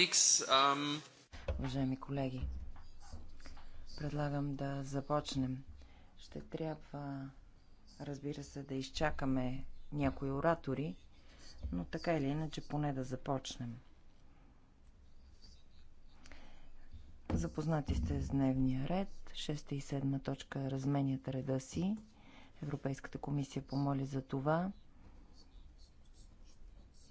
Um, Уважаеми колеги, предлагам да започнем. Ще трябва, разбира се, да изчакаме някои оратори, но така или иначе поне да започнем. Запознати сте с дневния ред. 6 и 7 точка разменят реда си. Европейската комисия помоли за това.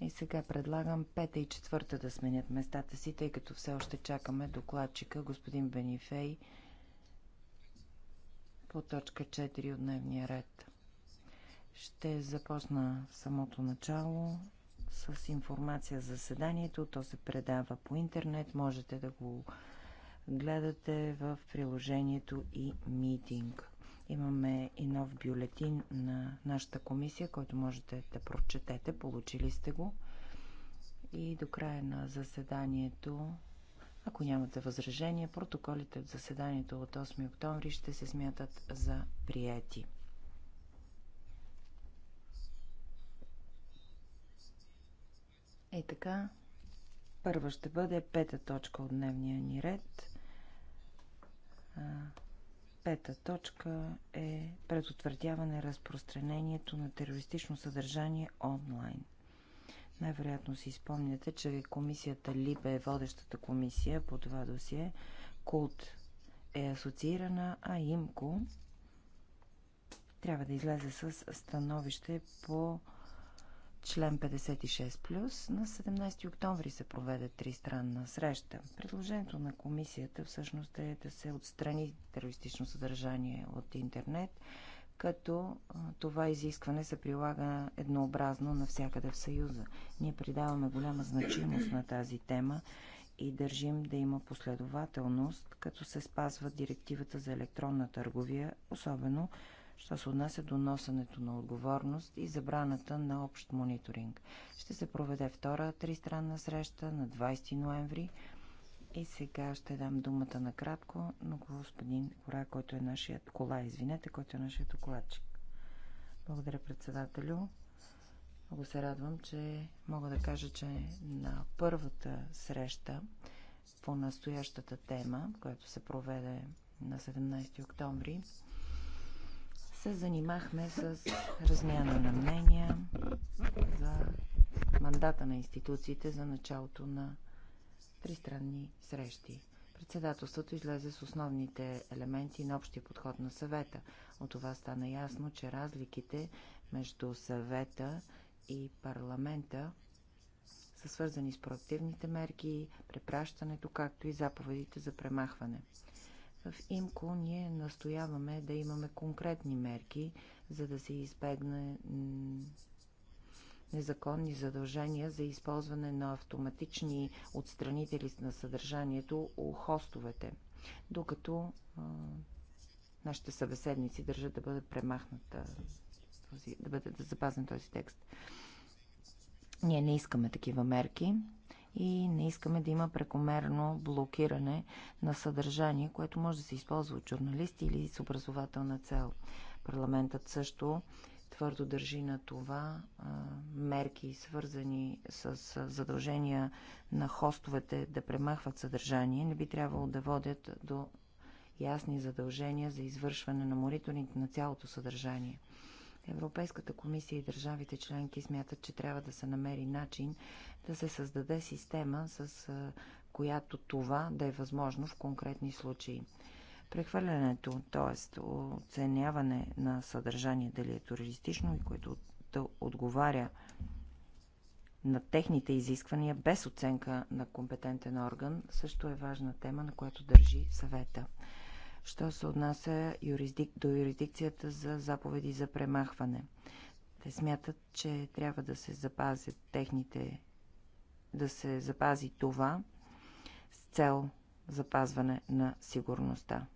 И сега предлагам пета и четвърта да сменят местата си, тъй като все още чакаме докладчика, господин Бенифей, по точка 4 от дневния ред. Ще започна самото начало с информация за заседанието. То се предава по интернет. Можете да го гледате в приложението и митинг. Имаме и нов бюлетин на нашата комисия, който можете да прочетете. Получили сте го. И до края на заседанието, ако нямате възражение, протоколите от заседанието от 8 октомври ще се смятат за прияти. И е така, първа ще бъде пета точка от дневния ни ред Пета точка е предотвратяване разпространението на терористично съдържание онлайн. Най-вероятно си спомняте, че комисията Либа е водещата комисия по това досие. Култ е асоциирана, а ИМКО трябва да излезе с становище по член 56 плюс, на 17 октомври се проведе тристранна среща. Предложението на комисията всъщност е да се отстрани терористично съдържание от интернет, като това изискване се прилага еднообразно навсякъде в Съюза. Ние придаваме голяма значимост на тази тема и държим да има последователност, като се спазва директивата за електронна търговия, особено що се отнася до носенето на отговорност и забраната на общ мониторинг. Ще се проведе втора тристранна среща на 20 ноември и сега ще дам думата на кратко, на господин Кора, който е нашият кола, извинете, който е нашият докладчик. Благодаря, председателю. Много се радвам, че мога да кажа, че на първата среща по настоящата тема, която се проведе на 17 октомври, се занимахме с размяна на мнения за мандата на институциите за началото на тристранни срещи. Председателството излезе с основните елементи на общия подход на съвета. От това стана ясно, че разликите между съвета и парламента са свързани с проактивните мерки, препращането, както и заповедите за премахване. В ИМКО ние настояваме да имаме конкретни мерки, за да се избегне незаконни задължения за използване на автоматични отстранители на съдържанието у хостовете, докато а, нашите събеседници държат да бъде премахната, този, да бъде да запазен този текст. Ние не искаме такива мерки и не искаме да има прекомерно блокиране на съдържание, което може да се използва от журналисти или с образователна цел. Парламентът също твърдо държи на това мерки, свързани с задължения на хостовете да премахват съдържание, не би трябвало да водят до ясни задължения за извършване на мориторинг на цялото съдържание. Европейската комисия и държавите членки смятат, че трябва да се намери начин да се създаде система, с която това да е възможно в конкретни случаи. Прехвърлянето, т.е. оценяване на съдържание, дали е туристично и което да отговаря на техните изисквания без оценка на компетентен орган, също е важна тема, на която държи съвета що се отнася юрисдик, до юрисдикцията за заповеди за премахване. Те смятат, че трябва да се запазят техните, да се запази това с цел запазване на сигурността.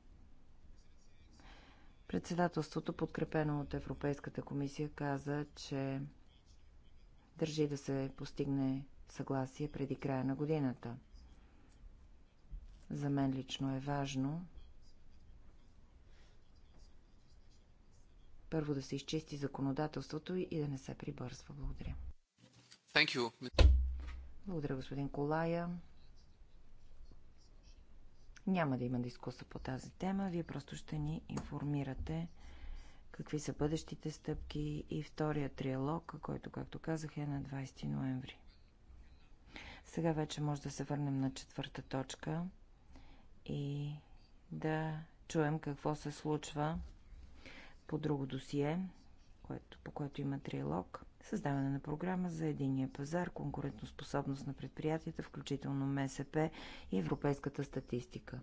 Председателството, подкрепено от Европейската комисия, каза, че държи да се постигне съгласие преди края на годината. За мен лично е важно първо да се изчисти законодателството и да не се прибързва. Благодаря. Thank you. Благодаря, господин Колая. Няма да има дискуса по тази тема. Вие просто ще ни информирате какви са бъдещите стъпки и втория триалог, който, както казах, е на 20 ноември. Сега вече може да се върнем на четвърта точка и да чуем какво се случва по друго досие, което, по което има триалог, създаване на програма за единия пазар, конкурентоспособност на предприятията, включително МСП и европейската статистика.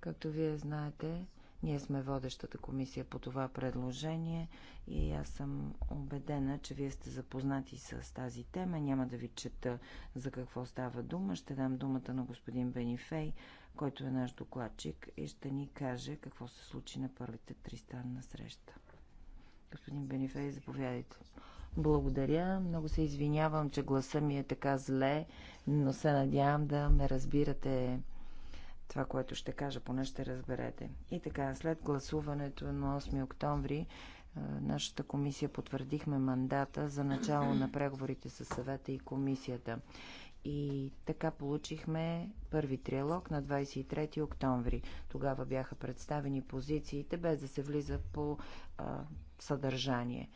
Както вие знаете, ние сме водещата комисия по това предложение и аз съм убедена, че вие сте запознати с тази тема. Няма да ви чета за какво става дума. Ще дам думата на господин Бенифей, който е наш докладчик и ще ни каже какво се случи на първите три странна среща. Господин Бенифей, заповядайте. Благодаря. Много се извинявам, че гласа ми е така зле, но се надявам да ме разбирате това, което ще кажа, поне ще разберете. И така, след гласуването на 8 октомври, нашата комисия потвърдихме мандата за начало на преговорите с съвета и комисията. И така получихме първи триалог на 23 октомври. Тогава бяха представени позициите, без да се влиза по а, съдържание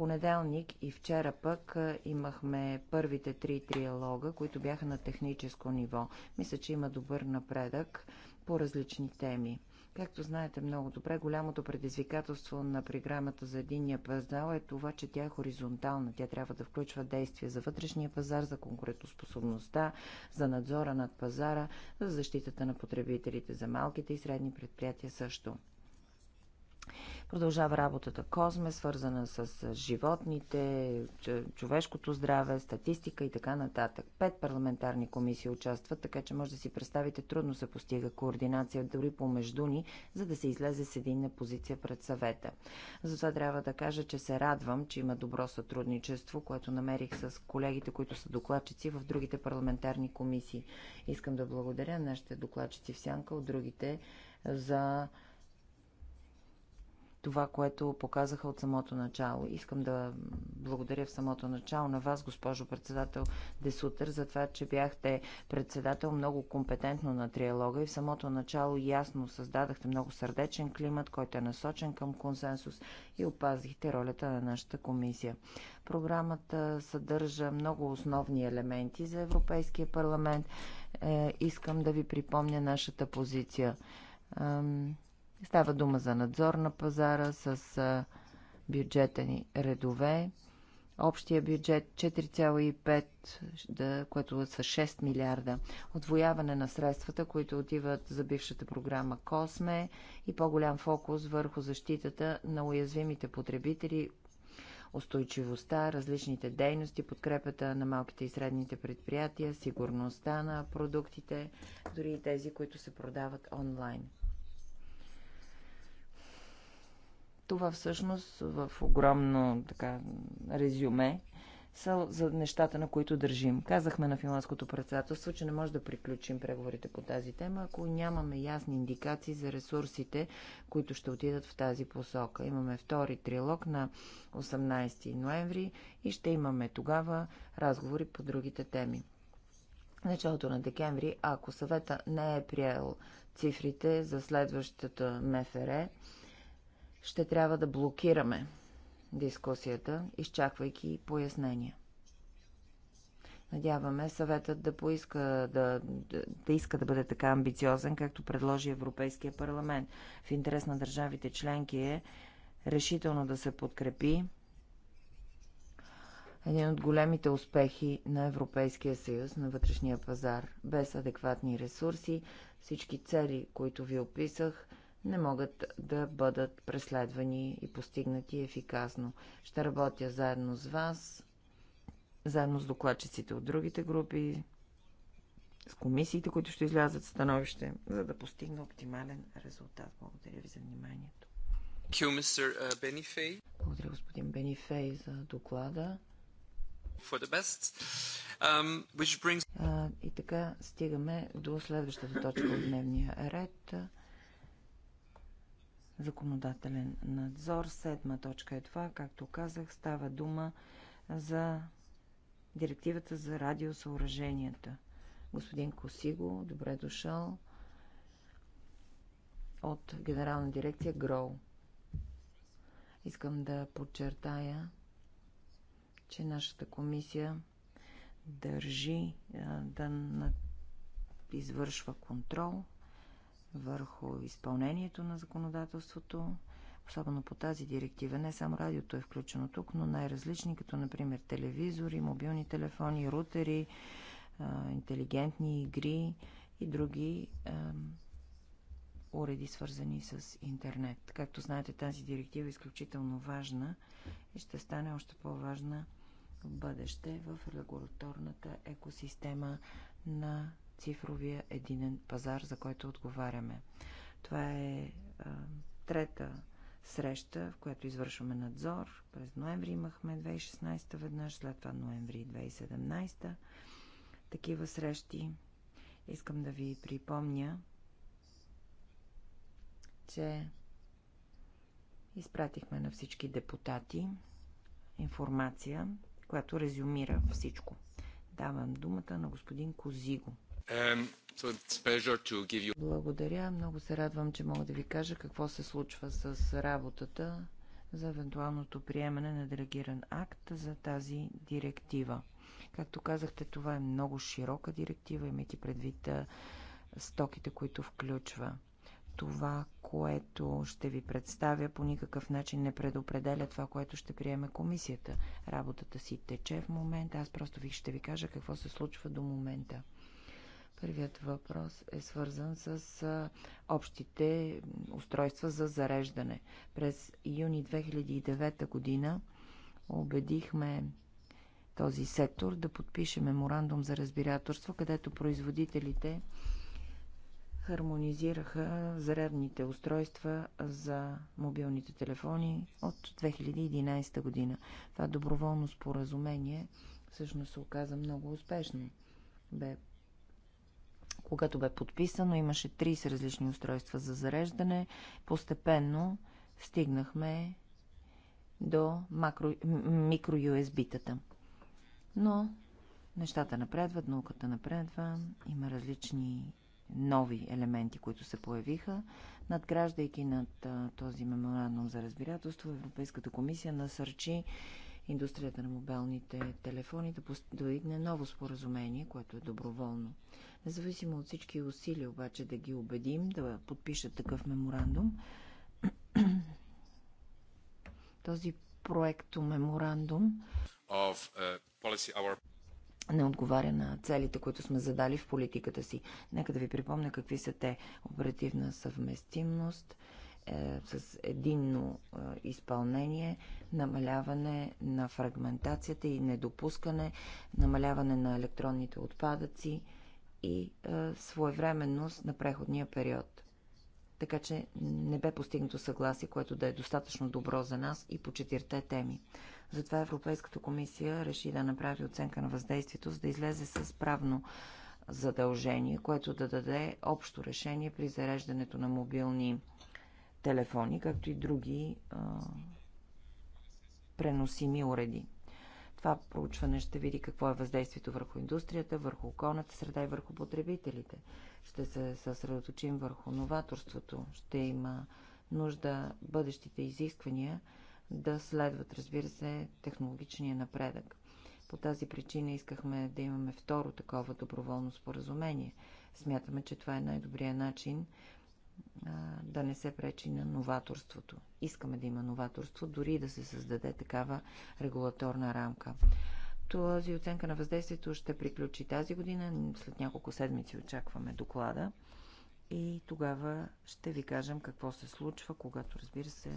понеделник и вчера пък имахме първите три триалога, които бяха на техническо ниво. Мисля, че има добър напредък по различни теми. Както знаете много добре, голямото предизвикателство на програмата за единния пазар е това, че тя е хоризонтална. Тя трябва да включва действия за вътрешния пазар, за конкурентоспособността, за надзора над пазара, за защитата на потребителите, за малките и средни предприятия също. Продължава работата Козме, свързана с животните, човешкото здраве, статистика и така нататък. Пет парламентарни комисии участват, така че може да си представите, трудно се постига координация дори помежду ни, за да се излезе с единна позиция пред съвета. Затова трябва да кажа, че се радвам, че има добро сътрудничество, което намерих с колегите, които са докладчици в другите парламентарни комисии. Искам да благодаря нашите докладчици в Сянка от другите за това, което показаха от самото начало. Искам да благодаря в самото начало на вас, госпожо председател Десутър, за това, че бяхте председател много компетентно на триалога и в самото начало ясно създадахте много сърдечен климат, който е насочен към консенсус и опазихте ролята на нашата комисия. Програмата съдържа много основни елементи за Европейския парламент. Е, искам да ви припомня нашата позиция. Става дума за надзор на пазара с бюджетени редове. Общия бюджет 4,5, което са 6 милиарда. Отвояване на средствата, които отиват за бившата програма Косме и по-голям фокус върху защитата на уязвимите потребители, устойчивостта, различните дейности, подкрепата на малките и средните предприятия, сигурността на продуктите, дори и тези, които се продават онлайн. Това всъщност в огромно така, резюме са за нещата, на които държим. Казахме на финландското председателство, че не може да приключим преговорите по тази тема, ако нямаме ясни индикации за ресурсите, които ще отидат в тази посока. Имаме втори трилог на 18 ноември и ще имаме тогава разговори по другите теми. началото на декември, ако съвета не е приел цифрите за следващата МФР, ще трябва да блокираме дискусията, изчаквайки пояснения. Надяваме съветът да поиска да, да, да иска да бъде така амбициозен, както предложи Европейския парламент. В интерес на държавите членки е решително да се подкрепи един от големите успехи на Европейския съюз на вътрешния пазар. Без адекватни ресурси, всички цели, които ви описах – не могат да бъдат преследвани и постигнати ефикасно. Ще работя заедно с вас, заедно с докладчиците от другите групи, с комисиите, които ще излязат становище, за да постигна оптимален резултат. Благодаря ви за вниманието. Uh, Благодаря, господин Бенифей, за доклада. Um, brings... uh, и така стигаме до следващата точка от дневния ред законодателен надзор. Седма точка е това, както казах, става дума за директивата за радиосъоръженията. Господин Косиго, добре дошъл от Генерална дирекция ГРОУ. Искам да подчертая, че нашата комисия държи да извършва контрол върху изпълнението на законодателството, особено по тази директива. Не само радиото е включено тук, но най-различни, като например телевизори, мобилни телефони, рутери, интелигентни игри и други уреди, свързани с интернет. Както знаете, тази директива е изключително важна и ще стане още по-важна в бъдеще в регуляторната екосистема на цифровия единен пазар, за който отговаряме. Това е а, трета среща, в която извършваме надзор. През ноември имахме 2016 веднъж, след това ноември 2017. Такива срещи искам да ви припомня, че изпратихме на всички депутати информация, която резюмира всичко. Давам думата на господин Козиго. Um, Благодаря. Много се радвам, че мога да ви кажа какво се случва с работата за евентуалното приемане на делегиран акт за тази директива. Както казахте, това е много широка директива, имайки предвид стоките, които включва. Това, което ще ви представя, по никакъв начин не предопределя това, което ще приеме комисията. Работата си тече в момента. Аз просто ви ще ви кажа какво се случва до момента. Първият въпрос е свързан с общите устройства за зареждане. През юни 2009 година убедихме този сектор да подпише меморандум за разбирателство, където производителите хармонизираха зарядните устройства за мобилните телефони от 2011 година. Това доброволно споразумение всъщност се оказа много успешно. Бе когато бе подписано, имаше 30 различни устройства за зареждане. Постепенно стигнахме до макро, микро USB-тата. Но нещата напредват, науката напредва, има различни нови елементи, които се появиха. Надграждайки над а, този меморандум за разбирателство, Европейската комисия насърчи индустрията на мобилните телефони да достигне ново споразумение, което е доброволно. Независимо от всички усилия обаче да ги убедим да подпишат такъв меморандум, този проекто меморандум е, не отговаря на целите, които сме задали в политиката си. Нека да ви припомня какви са те. Оперативна съвместимост, е, с единно е, изпълнение, намаляване на фрагментацията и недопускане, намаляване на електронните отпадъци, и а, е, своевременност на преходния период. Така че не бе постигнато съгласие, което да е достатъчно добро за нас и по четирте теми. Затова Европейската комисия реши да направи оценка на въздействието, за да излезе с правно задължение, което да даде общо решение при зареждането на мобилни телефони, както и други а, преносими уреди. Това проучване ще види какво е въздействието върху индустрията, върху околната среда и върху потребителите. Ще се съсредоточим върху новаторството. Ще има нужда бъдещите изисквания да следват, разбира се, технологичния напредък. По тази причина искахме да имаме второ такова доброволно споразумение. Смятаме, че това е най-добрият начин да не се пречи на новаторството. Искаме да има новаторство, дори да се създаде такава регулаторна рамка. Този оценка на въздействието ще приключи тази година. След няколко седмици очакваме доклада. И тогава ще ви кажем какво се случва, когато, разбира се,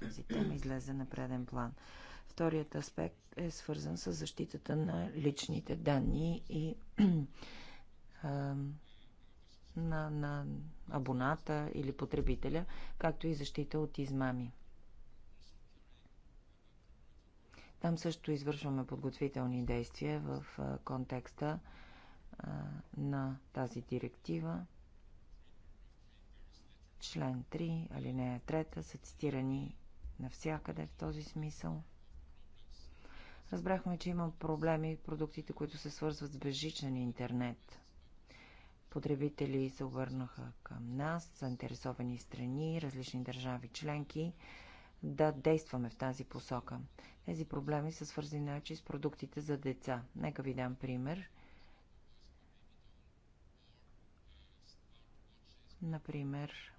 тази тема излезе на преден план. Вторият аспект е свързан с защитата на личните данни и на, на абоната или потребителя, както и защита от измами. Там също извършваме подготвителни действия в контекста на тази директива. Член 3, алинея 3 са цитирани навсякъде в този смисъл. Разбрахме, че има проблеми продуктите, които се свързват с безжичен интернет. Потребители се обърнаха към нас, заинтересовани страни, различни държави членки, да действаме в тази посока. Тези проблеми са свързани начи с продуктите за деца. Нека ви дам пример. Например,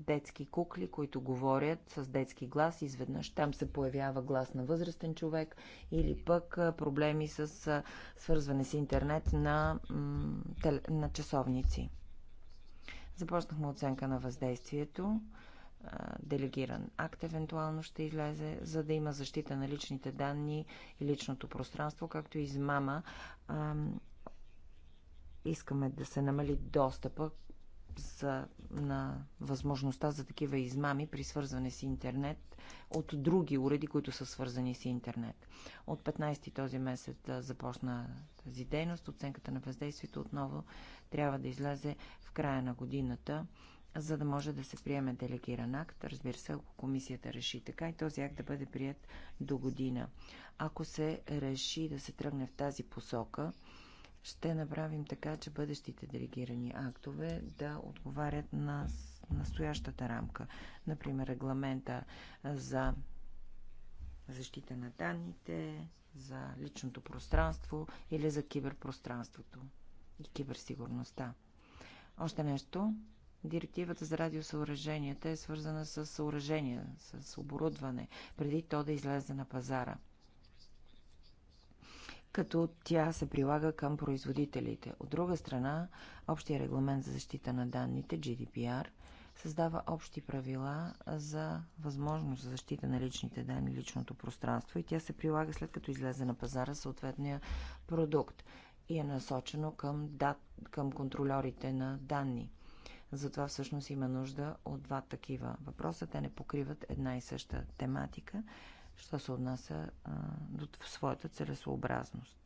детски кукли, които говорят с детски глас изведнъж. Там се появява глас на възрастен човек или пък проблеми с свързване с интернет на, на часовници. Започнахме оценка на въздействието. Делегиран акт евентуално ще излезе, за да има защита на личните данни и личното пространство, както и измама искаме да се намали достъпа за, на възможността за такива измами при свързване с интернет от други уреди, които са свързани с интернет. От 15 този месец започна тази дейност. Оценката на въздействието отново трябва да излезе в края на годината, за да може да се приеме делегиран акт. Разбира се, ако комисията реши така и този акт да бъде прият до година. Ако се реши да се тръгне в тази посока, ще направим така, че бъдещите делегирани актове да отговарят на настоящата рамка. Например, регламента за защита на данните, за личното пространство или за киберпространството и киберсигурността. Още нещо. Директивата за радиосъоръженията е свързана с съоръжения, с оборудване, преди то да излезе на пазара – като тя се прилага към производителите. От друга страна, Общия регламент за защита на данните, GDPR, създава общи правила за възможност за защита на личните данни, личното пространство и тя се прилага след като излезе на пазара съответния продукт и е насочено към, дат, към контролерите на данни. Затова всъщност има нужда от два такива въпроса. Те не покриват една и съща тематика, що се отнася а, до своята целесообразност.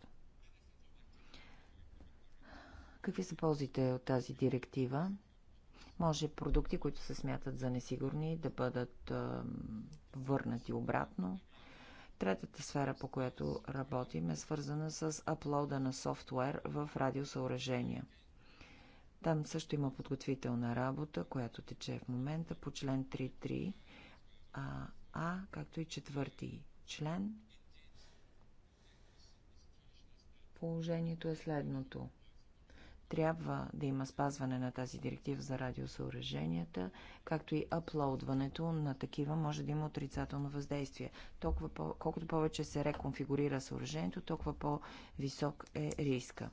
Какви са ползите от тази директива? Може продукти, които се смятат за несигурни, да бъдат а, върнати обратно. Третата сфера, по която работим, е свързана с аплода на софтуер в радиосъоръжения. Там също има подготвителна работа, която тече в момента по член 3.3 а, както и четвърти член. Положението е следното. Трябва да има спазване на тази директива за радиосъоръженията, както и аплоудването на такива може да има отрицателно въздействие. Толкова по, колкото повече се реконфигурира съоръжението, толкова по-висок е риска.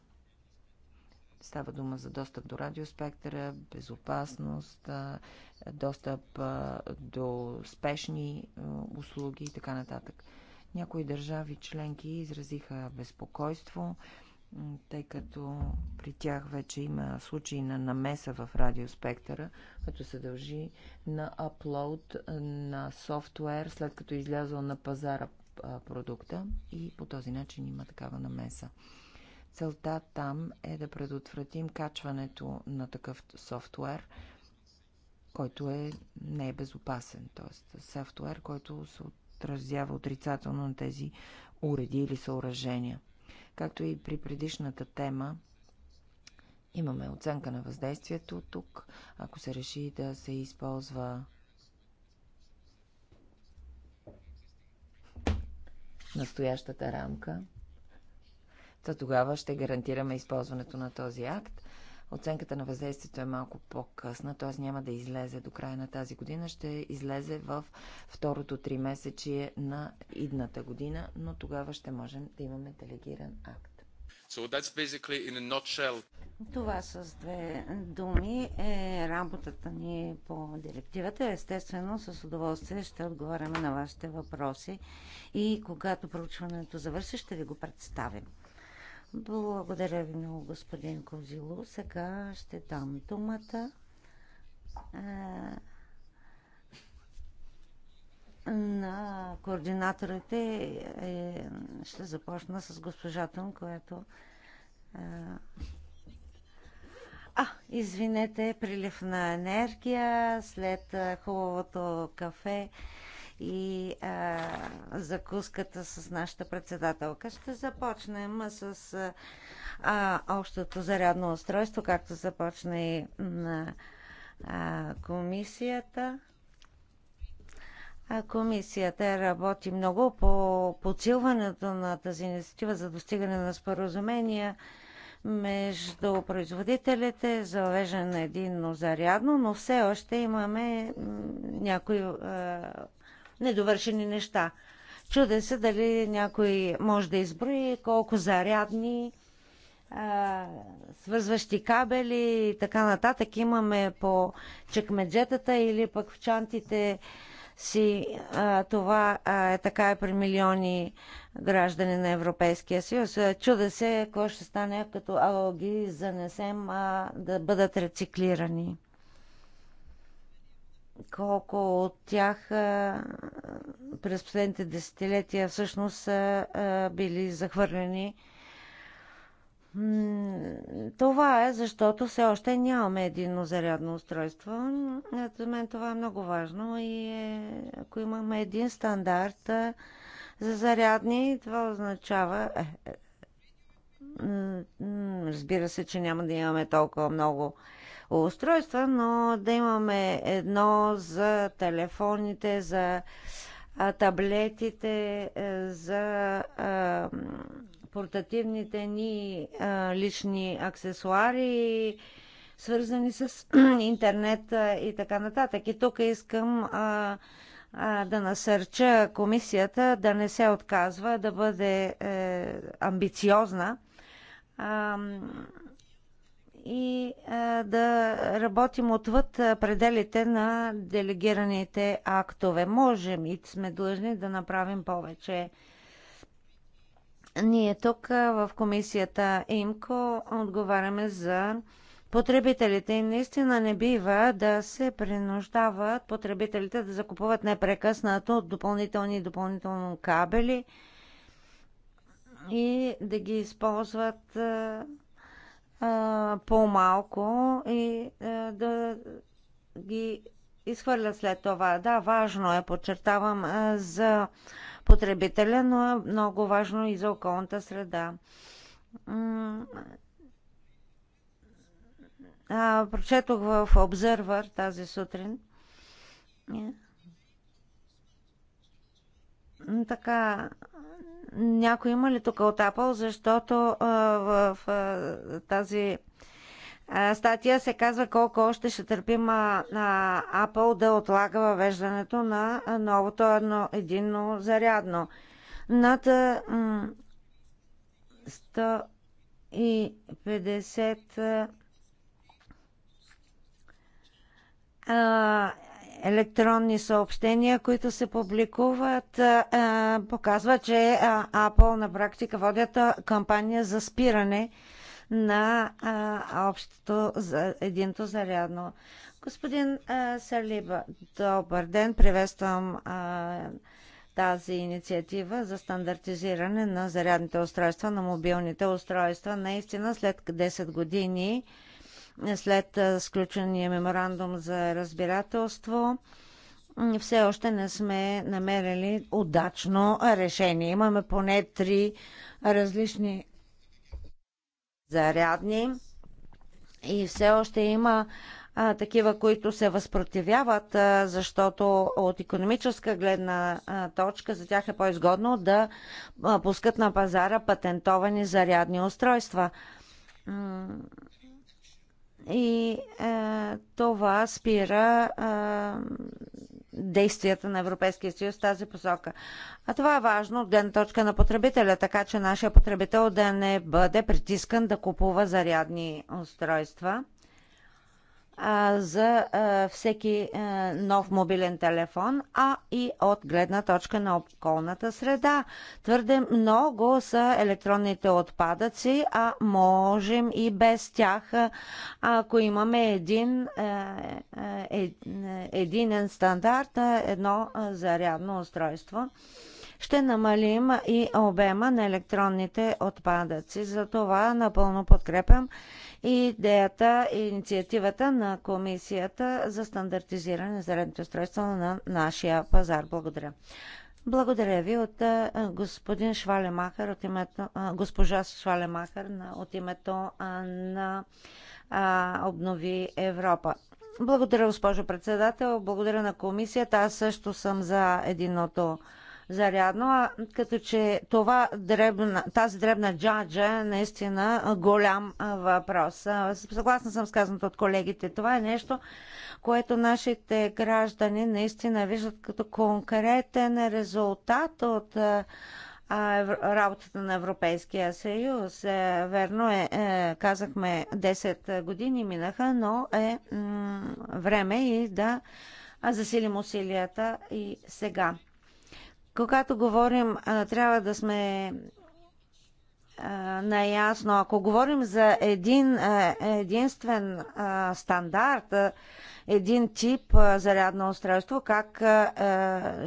Става дума за достъп до радиоспектъра, безопасност, достъп до спешни услуги и така нататък. Някои държави членки изразиха безпокойство, тъй като при тях вече има случаи на намеса в радиоспектъра, като се дължи на аплоуд на софтуер, след като е излязъл на пазара продукта и по този начин има такава намеса. Целта там е да предотвратим качването на такъв софтуер, който е, не е безопасен. Т.е. софтуер, който се отразява отрицателно на тези уреди или съоръжения. Както и при предишната тема, имаме оценка на въздействието тук. Ако се реши да се използва настоящата рамка, Та тогава ще гарантираме използването на този акт. Оценката на въздействието е малко по-късна, т.е. няма да излезе до края на тази година, ще излезе в второто три месечие на идната година, но тогава ще можем да имаме делегиран акт. So that's basically in a nutshell. Това с две думи е работата ни по директивата. Естествено, с удоволствие ще отговаряме на вашите въпроси и когато проучването завърши, ще ви го представим. Благодаря ви много, господин Козило. Сега ще дам думата е, на координаторите. Е, ще започна с госпожата, която. която е, а, извинете, прилив на енергия след хубавото кафе и а, закуската с нашата председателка. Ще започнем с а, общото зарядно устройство, както започна и на а, комисията. Комисията работи много по подсилването на тази инициатива за достигане на споразумения между производителите за въвеждане на единно зарядно, но все още имаме някои недовършени неща. Чуден се дали някой може да изброи колко зарядни, а, свързващи кабели и така нататък имаме по чекмеджетата или пък в чантите си. А, това а, е така и при милиони граждани на Европейския съюз. Чуда се какво ще стане, като алоги занесем а, да бъдат рециклирани колко от тях а, през последните десетилетия всъщност са а, били захвърлени. Това е защото все още нямаме единно зарядно устройство. За мен това е много важно и е, ако имаме един стандарт а, за зарядни, това означава, е, е Разбира се, че няма да имаме толкова много устройства, но да имаме едно за телефоните, за таблетите, е, за портативните ни лични аксесуари, свързани с интернет и така нататък. И тук искам да насърча комисията да не се отказва, да бъде е, амбициозна и да работим отвъд пределите на делегираните актове. Можем и сме длъжни да направим повече. Ние тук в комисията ИМКО отговаряме за потребителите и наистина не бива да се принуждават потребителите да закупуват непрекъснато допълнителни и допълнително кабели – и да ги използват по-малко и да ги изхвърлят след това. Да, важно е, подчертавам, за потребителя, но е много важно и за околната среда. прочетох в Observer тази сутрин така, някой има ли тук от Apple, защото а, в а, тази а, статия се казва колко още ще търпим а, а, Apple да отлага въвеждането на новото едно, единно зарядно. Над а, 150 а, електронни съобщения, които се публикуват, показва, че Apple на практика водят кампания за спиране на общото за единто зарядно. Господин Салиба, добър ден, приветствам тази инициатива за стандартизиране на зарядните устройства на мобилните устройства. Наистина, след 10 години след сключения меморандум за разбирателство все още не сме намерили удачно решение. Имаме поне три различни зарядни и все още има а, такива, които се възпротивяват, а, защото от економическа гледна а, точка за тях е по-изгодно да а, пускат на пазара патентовани зарядни устройства и е, това спира е, действията на Европейския съюз в тази посока. А това е важно от гледна точка на потребителя, така че нашия потребител да не бъде притискан да купува зарядни устройства за всеки нов мобилен телефон, а и от гледна точка на околната среда. Твърде много са електронните отпадъци, а можем и без тях, ако имаме един е, е, единен стандарт, едно зарядно устройство ще намалим и обема на електронните отпадъци. Затова напълно подкрепям идеята и е инициативата на Комисията за стандартизиране на зелените устройства на нашия пазар. Благодаря. Благодаря ви от господин Швалемахър, от името, госпожа Швалемахър от името на Обнови Европа. Благодаря, госпожо председател. Благодаря на комисията. Аз също съм за единото зарядно, а като че това дребна, тази дребна джаджа е наистина голям въпрос. Съгласна съм с казаното от колегите. Това е нещо, което нашите граждани наистина виждат като конкретен резултат от работата на Европейския съюз. Е, верно е, е казахме, 10 години минаха, но е време и да засилим усилията и сега. Когато говорим, трябва да сме наясно. Ако говорим за един единствен стандарт, един тип зарядно устройство, как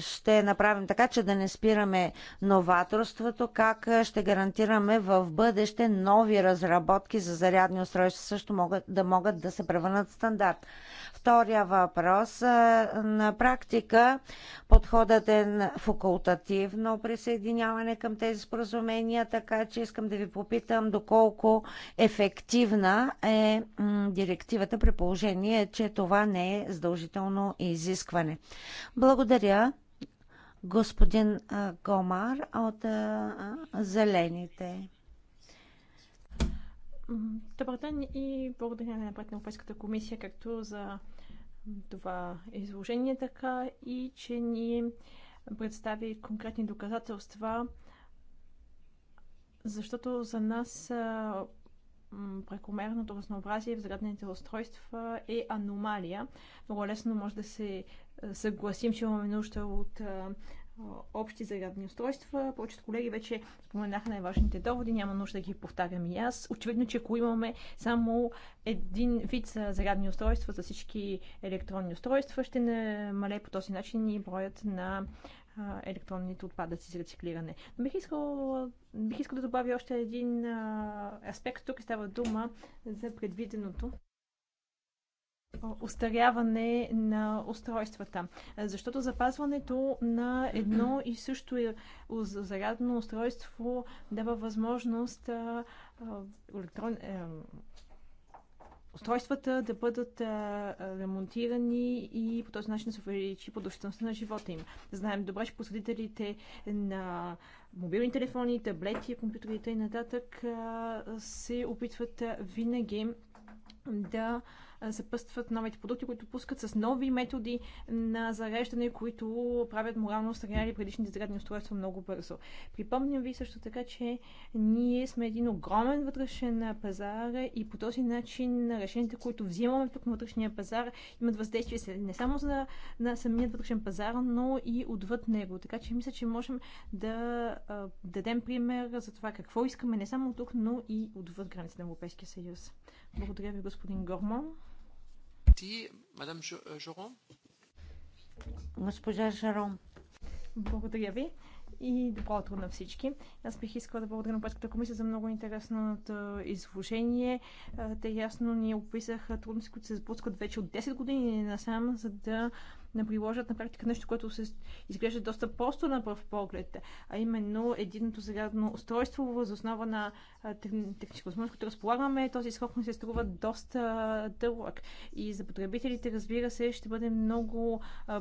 ще направим така, че да не спираме новаторството, как ще гарантираме в бъдеще нови разработки за зарядни устройства също могат, да могат да се превърнат в стандарт. Втория въпрос. На практика подходът е факултативно присъединяване към тези споразумения, така че искам да ви попитам доколко ефективна е директивата при положение, че това не е задължително изискване. Благодаря господин Гомар от Зелените. Добър ден и благодаря напред на Европейската комисия, както за това изложение, така и че ни представи конкретни доказателства, защото за нас прекомерното разнообразие в сградните устройства е аномалия. Много лесно може да се съгласим, че имаме нужда от общи зарядни устройства. Повечето колеги вече споменаха най-важните доводи, няма нужда да ги повтарям и аз. Очевидно, че ако имаме само един вид за зарядни устройства за всички електронни устройства, ще намале по този начин и броят на електронните отпадъци за рециклиране. Но бих искала, бих да добавя още един аспект. Тук става дума за предвиденото устаряване на устройствата. Защото запазването на едно и също е зарядно устройство дава възможност електрон... Е, устройствата да бъдат ремонтирани и по този начин да се увеличи продължителността на живота им. Знаем добре, че посредителите на мобилни телефони, таблети, компютрите и нататък се опитват винаги да съпъстват новите продукти, които пускат с нови методи на зареждане, които правят морално стреляние предишните зарядни устройства много бързо. Припомням ви също така, че ние сме един огромен вътрешен пазар и по този начин решенията, които взимаме тук на вътрешния пазар, имат въздействие не само за, на самият вътрешен пазар, но и отвъд него. Така че мисля, че можем да дадем пример за това какво искаме не само тук, но и отвъд границите на Европейския съюз. Благодаря ви, господин Гормон. Merci. Мадам euh, Joron. Госпожа Жаром. Благодаря ви и добро утро на всички. Аз бих искала да благодаря на Пътската комисия за много интересното изложение. Те ясно ни описаха трудности, които се сблъскват вече от 10 години насам, за да не приложат на практика нещо, което се изглежда доста просто на пръв поглед, а именно единното зарядно устройство въз основа на техническа възможност, което разполагаме, този срок не се струва доста дълъг. И за потребителите, разбира се, ще бъде много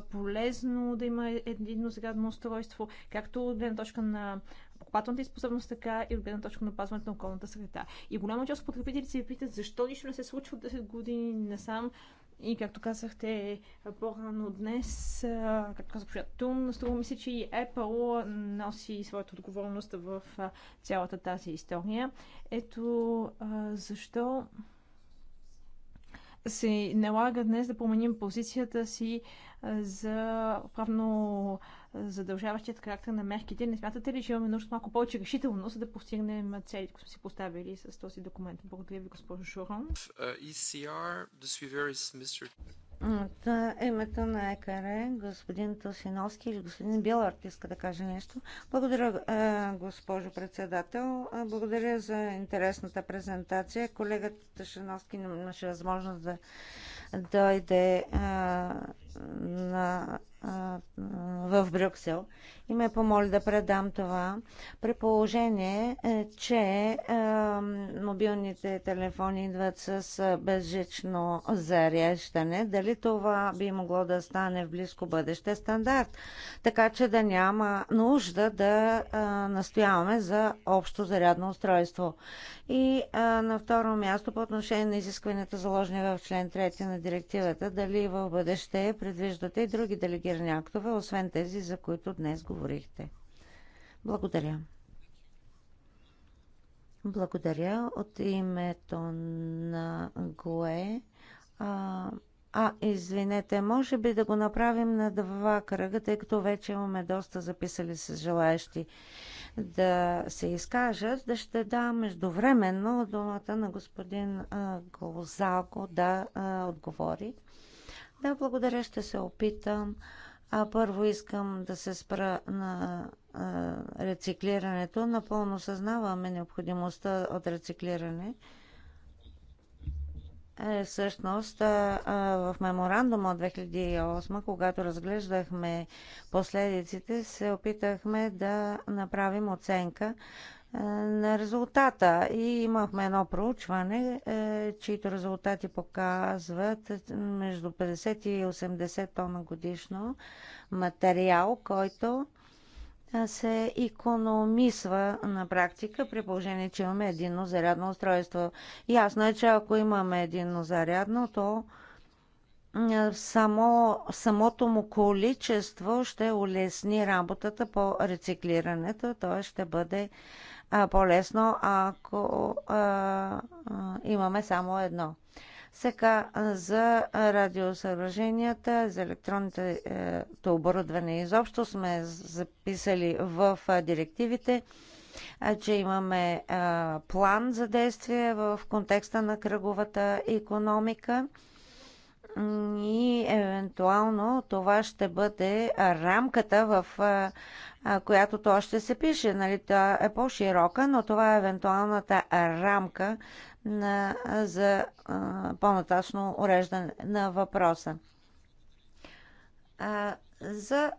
полезно да има единно зарядно устройство, както от гледна точка на покупателната способност, така и от гледна точка на опазването на околната среда. И голяма част от потребителите се питат защо нищо не се случва 10 години насам и както казахте по-рано днес, както каза Пожар Тун, струва ми се, че и Apple носи своята отговорност в цялата тази история. Ето защо се налага днес да променим позицията си за правно задължаващият характер на мерките. Не смятате ли, че имаме нужда малко повече решително, за да постигнем целите, които сме си поставили с този документ? Благодаря ви, госпожо Шурон. Е, От е, името на ЕКР, господин Тосиновски или господин Билард иска да каже нещо. Благодаря, е, госпожо председател. Благодаря за интересната презентация. Колегата Тошиновски имаше възможност да дойде на, а, в Брюксел и ме помоли да предам това, при положение, е, че а, е, мобилните телефони идват с е, безжично зареждане. Дали това би могло да стане в близко бъдеще стандарт, така че да няма нужда да а, настояваме за общо зарядно устройство. И а, на второ място, по отношение на изискванията заложени в член 3 на директивата, дали в бъдеще предвиждате и други делегирани актове, освен тези, за които днес говорихте? Благодаря. Благодаря от името на ГОЕ. А, а, извинете, може би да го направим на два кръга, тъй като вече имаме доста записали се желаящи да се изкажат. Да ще дам междувременно думата на господин а, да а, отговори. Да, благодаря, ще се опитам. А първо искам да се спра на а, рециклирането. Напълно съзнаваме необходимостта от рециклиране. Е, всъщност, а, а, в меморандума от 2008, когато разглеждахме последиците, се опитахме да направим оценка е, на резултата. И имахме едно проучване, е, чието резултати показват е, между 50 и 80 тона годишно материал, който се економисва на практика, при положение, че имаме единно зарядно устройство. Ясно е, че ако имаме единно зарядно, то само, самото му количество ще улесни работата по рециклирането, т.е. ще бъде по-лесно, ако имаме само едно. Сега за радиосъоръженията, за електронните е, оборудване изобщо сме записали в а, директивите, а, че имаме план за действие в контекста на кръговата економика и евентуално това ще бъде рамката, в която то ще се пише. Нали, това е по-широка, но това е евентуалната рамка на, за по-нататъчно уреждане на въпроса. за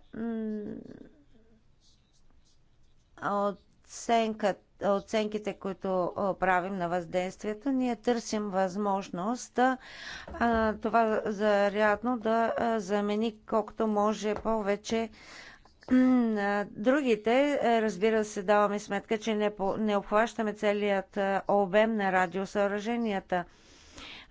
оценката оценките, които правим на въздействието, ние търсим възможност а, това зарядно да замени колкото може повече на другите, разбира се, даваме сметка, че не, по, не обхващаме целият обем на радиосъоръженията –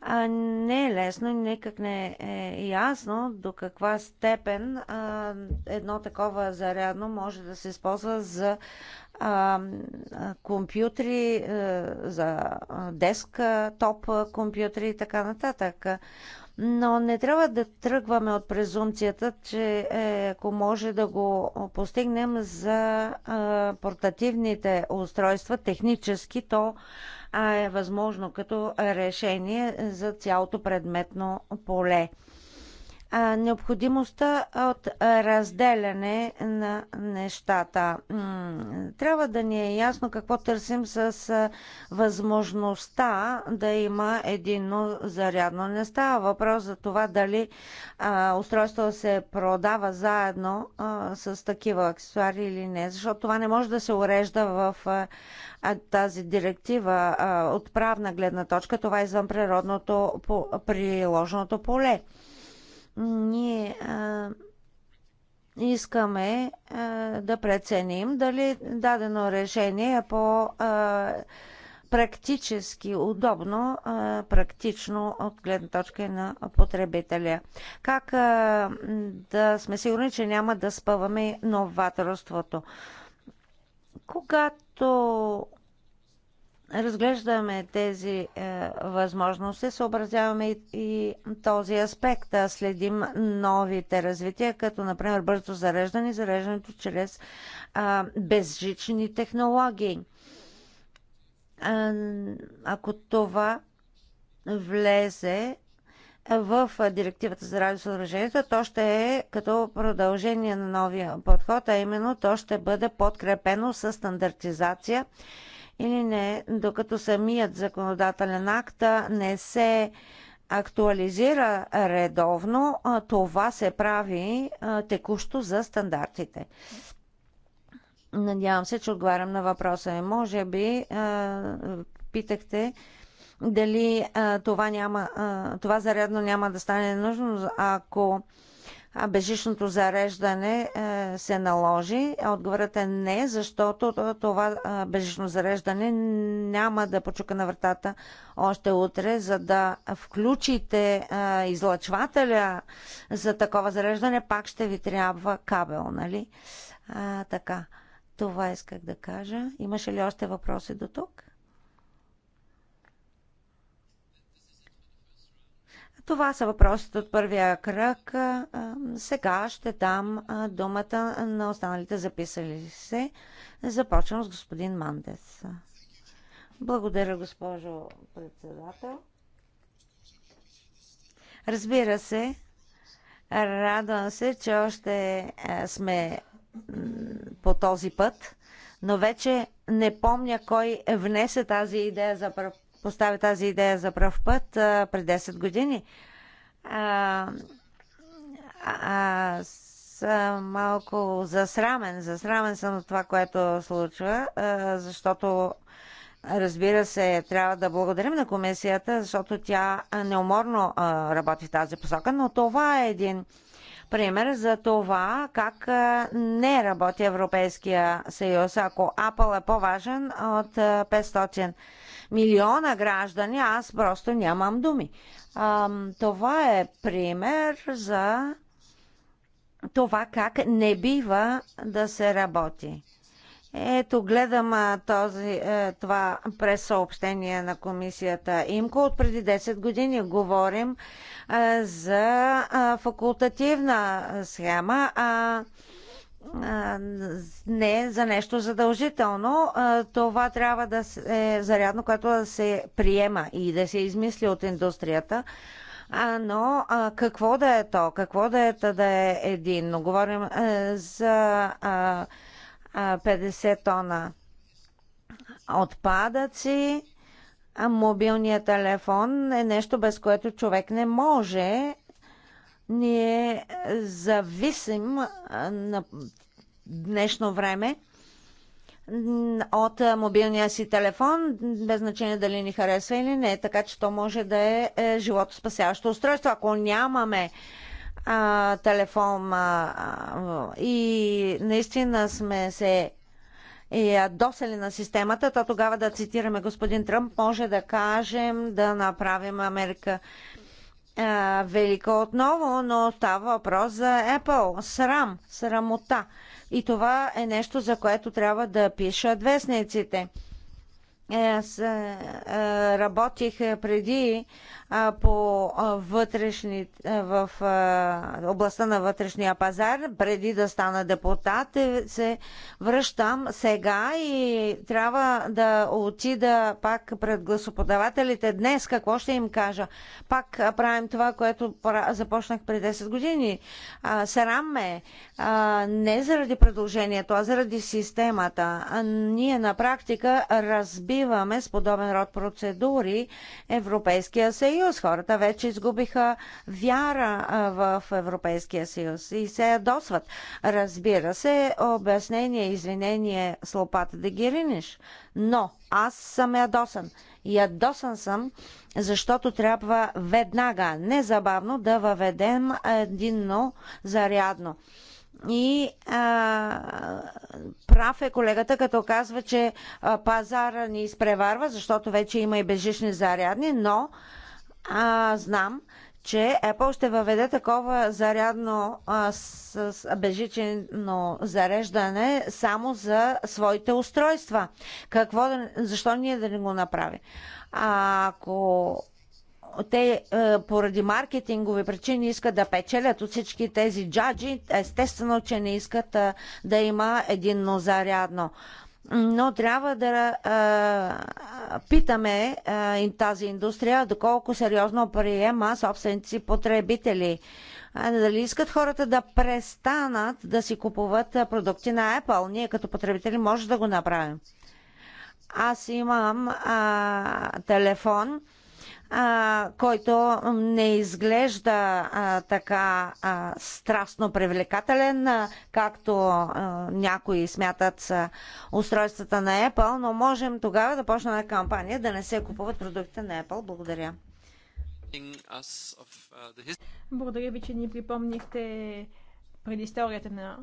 а, не е лесно, и никак не е ясно до каква степен а, едно такова зарядно може да се използва за а, компютри, е, а, за деска, топ компютри и така нататък. Но не трябва да тръгваме от презумцията, че е, ако може да го постигнем за а, портативните устройства технически, то а е възможно като решение за цялото предметно поле необходимостта от разделяне на нещата. Трябва да ни е ясно какво търсим с възможността да има едино зарядно. Не става въпрос за това дали устройство се продава заедно с такива аксесуари или не, защото това не може да се урежда в тази директива от правна гледна точка. Това е извън природното приложеното поле. Ние а, искаме а, да преценим дали дадено решение е по а, практически удобно, а, практично от гледна точка на потребителя. Как а, да сме сигурни, че няма да спъваме новаторството? Когато разглеждаме тези е, възможности, съобразяваме и, и този аспект. А следим новите развития, като например бързо зареждане и зареждането чрез е, безжични технологии. Е, ако това влезе в директивата за радиосъоръженията, то ще е като продължение на новия подход, а именно то ще бъде подкрепено с стандартизация или не, докато самият законодателен акт не се актуализира редовно, това се прави текущо за стандартите. Надявам се, че отговарям на въпроса. Може би питахте дали това, няма, това зарядно няма да стане нужно, ако безжичното зареждане е, се наложи? Отговорът е не, защото това е, бежично зареждане няма да почука на вратата още утре, за да включите е, излъчвателя за такова зареждане, пак ще ви трябва кабел, нали? А, така, това исках да кажа. Имаше ли още въпроси до тук? Това са въпросите от първия кръг. Сега ще дам думата на останалите записали се. Започвам с господин Мандес. Благодаря, госпожо председател. Разбира се, радвам се, че още сме по този път, но вече не помня кой внесе тази идея за първ постави тази идея за пръв път а, пред 10 години. А, а, съм малко засрамен. Засрамен съм от това, което случва, а, защото Разбира се, трябва да благодарим на комисията, защото тя неуморно а, работи в тази посока, но това е един пример за това как а, не работи Европейския съюз, ако Apple е по-важен от а, 500 милиона граждани, аз просто нямам думи. А, това е пример за това как не бива да се работи. Ето, гледам а, този, е, това през съобщение на комисията ИМКО. От преди 10 години говорим е, за факултативна схема, а не за нещо задължително. Това трябва да е зарядно, което да се приема и да се измисли от индустрията. А, но а, какво да е то? Какво да е да е Но Говорим а, е, за а, а, 50 тона отпадъци. А мобилният телефон е нещо, без което човек не може е зависим на днешно време от мобилния си телефон, без значение дали ни харесва или не, така че то може да е, е спасяващо устройство. Ако нямаме а, телефон а, и наистина сме се досели на системата, то тогава да цитираме господин Тръмп, може да кажем да направим Америка а, велика отново, но става въпрос за Apple. Срам, срамота. И това е нещо, за което трябва да пишат вестниците. Е, аз е, е, работих преди по вътрешни, в областта на вътрешния пазар, преди да стана депутат, се връщам сега и трябва да отида пак пред гласоподавателите днес. Какво ще им кажа? Пак правим това, което започнах преди 10 години. Срам ме. Не заради предложението, а заради системата. Ние на практика разбираме сбиваме с подобен род процедури Европейския съюз. Хората вече изгубиха вяра в Европейския съюз и се ядосват. Разбира се, обяснение, извинение с лопата да ги риниш. Но аз съм ядосан. Ядосан съм, защото трябва веднага, незабавно да въведем единно зарядно и а, прав е колегата, като казва, че а, пазара ни изпреварва, защото вече има и бежични зарядни, но а, знам, че Apple ще въведе такова зарядно а, с, с бежично зареждане само за своите устройства. Какво, да, защо ние да не го направим? А, ако те е, поради маркетингови причини искат да печелят от всички тези джаджи. Естествено, че не искат е, да има единно зарядно но трябва да а, е, питаме а, тази индустрия доколко сериозно приема собствените си потребители. А, дали искат хората да престанат да си купуват продукти на Apple? Ние като потребители може да го направим. Аз имам а, телефон, а, който не изглежда а, така а, страстно привлекателен, а, както а, някои смятат са устройствата на Apple, но можем тогава да почнем кампания да не се купуват продуктите на Apple. Благодаря. Uh, Благодаря ви, че ни припомнихте предисторията на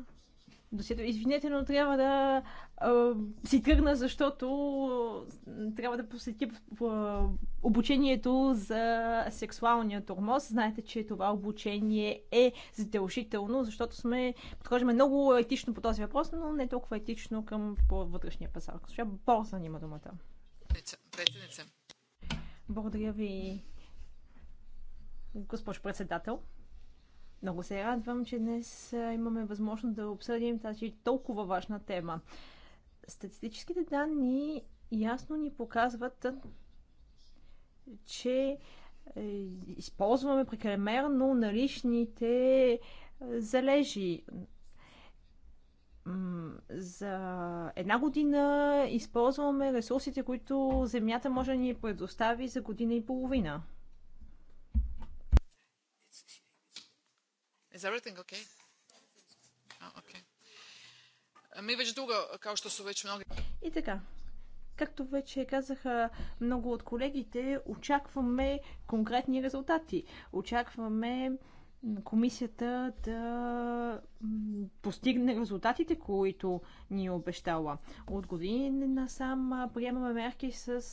досието. Извинете, но трябва да а, си тръгна, защото трябва да посетя обучението за сексуалния тормоз. Знаете, че това обучение е задължително, защото сме, подхождаме много етично по този въпрос, но не толкова етично към вътрешния пазар. Ще борза има думата. Председница. Благодаря ви, госпожо председател. Много се радвам, че днес имаме възможност да обсъдим тази толкова важна тема. Статистическите данни ясно ни показват, че е, използваме прекалено наличните залежи. За една година използваме ресурсите, които Земята може да ни предостави за година и половина. Is everything okay? Oh, okay. Ми вече дълго, као що са вече много... И така, както вече казаха много от колегите, очакваме конкретни резултати. Очакваме комисията да постигне резултатите, които ни е обещала. От години насам приемаме мерки с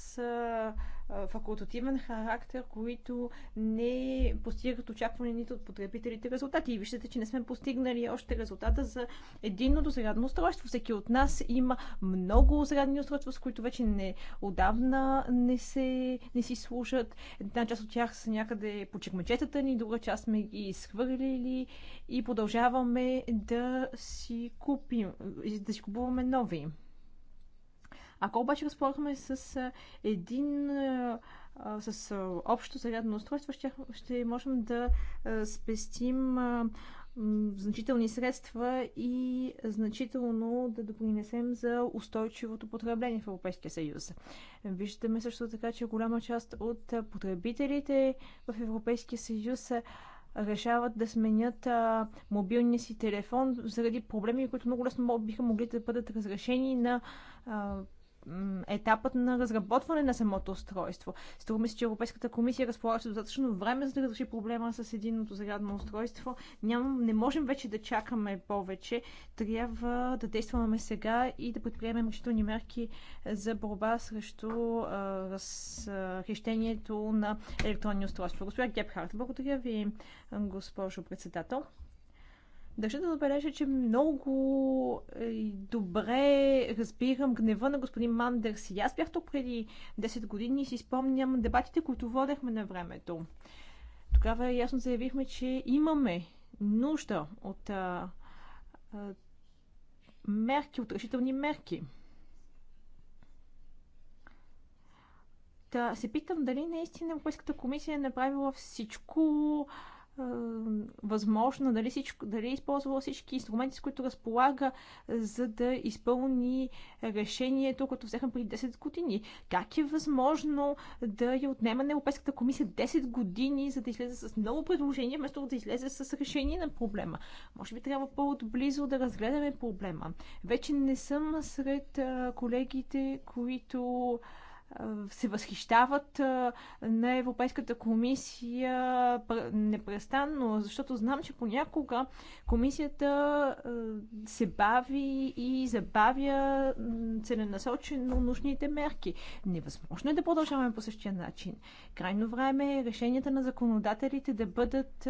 факултативен характер, които не постигат очакване нито от потребителите резултати. И виждате, че не сме постигнали още резултата за единното зарядно устройство. Всеки от нас има много зарядни устройства, с които вече не отдавна не, се, не си служат. Една част от тях са някъде по чекмечетата ни, друга част сме ги изхвърлили и продължаваме да си купим, да си купуваме нови. Ако обаче разполагаме с един с общо зарядно устройство, ще, ще можем да спестим значителни средства и значително да допринесем за устойчивото потребление в Европейския съюз. Виждаме също така, че голяма част от потребителите в Европейския съюз решават да сменят а, мобилния си телефон заради проблеми, които много лесно биха могли да бъдат разрешени на а, етапът на разработване на самото устройство. Струва ми се, че Европейската комисия разполага достатъчно време, за да разреши проблема с единното зарядно устройство. Ням, не можем вече да чакаме повече. Трябва да действаме сега и да предприемем решителни мерки за борба срещу разхищението на електронни устройства. Госпожа Гепхарт, благодаря ви, госпожо председател. Държа да отбележа, че много е, добре разбирам гнева на господин Мандерс. И аз бях тук преди 10 години и си спомням дебатите, които водехме на времето. Тогава ясно заявихме, че имаме нужда от а, а, мерки, от решителни мерки. Та се питам дали наистина Европейската комисия е направила всичко, а, Възможно, дали, всичко, дали е използвала всички инструменти, с които разполага, за да изпълни решението, което взехме преди 10 години. Как е възможно да я отнема на Европейската комисия 10 години, за да излезе с ново предложение, вместо да излезе с решение на проблема? Може би трябва по-отблизо да разгледаме проблема. Вече не съм сред колегите, които се възхищават на Европейската комисия непрестанно, защото знам, че понякога комисията се бави и забавя целенасочено нужните мерки. Невъзможно е да продължаваме по същия начин. Крайно време е решенията на законодателите да бъдат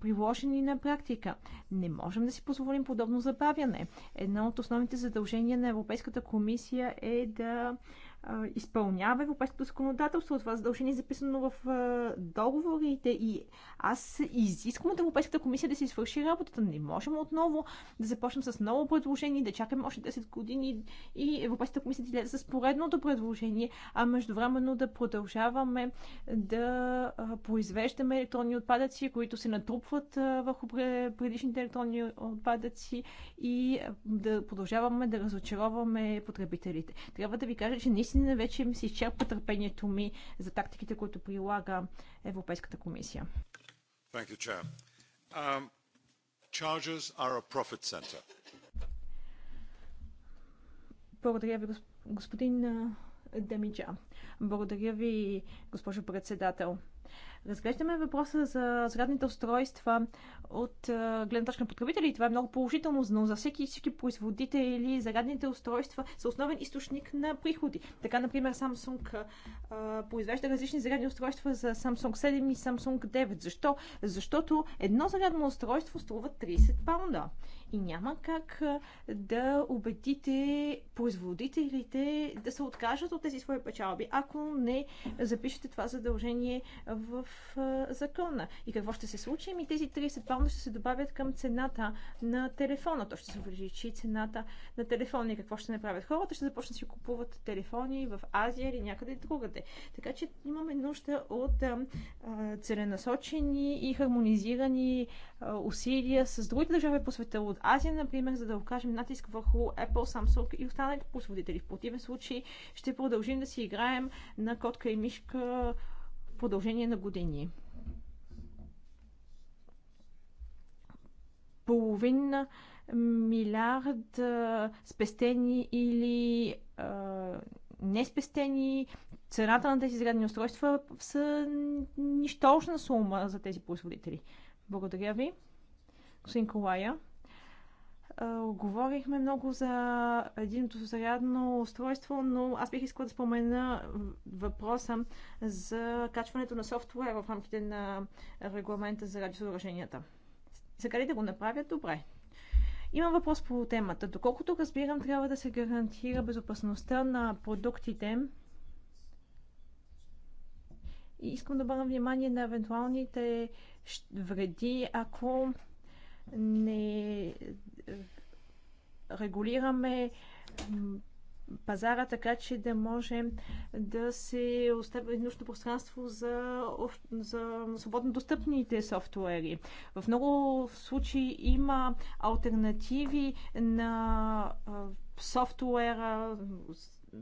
приложени на практика. Не можем да си позволим подобно забавяне. Едно от основните задължения на Европейската комисия е да изпълнява европейското законодателство. Това задължение е записано в договорите и аз изисквам от Европейската комисия да си свърши работата. Не можем отново да започнем с ново предложение, да чакаме още 10 години и Европейската комисия да излезе с поредното предложение, а междувременно да продължаваме да произвеждаме електронни отпадъци, които се натрупват върху предишните електронни отпадъци и да продължаваме да разочароваме потребителите. Трябва да ви кажа, че наистина наистина вече ми се изчерпа търпението ми за тактиките, които прилага Европейската комисия. Thank you, Chair. Um, charges are a profit center. Благодаря ви, господин Дамиджа. Благодаря ви, госпожо председател. Разглеждаме въпроса за сградните устройства от гледна точка на потребители и това е много положително, но за всеки всички производители зарядните устройства са основен източник на приходи. Така, например, Samsung а, произвежда различни зарядни устройства за Samsung 7 и Samsung 9. Защо? Защото едно зарядно устройство струва 30 паунда и няма как да убедите производителите да се откажат от тези свои печалби, ако не запишете това задължение в закона. И какво ще се случи? Ми тези 30 паунда ще се добавят към цената на телефона. То ще се увеличи цената на телефона. И какво ще направят хората? Ще започнат да си купуват телефони в Азия или някъде другаде. Така че имаме нужда от целенасочени и хармонизирани усилия с другите държави по света от Азия, например, за да окажем натиск върху Apple, Samsung и останалите производители. В противен случай ще продължим да си играем на котка и мишка в продължение на години. Половин милиард спестени или не спестени цената на тези зарядни устройства са нищожна сума за тези производители. Благодаря ви. Господин Колая, говорихме много за единото зарядно устройство, но аз бих искала да спомена въпроса за качването на софтуер в рамките на регламента за радиосъоръженията. Сега ли да го направят? Добре. Имам въпрос по темата. Доколкото разбирам, трябва да се гарантира безопасността на продуктите, и искам да обърна внимание на евентуалните вреди, ако не регулираме пазара, така че да можем да се остави нужно пространство за, за свободно достъпните софтуери. В много случаи има альтернативи на софтуера,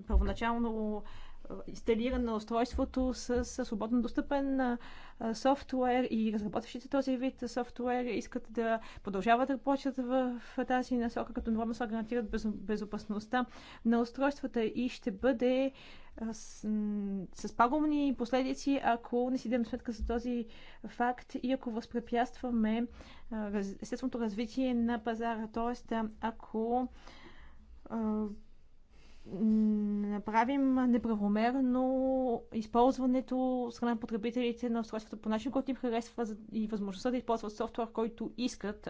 първоначално инсталира на устройството с, с свободно достъпен софтуер и разработващите този вид софтуер искат да продължават да работят в, в тази насока, като нормално се гарантират без, безопасността на устройствата и ще бъде с, с пагубни последици, ако не си дадем сметка за този факт и ако възпрепятстваме естественото развитие на пазара. Тоест, ако направим неправомерно използването страна на потребителите на устройствата по начин, който им харесва и възможността да използват софтуер, който искат.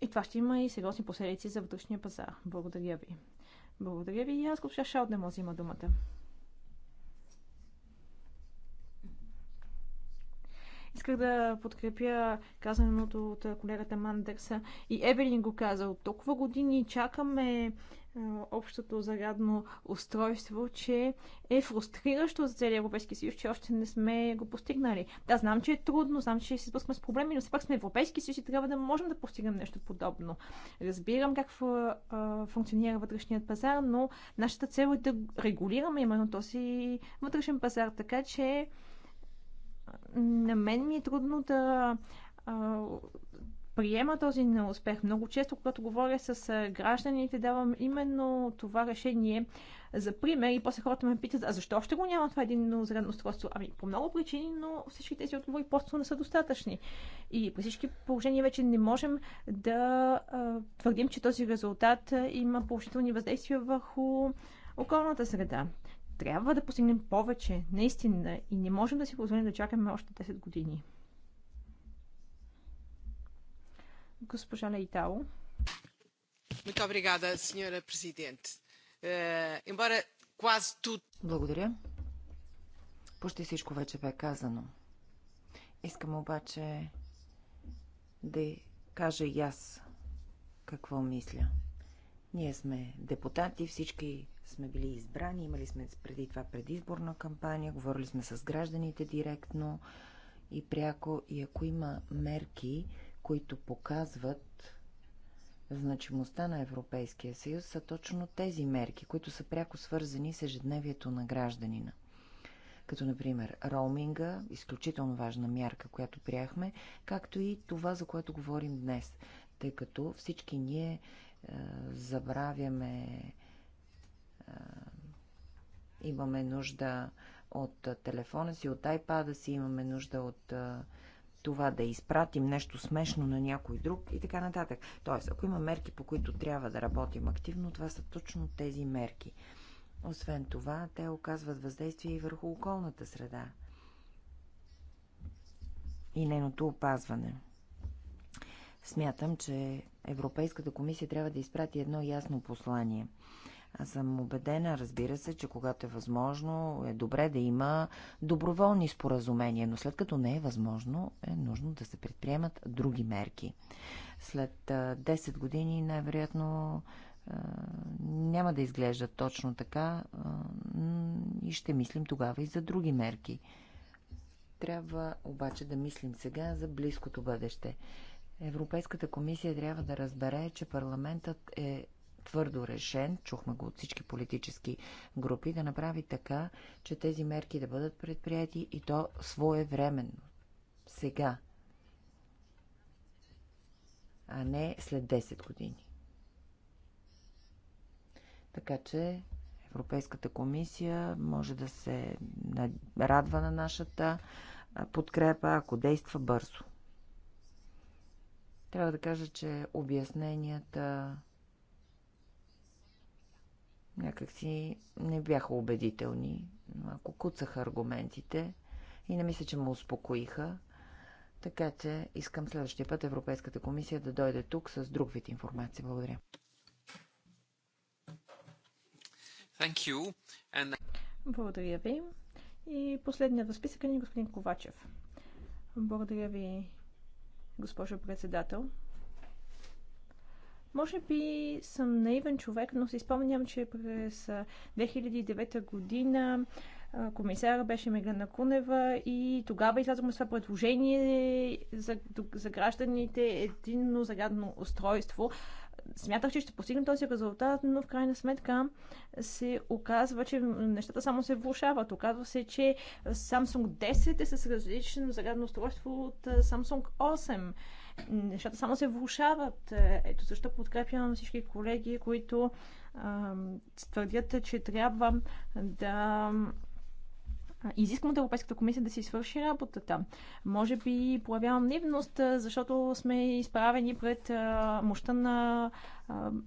И това ще има и сериозни последици за вътрешния пазар. Благодаря ви. Благодаря ви и аз, го не може да има думата. Исках да подкрепя казаното от колегата Мандерса и Евелин го каза. От толкова години чакаме е, общото зарядно устройство, че е фрустриращо за целия Европейски съюз, че още не сме го постигнали. Да, знам, че е трудно, знам, че се сблъскваме с проблеми, но все пак сме Европейски съюз и трябва да можем да постигнем нещо подобно. Разбирам как функционира вътрешният пазар, но нашата цел е да регулираме именно този вътрешен пазар, така че на мен ми е трудно да а, приема този неуспех. Много често, когато говоря с гражданите, давам именно това решение за пример и после хората ме питат, а защо ще го няма това единно зарядно устройство? Ами, по много причини, но всички тези отговори просто не са достатъчни. И при всички положения вече не можем да а, твърдим, че този резултат има положителни въздействия върху околната среда. Трябва да постигнем повече, наистина, и не можем да си позволим да чакаме още 10 години. Госпожа Лейтао. Е, Благодаря. Почти всичко вече бе казано. Искам обаче да кажа и аз какво мисля. Ние сме депутати, всички сме били избрани, имали сме преди това предизборна кампания, говорили сме с гражданите директно и пряко. И ако има мерки, които показват значимостта на Европейския съюз, са точно тези мерки, които са пряко свързани с ежедневието на гражданина. Като, например, роуминга, изключително важна мярка, която прияхме, както и това, за което говорим днес, тъй като всички ние е, забравяме е, имаме нужда от телефона си, от iPad си, имаме нужда от това да изпратим нещо смешно на някой друг и така нататък. Тоест, ако има мерки, по които трябва да работим активно, това са точно тези мерки. Освен това, те оказват въздействие и върху околната среда и нейното опазване. Смятам, че Европейската комисия трябва да изпрати едно ясно послание – аз съм убедена, разбира се, че когато е възможно, е добре да има доброволни споразумения, но след като не е възможно, е нужно да се предприемат други мерки. След 10 години най-вероятно няма да изглежда точно така и ще мислим тогава и за други мерки. Трябва обаче да мислим сега за близкото бъдеще. Европейската комисия трябва да разбере, че парламентът е твърдо решен, чухме го от всички политически групи, да направи така, че тези мерки да бъдат предприяти и то своевременно. Сега. А не след 10 години. Така че Европейската комисия може да се радва на нашата подкрепа, ако действа бързо. Трябва да кажа, че обясненията някакси не бяха убедителни. Ако куцаха аргументите и не мисля, че ме успокоиха. Така че искам следващия път Европейската комисия да дойде тук с друг вид информация. Благодаря. Thank you. And... Благодаря ви. И последният в списъка ни е господин Ковачев. Благодаря ви, госпожо председател. Може би съм наивен човек, но си спомням, че през 2009 година комисара беше Меглена Кунева и тогава излязохме с това предложение за, за гражданите единно заградно устройство. Смятах, че ще постигнем този резултат, но в крайна сметка се оказва, че нещата само се влушават. Оказва се, че Samsung 10 е с различно заградно устройство от Samsung 8 нещата само се влушават. Е, ето защо подкрепям всички колеги, които а, твърдят, че трябва да изискам от Европейската комисия да си свърши работата. Може би проявявам нивност, защото сме изправени пред а, мощта на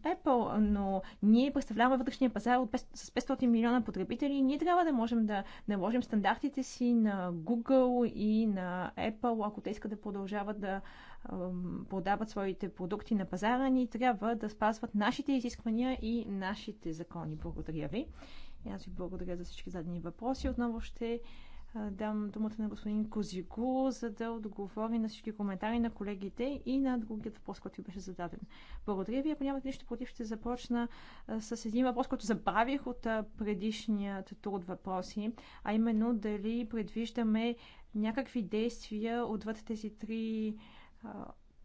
Apple, но ние представляваме вътрешния пазар от 5, с 500 милиона потребители и ние трябва да можем да наложим стандартите си на Google и на Apple, ако те искат да продължават да продават своите продукти на пазара ни, трябва да спазват нашите изисквания и нашите закони. Благодаря ви. И аз ви благодаря за всички зададени въпроси. Отново ще дам думата на господин Козико, за да отговори на всички коментари на колегите и на другият въпрос, който ви беше зададен. Благодаря ви. Ако нямате нищо против, ще започна с един въпрос, който забравих от предишният тур от въпроси, а именно дали предвиждаме някакви действия отвъд тези три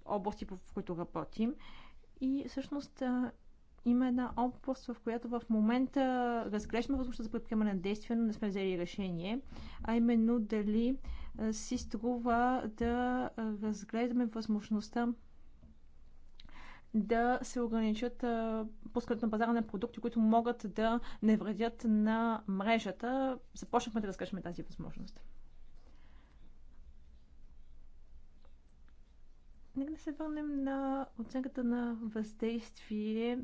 области, в които работим. И всъщност има една област, в която в момента разглеждаме възможността за предприемане на действие, но не сме взели решение, а именно дали си струва да разгледаме възможността да се ограничат пускането на пазара на продукти, които могат да не вредят на мрежата. Започнахме да разкажем тази възможност. Нека да се върнем на оценката на въздействие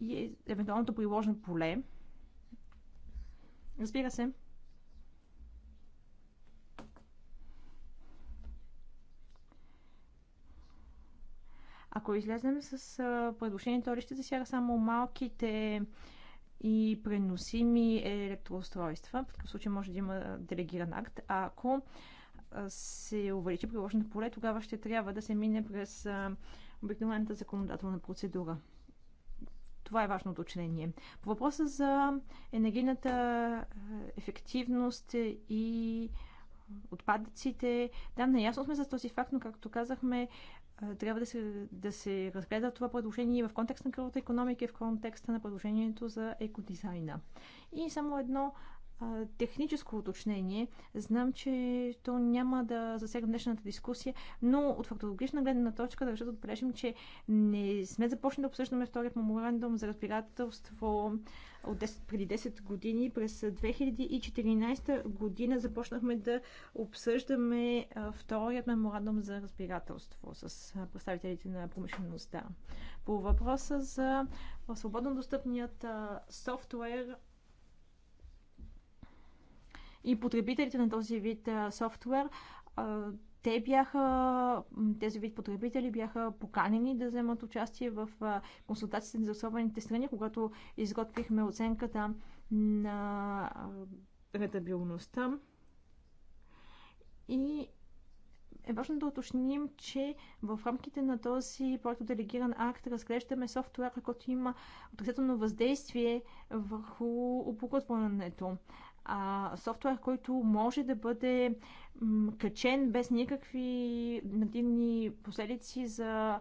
и евентуалното приложено поле. Разбира се. Ако излезем с предложението, то ли ще засяга само малките и преносими електроустройства. В такъв случай може да има делегиран акт. А ако се увеличи приложното поле, тогава ще трябва да се мине през обикновената законодателна процедура. Това е важно уточнение. По въпроса за енергийната ефективност и отпадъците, да, наясно сме за този факт, но както казахме, трябва да се, да се разгледа това предложение в контекст на кръвната економика и в контекста на предложението за екодизайна. И само едно техническо уточнение. Знам, че то няма да засегне днешната дискусия, но от фактологична гледна точка държа да отбележим, че не сме започнали да обсъждаме вторият меморандум за разбирателство от 10, преди 10 години. През 2014 година започнахме да обсъждаме вторият меморандум за разбирателство с представителите на промишлеността. По въпроса за свободно достъпният софтуер и потребителите на този вид софтуер, те бяха, тези вид потребители бяха поканени да вземат участие в консултациите на особените страни, когато изготвихме оценката на ретабилността. И е важно да уточним, че в рамките на този проект делегиран акт разглеждаме софтуера, който има отрицателно въздействие върху оборудването а, софтуер, който може да бъде качен без никакви надивни последици за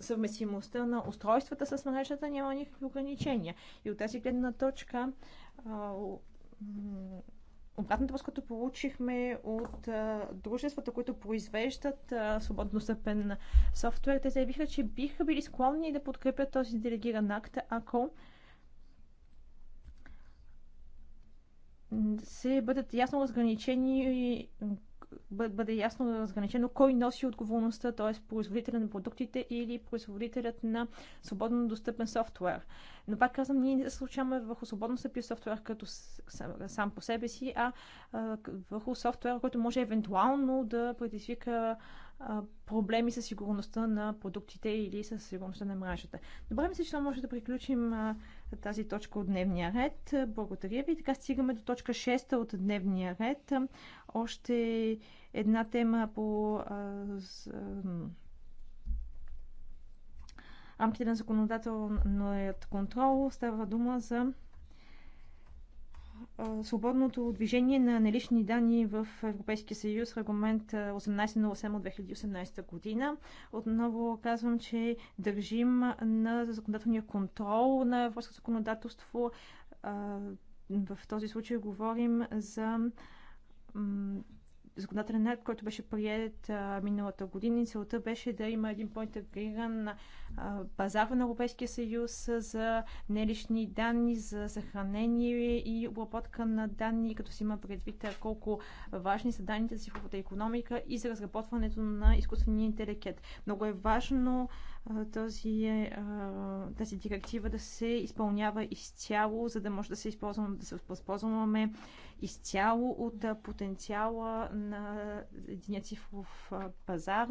съвместимостта на устройствата с мрежата няма никакви ограничения. И от тази гледна точка обратната връзка, която получихме от а, дружествата, които произвеждат свободно стъпен софтуер, те заявиха, че биха били склонни да подкрепят този делегиран акт, ако а, се бъдат ясно разграничени и бъде ясно разграничено кой носи отговорността, т.е. производителя на продуктите или производителят на свободно достъпен софтуер. Но пак казвам, ние не се случаваме върху свободно достъпен софтуер като сам по себе си, а върху софтуер, който може евентуално да предизвика проблеми с сигурността на продуктите или с сигурността на мрежата. Добре мисля, че може да приключим тази точка от дневния ред. Благодаря ви. Така стигаме до точка 6 от дневния ред. Още една тема по рамките на законодателният контрол. Става дума за свободното движение на налични данни в Европейския съюз, регламент 1808 от 2018 година. Отново казвам, че държим на законодателния контрол на европейското законодателство. В този случай говорим за законодателен акт, който беше прият а, миналата година и целта беше да има един по-интегриран пазар на Европейския съюз за нелични данни, за съхранение и обработка на данни, като си има предвид колко важни са данните за цифровата економика и за разработването на изкуствения интелект. Много е важно този, е, тази директива да се изпълнява изцяло, за да може да се използваме, да се възползваме изцяло от потенциала на единия цифров пазар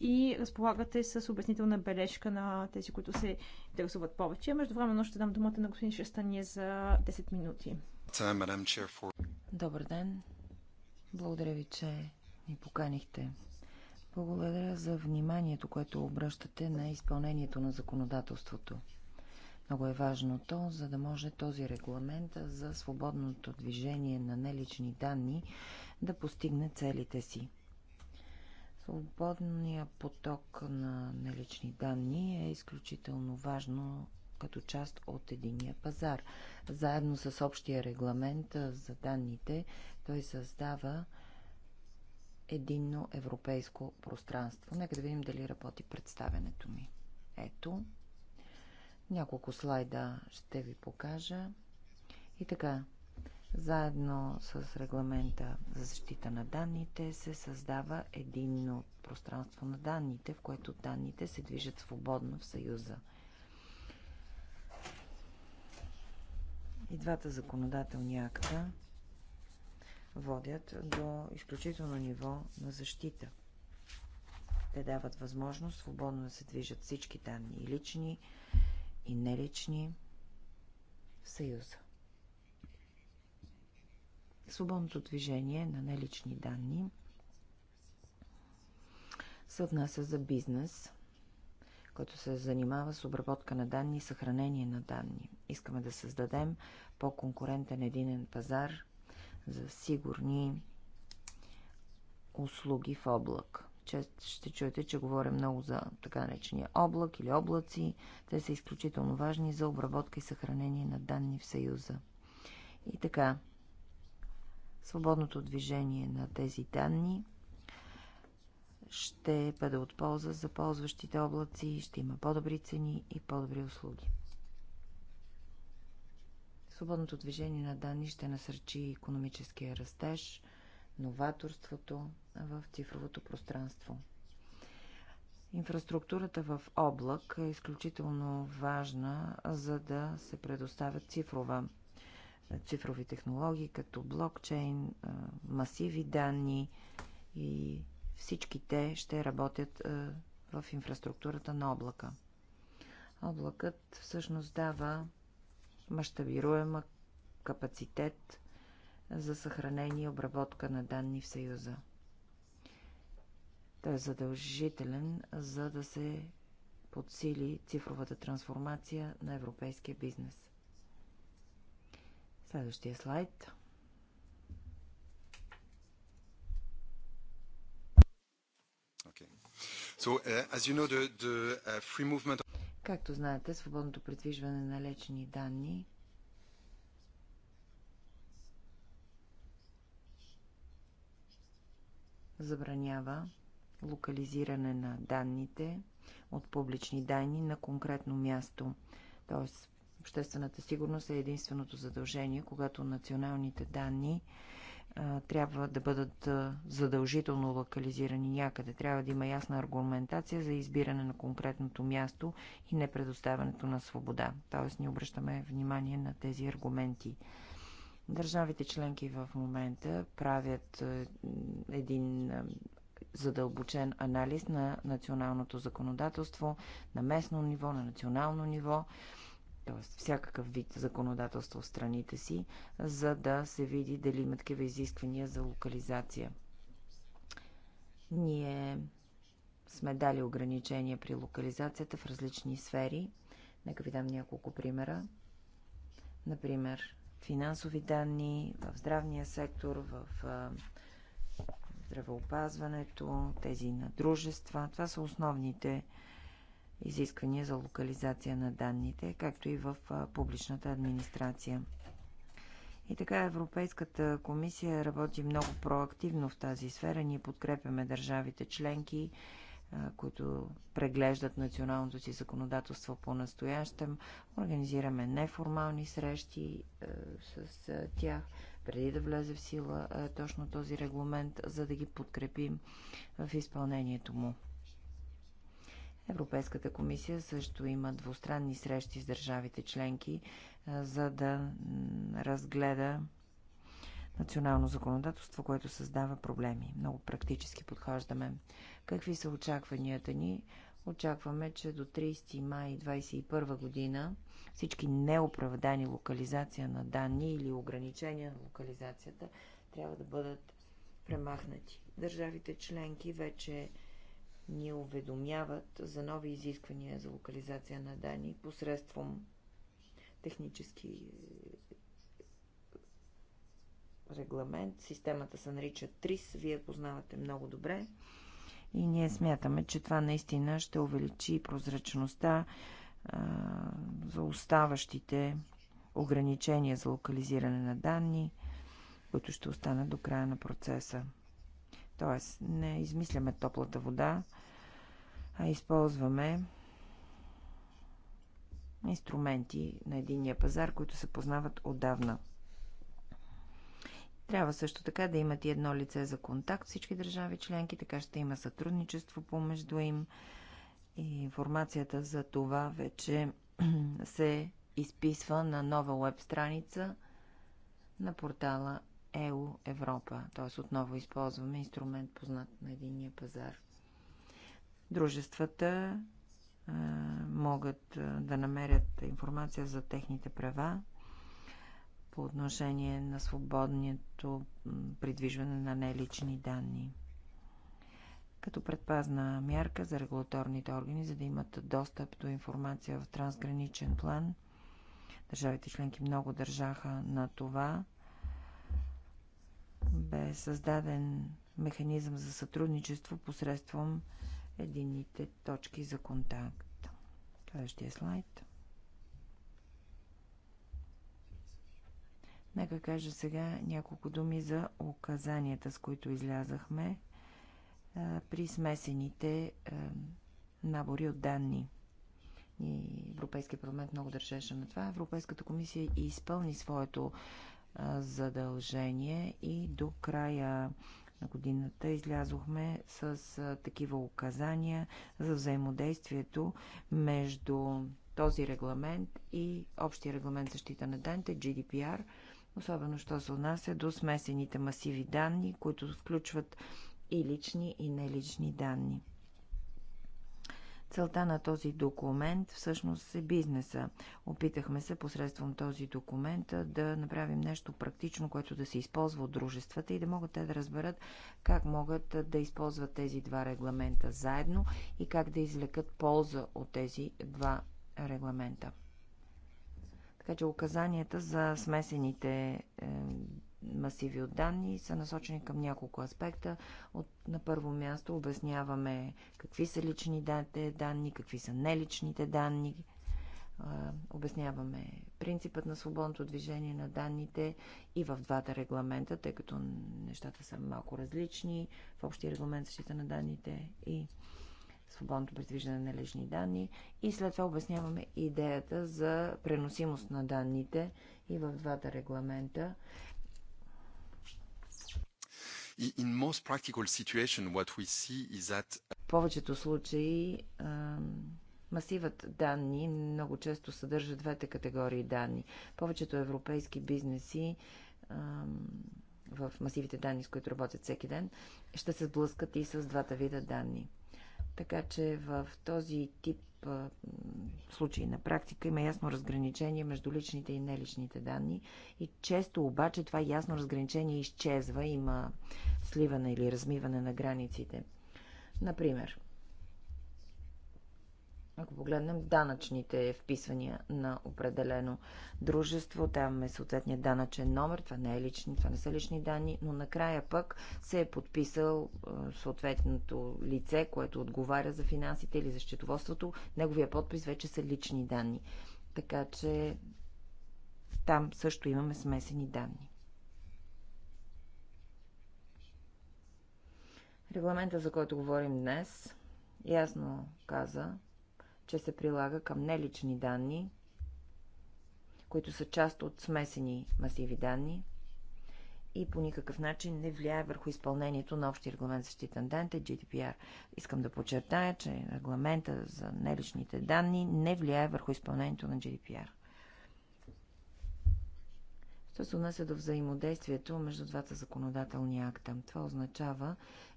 и разполагате с обяснителна бележка на тези, които се интересуват повече. Между времено ще дам думата на господин Шестания за 10 минути. Добър ден. Благодаря ви, че ни поканихте. Благодаря за вниманието, което обръщате на изпълнението на законодателството. Много е важно то, за да може този регламент за свободното движение на нелични данни да постигне целите си. Свободния поток на нелични данни е изключително важно като част от единия пазар. Заедно с общия регламент за данните, той създава единно европейско пространство. Нека да видим дали работи представенето ми. Ето, няколко слайда ще ви покажа. И така, заедно с регламента за защита на данните се създава единно пространство на данните, в което данните се движат свободно в Съюза. И двата законодателни акта водят до изключително ниво на защита. Те дават възможност свободно да се движат всички данни и лични, и нелични в Съюза. Свободното движение на нелични данни се отнася за бизнес, който се занимава с обработка на данни и съхранение на данни. Искаме да създадем по-конкурентен единен пазар за сигурни услуги в облак. Чест ще чуете, че говоря много за така наречения облак или облаци. Те са изключително важни за обработка и съхранение на данни в Съюза. И така, свободното движение на тези данни ще бъде от полза за ползващите облаци, ще има по-добри цени и по-добри услуги. Свободното движение на данни ще насърчи економическия растеж, новаторството в цифровото пространство. Инфраструктурата в облак е изключително важна, за да се предоставят цифрова, цифрови технологии, като блокчейн, масиви данни и всички те ще работят в инфраструктурата на облака. Облакът всъщност дава мащабируема капацитет за съхранение и обработка на данни в Съюза. Той е задължителен, за да се подсили цифровата трансформация на европейския бизнес. Следващия слайд. Uh, uh, Както знаете, свободното предвижване на лечени данни забранява локализиране на данните от публични данни на конкретно място. Тоест, обществената сигурност е единственото задължение, когато националните данни а, трябва да бъдат задължително локализирани някъде. Трябва да има ясна аргументация за избиране на конкретното място и непредоставянето на свобода. Тоест, ни обръщаме внимание на тези аргументи. Държавите членки в момента правят е, един е, задълбочен анализ на националното законодателство на местно ниво, на национално ниво, т.е. всякакъв вид законодателство в страните си, за да се види дали има такива изисквания за локализация. Ние сме дали ограничения при локализацията в различни сфери. Нека ви дам няколко примера. Например, финансови данни, в здравния сектор, в здравеопазването, тези на дружества. Това са основните изисквания за локализация на данните, както и в публичната администрация. И така Европейската комисия работи много проактивно в тази сфера. Ние подкрепяме държавите членки които преглеждат националното си законодателство по-настоящем. Организираме неформални срещи е, с е, тях, преди да влезе в сила е, точно този регламент, за да ги подкрепим в изпълнението му. Европейската комисия също има двустранни срещи с държавите членки, за да разгледа национално законодателство, което създава проблеми. Много практически подхождаме. Какви са очакванията ни? Очакваме, че до 30 май 2021 година всички неоправдани локализация на данни или ограничения на локализацията трябва да бъдат премахнати. Държавите членки вече ни уведомяват за нови изисквания за локализация на данни посредством технически регламент. Системата се нарича ТРИС. Вие познавате много добре. И ние смятаме, че това наистина ще увеличи прозрачността а, за оставащите ограничения за локализиране на данни, които ще останат до края на процеса. Тоест, не измисляме топлата вода, а използваме инструменти на единния пазар, които се познават отдавна. Трябва също така да имат и едно лице за контакт всички държави членки, така ще има сътрудничество помежду им. И информацията за това вече се изписва на нова веб страница на портала EU е Европа. Т.е. отново използваме инструмент познат на единния пазар. Дружествата могат да намерят информация за техните права по отношение на свободното придвижване на нелични данни. Като предпазна мярка за регулаторните органи, за да имат достъп до информация в трансграничен план, държавите членки много държаха на това, бе създаден механизъм за сътрудничество посредством единните точки за контакт. Следващия е слайд. Нека кажа сега няколко думи за указанията, с които излязахме при смесените набори от данни. И Европейския парламент много държеше на това. Европейската комисия и изпълни своето задължение и до края на годината излязохме с такива указания за взаимодействието между този регламент и общия регламент защита на данните GDPR – особено що се отнася до смесените масиви данни, които включват и лични, и нелични данни. Целта на този документ всъщност е бизнеса. Опитахме се посредством този документ да направим нещо практично, което да се използва от дружествата и да могат те да разберат как могат да използват тези два регламента заедно и как да извлекат полза от тези два регламента. Така че указанията за смесените е, масиви от данни са насочени към няколко аспекта. От, на първо място обясняваме какви са личните данни, какви са неличните данни, е, обясняваме принципът на свободното движение на данните и в двата регламента, тъй като нещата са малко различни. В общия регламент защита на данните и свободното предвиждане на лични данни и след това обясняваме идеята за преносимост на данните и в двата регламента. In most practical situation, what we see is that... Uh, в повечето случаи масивът данни много често съдържа двете категории данни. Повечето европейски бизнеси в масивите данни, с които работят всеки ден, ще се сблъскат и с двата вида данни. Така че в този тип случаи на практика има ясно разграничение между личните и неличните данни и често обаче това ясно разграничение изчезва, има сливане или размиване на границите. Например, ако погледнем данъчните вписвания на определено дружество, там е съответният данъчен номер, това не е лични, това не са лични данни, но накрая пък се е подписал е, съответното лице, което отговаря за финансите или за счетоводството, неговия подпис вече са лични данни. Така че там също имаме смесени данни. Регламента, за който говорим днес, ясно каза, че се прилага към нелични данни, които са част от смесени масиви данни и по никакъв начин не влияе върху изпълнението на общия регламент за защита на данните GDPR. Искам да подчертая, че регламента за неличните данни не влияе върху изпълнението на GDPR. Що се отнася до взаимодействието между двата законодателни акта? Това означава,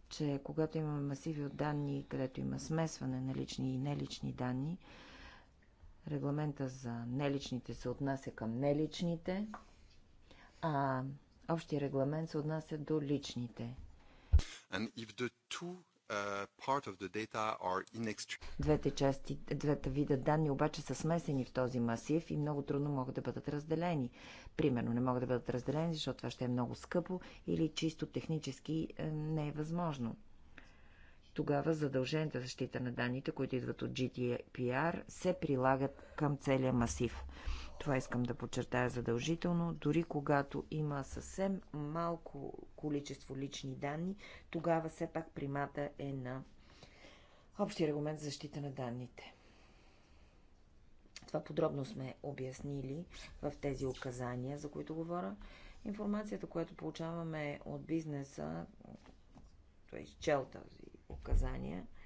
че когато имаме масиви от данни, където има смесване на лични и нелични данни, регламента за неличните се отнася към неличните, а общия регламент се отнася до личните. And if the two Uh, двете части, двете вида данни обаче са смесени в този масив и много трудно могат да бъдат разделени. Примерно не могат да бъдат разделени, защото това ще е много скъпо или чисто технически е, не е възможно. Тогава задължената защита на данните, които идват от GDPR, се прилагат към целия масив. Това искам да подчертая задължително. Дори когато има съвсем малко количество лични данни, тогава все пак примата е на общия регламент за защита на данните. Това подробно сме обяснили в тези указания, за които говоря. Информацията, която получаваме от бизнеса, т.е. чел тази указания –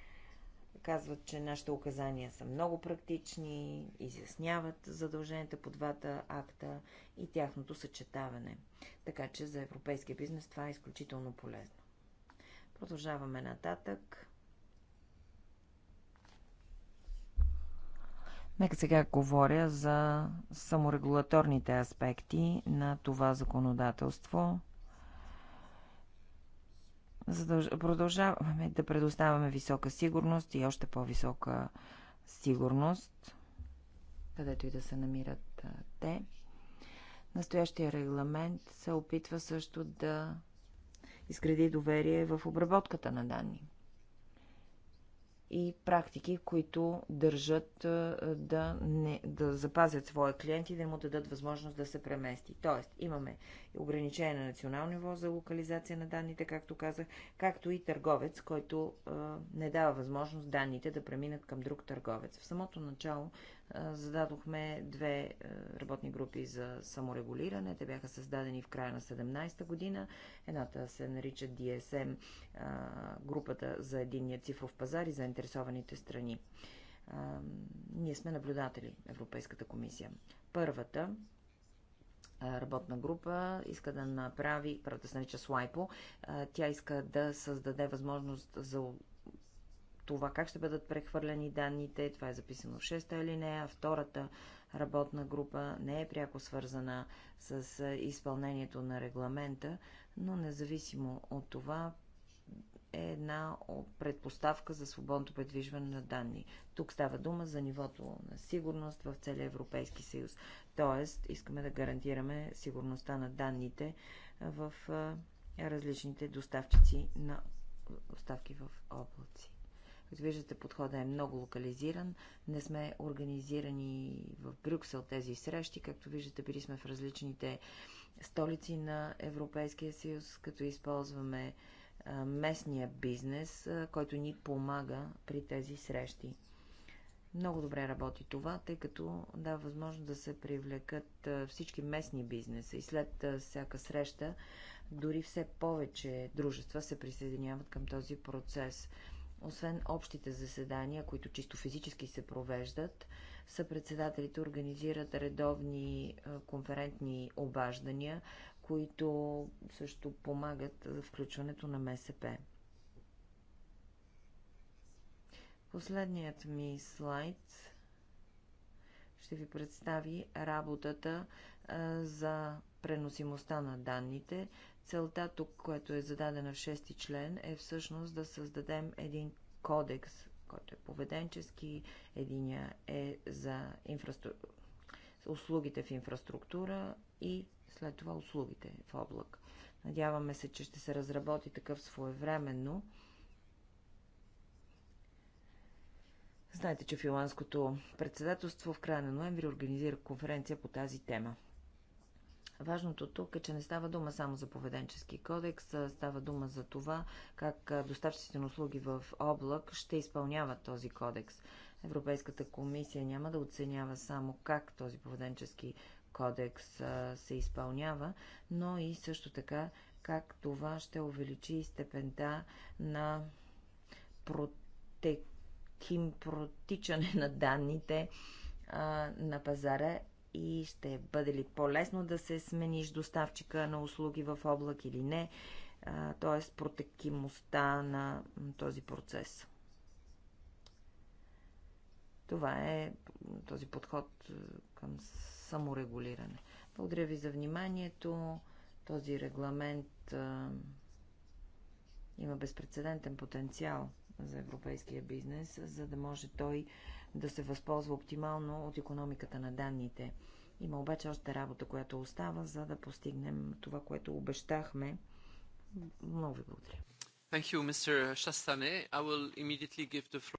Казват, че нашите указания са много практични, изясняват задълженията по двата акта и тяхното съчетаване. Така че за европейския бизнес това е изключително полезно. Продължаваме нататък. Нека сега говоря за саморегулаторните аспекти на това законодателство – Продължаваме да предоставяме висока сигурност и още по-висока сигурност, където и да се намират те. Настоящия регламент се опитва също да изгради доверие в обработката на данни и практики, които държат да, не, да запазят своя клиент и да му дадат възможност да се премести. Тоест, имаме ограничение на национално ниво за локализация на данните, както казах, както и търговец, който а, не дава възможност данните да преминат към друг търговец. В самото начало Зададохме две е, работни групи за саморегулиране. Те бяха създадени в края на 17-та година. Едната се нарича DSM, групата за единния цифров пазар и заинтересованите страни. Ние сме наблюдатели, Европейската комисия. Първата работна група иска да направи, първата се нарича Слайпо, тя иска да създаде възможност за това как ще бъдат прехвърлени данните, това е записано в 6-та алинея, втората работна група не е пряко свързана с изпълнението на регламента, но независимо от това е една предпоставка за свободното предвижване на данни. Тук става дума за нивото на сигурност в целия Европейски съюз. Тоест, искаме да гарантираме сигурността на данните в различните доставчици на доставки в облаци. Като виждате, подходът е много локализиран. Не сме организирани в Брюксел тези срещи. Както виждате, били сме в различните столици на Европейския съюз, като използваме местния бизнес, който ни помага при тези срещи. Много добре работи това, тъй като дава възможност да се привлекат всички местни бизнеса и след всяка среща дори все повече дружества се присъединяват към този процес. Освен общите заседания, които чисто физически се провеждат, съпредседателите организират редовни конферентни обаждания, които също помагат за включването на МСП. Последният ми слайд ще ви представи работата за преносимостта на данните. Целта тук, която е зададена в 6 член, е всъщност да създадем един кодекс, който е поведенчески, единия е за инфраструк... услугите в инфраструктура и след това услугите в облак. Надяваме се, че ще се разработи такъв своевременно. Знаете, че Филанското председателство в края на ноември организира конференция по тази тема. Важното тук е, че не става дума само за поведенчески кодекс, става дума за това как доставчиците на услуги в облак ще изпълняват този кодекс. Европейската комисия няма да оценява само как този поведенчески кодекс се изпълнява, но и също така как това ще увеличи степента на протеким протичане на данните на пазара и ще бъде ли по-лесно да се смениш доставчика на услуги в облак или не, т.е. протекимостта на този процес. Това е този подход към саморегулиране. Благодаря ви за вниманието. Този регламент а, има безпредседентен потенциал за европейския бизнес, за да може той да се възползва оптимално от економиката на данните. Има обаче още работа, която остава, за да постигнем това, което обещахме. Много ви благодаря. Thank you, Mr. Shastane. I will immediately give the floor.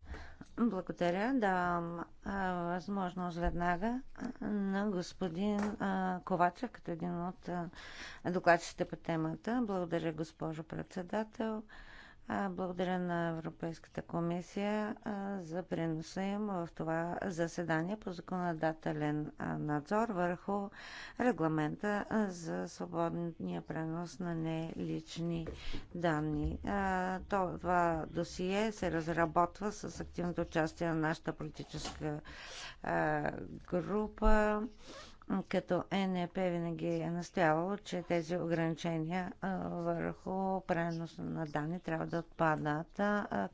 Благодаря. Давам а, възможност веднага на господин а, Ковачев, като един от а, докладчите по темата. Благодаря, госпожо председател. Благодаря на Европейската комисия за приноса им в това заседание по законодателен надзор върху регламента за свободния пренос на нелични данни. Това досие се разработва с активното участие на нашата политическа група като ЕНЕП винаги е настоявало, че тези ограничения върху пренос на данни трябва да отпаднат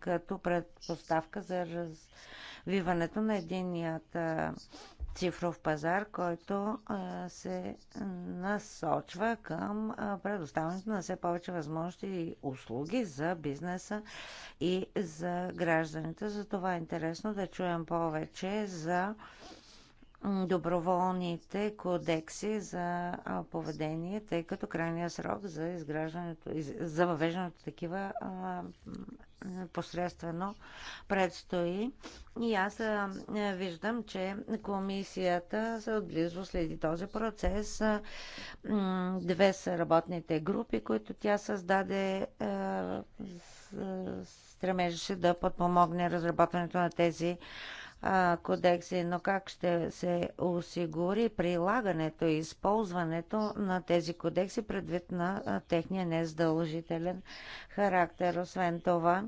като предпоставка за развиването на единият цифров пазар, който се насочва към предоставянето на все повече възможности и услуги за бизнеса и за гражданите. Затова е интересно да чуем повече за доброволните кодекси за поведение, тъй като крайния срок за изграждането, за въвеждането такива посредствено предстои. И аз виждам, че комисията се отблизо следи този процес. Две са работните групи, които тя създаде стремежеше да подпомогне разработването на тези кодекси, но как ще се осигури прилагането и използването на тези кодекси предвид на техния нездължителен характер. Освен това,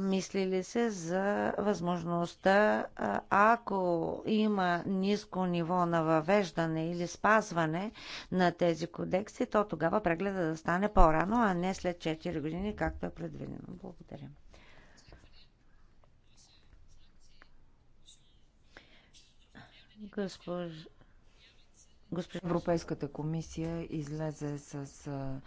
мисли ли се за възможността, ако има ниско ниво на въвеждане или спазване на тези кодекси, то тогава прегледа да стане по-рано, а не след 4 години, както е предвидено. Благодаря. Госпож... Европейската комисия излезе с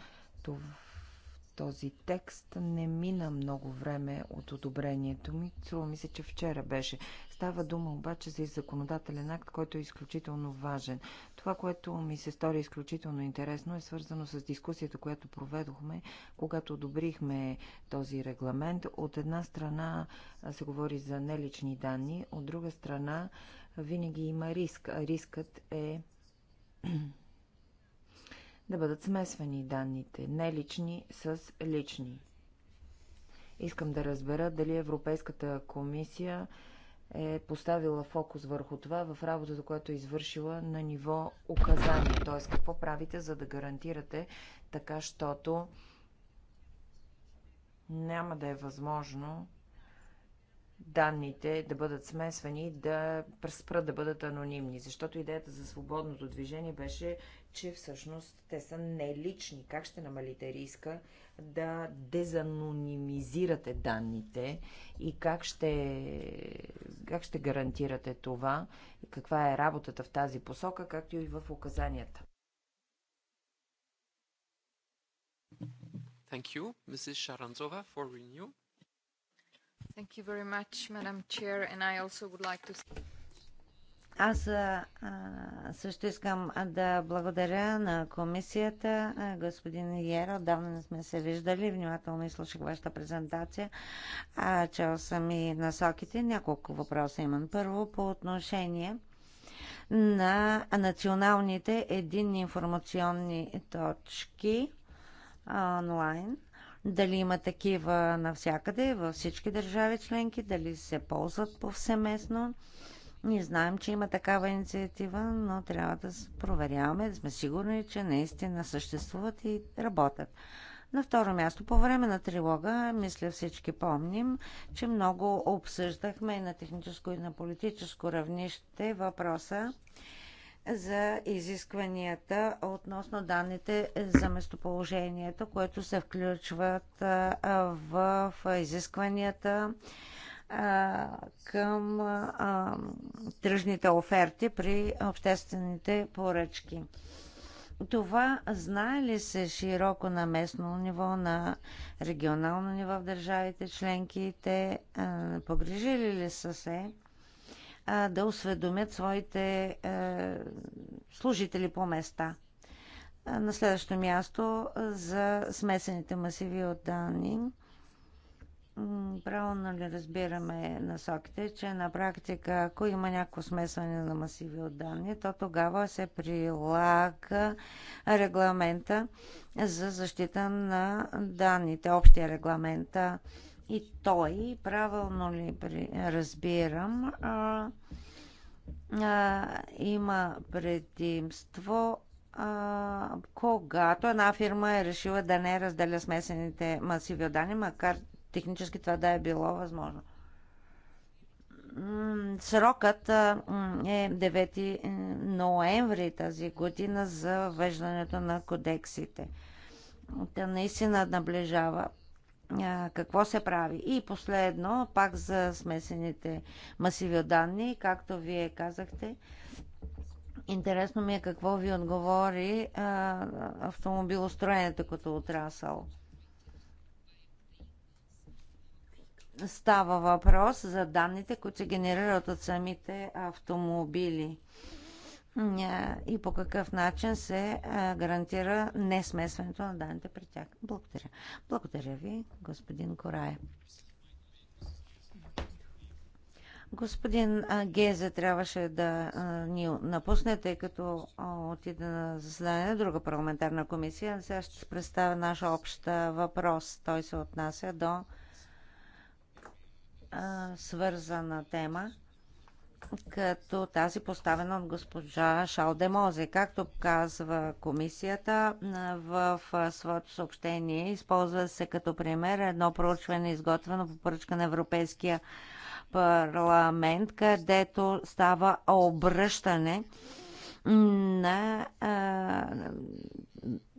този текст. Не мина много време от одобрението ми. Струва ми се, че вчера беше. Става дума обаче за законодателен акт, който е изключително важен. Това, което ми се стори изключително интересно, е свързано с дискусията, която проведохме, когато одобрихме този регламент. От една страна се говори за нелични данни, от друга страна винаги има риск, а рискът е да бъдат смесвани данните, не лични с лични. Искам да разбера дали Европейската комисия е поставила фокус върху това в работата, която е извършила на ниво указания. Т.е. какво правите, за да гарантирате така, щото няма да е възможно данните да бъдат смесвани, да спрат да бъдат анонимни. Защото идеята за свободното движение беше, че всъщност те са нелични. Как ще намалите риска да дезанонимизирате данните и как ще, как ще гарантирате това, каква е работата в тази посока, както и в указанията? Thank you, Mrs. Sharanzova, for Renew. Аз също искам да благодаря на комисията, господин Йера. Отдавна не сме се виждали. Внимателно изслушах вашата презентация. чел съм и насоките. Няколко въпроса имам. Първо, по отношение на националните единни информационни точки онлайн дали има такива навсякъде, във всички държави членки, дали се ползват повсеместно. Ние знаем, че има такава инициатива, но трябва да проверяваме, да сме сигурни, че наистина съществуват и работят. На второ място, по време на трилога, мисля всички помним, че много обсъждахме на техническо и на политическо равнище въпроса за изискванията относно данните за местоположението, което се включват в изискванията към тръжните оферти при обществените поръчки. Това знае ли се широко на местно ниво, на регионално ниво в държавите членки? Те погрижили ли са се да осведомят своите е, служители по места. На следващо място за смесените масиви от данни. Правилно ли разбираме насоките, че на практика, ако има някакво смесване на масиви от данни, то тогава се прилага регламента за защита на данните, общия регламент и той, правилно ли разбирам, а, а, има предимство, а, когато една фирма е решила да не разделя смесените масиви от данни, макар технически това да е било възможно. Срокът е 9 е, ноември тази година за въвеждането на кодексите. Та наистина наближава какво се прави. И последно, пак за смесените масиви от данни, както вие казахте, интересно ми е какво ви отговори а, автомобилостроенето като отрасъл. Става въпрос за данните, които се генерират от самите автомобили и по какъв начин се гарантира несмесването на данните при тях. Благодаря. Благодаря ви, господин Корае. Господин Гезе трябваше да ни напусне, тъй като отиде на заседание на друга парламентарна комисия. Сега ще представя наша обща въпрос. Той се отнася до свързана тема като тази поставена от госпожа Шалдемозе. Както казва комисията, в своето съобщение използва се като пример едно проучване, изготвено по поръчка на Европейския парламент, където става обръщане на а,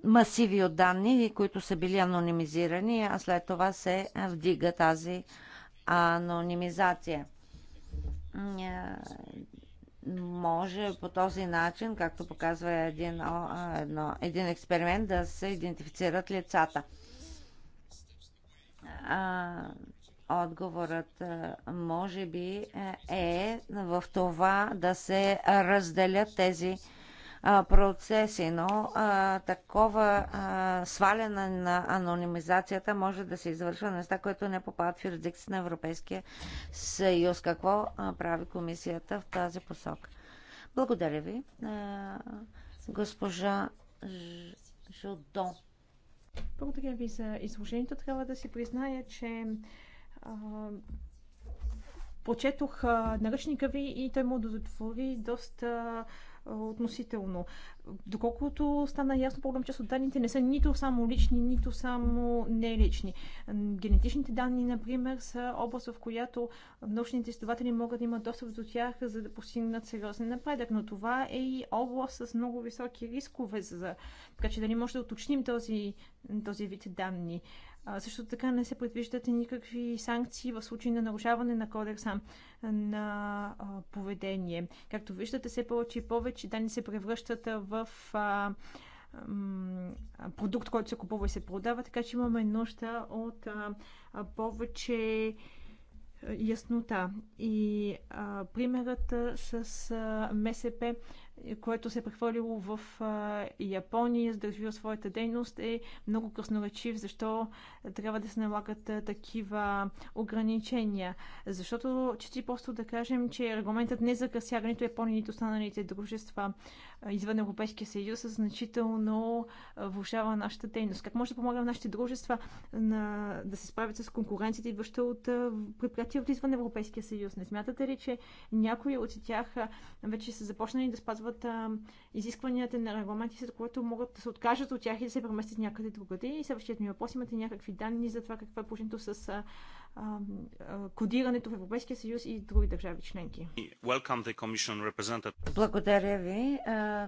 масиви от данни, които са били анонимизирани, а след това се вдига тази анонимизация може по този начин, както показва един, едно, един експеримент, да се идентифицират лицата. А, отговорът може би е, е в това да се разделят тези процеси, но а, такова а, сваляне на анонимизацията може да се извършва на места, които не попадат в юрисдикцията на Европейския съюз. Какво а, прави комисията в тази посока? Благодаря ви. А, госпожа Ж... Жодо. Благодаря ви за изложението. Трябва да си призная, че а, почетох а, наръчника ви и той му удовлетвори доста а, относително. Доколкото стана ясно, по-голям част от данните не са нито само лични, нито само нелични. Генетичните данни, например, са област, в която научните изследователи могат да имат достъп до тях, за да постигнат сериозен напредък. Но това е и област с много високи рискове. За... Така че дали може да уточним този, този вид данни? А, също така не се предвиждат и никакви санкции в случай на нарушаване на кодекса на а, поведение. Както виждате, все повече и повече данни се превръщат в а, продукт, който се купува и се продава, така че имаме нужда от а, а, повече яснота. И а, примерът с а, МСП което се е прехвърлило в Япония, за да развива своята дейност, е много красноречив. Защо трябва да се налагат такива ограничения? Защото, че ти просто да кажем, че регламентът не за нито Япония, нито останалите дружества извън Европейския съюз значително влушава нашата дейност. Как може да помагаме нашите дружества на, да се справят с конкуренцията, идваща от предприятия от извън Европейския съюз? Не смятате ли, че някои от тях вече са започнали да спазват изискванията на регламенти, след което могат да се откажат от тях и да се преместят някъде другаде? И следващият ми въпрос, имате някакви данни за това какво е положението с кодирането в Европейския съюз и други държави членки. Благодаря ви,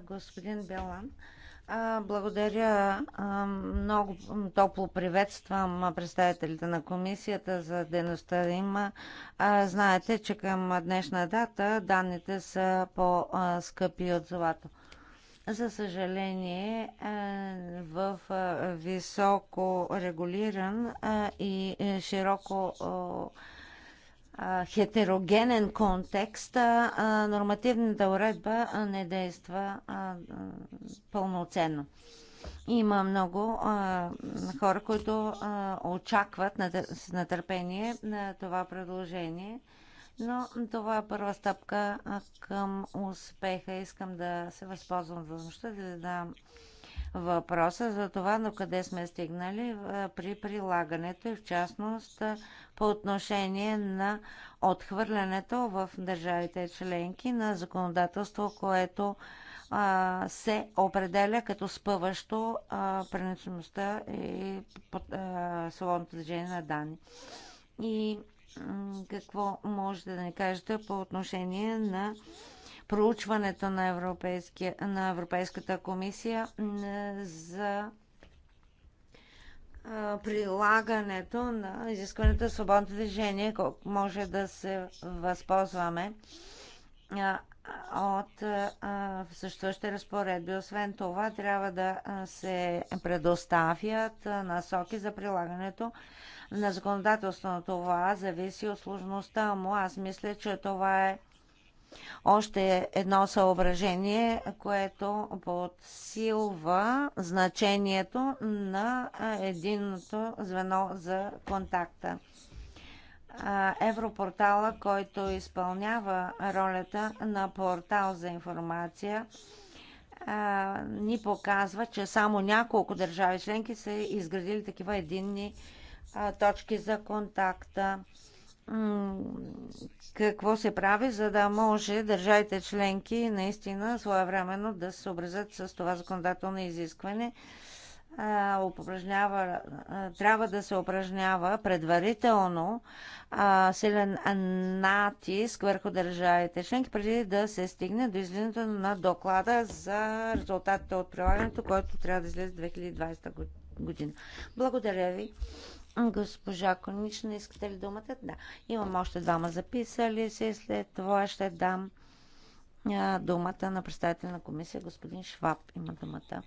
господин Белан. Благодаря. Много топло приветствам представителите на комисията за дейността им. Знаете, че към днешна дата данните са по-скъпи от злато. За съжаление, е, в е, високо регулиран е, и широко хетерогенен контекст, нормативната уредба не действа пълноценно. Има много хора, които очакват с натърпение на това предложение но това е първа стъпка към успеха. Искам да се възползвам възможността да задам въпроса за това, но къде сме стигнали при прилагането и в частност по отношение на отхвърлянето в държавите членки на законодателство, което а, се определя като спъващо преносимостта и свободното движение на данни. И какво може да ни кажете по отношение на проучването на, на Европейската комисия за прилагането на изискването за свободно движение, колко може да се възползваме от съществуващите разпоредби. Освен това, трябва да се предоставят насоки за прилагането на законодателство на това зависи от сложността му. Аз мисля, че това е още едно съображение, което подсилва значението на единното звено за контакта. Европортала, който изпълнява ролята на портал за информация, ни показва, че само няколко държави членки са изградили такива единни точки за контакта. Какво се прави, за да може държавите членки наистина своевременно да се съобразят с това законодателно изискване? упражнява, трябва да се упражнява предварително силен натиск върху държавите членки, преди да се стигне до излизането на доклада за резултатите от прилагането, който трябва да излезе 2020 година. Благодаря ви. Госпожа Конична, искате ли думата? Да. Имам още двама записали се. След това ще дам а, думата на представител на комисия. Господин Шваб има думата.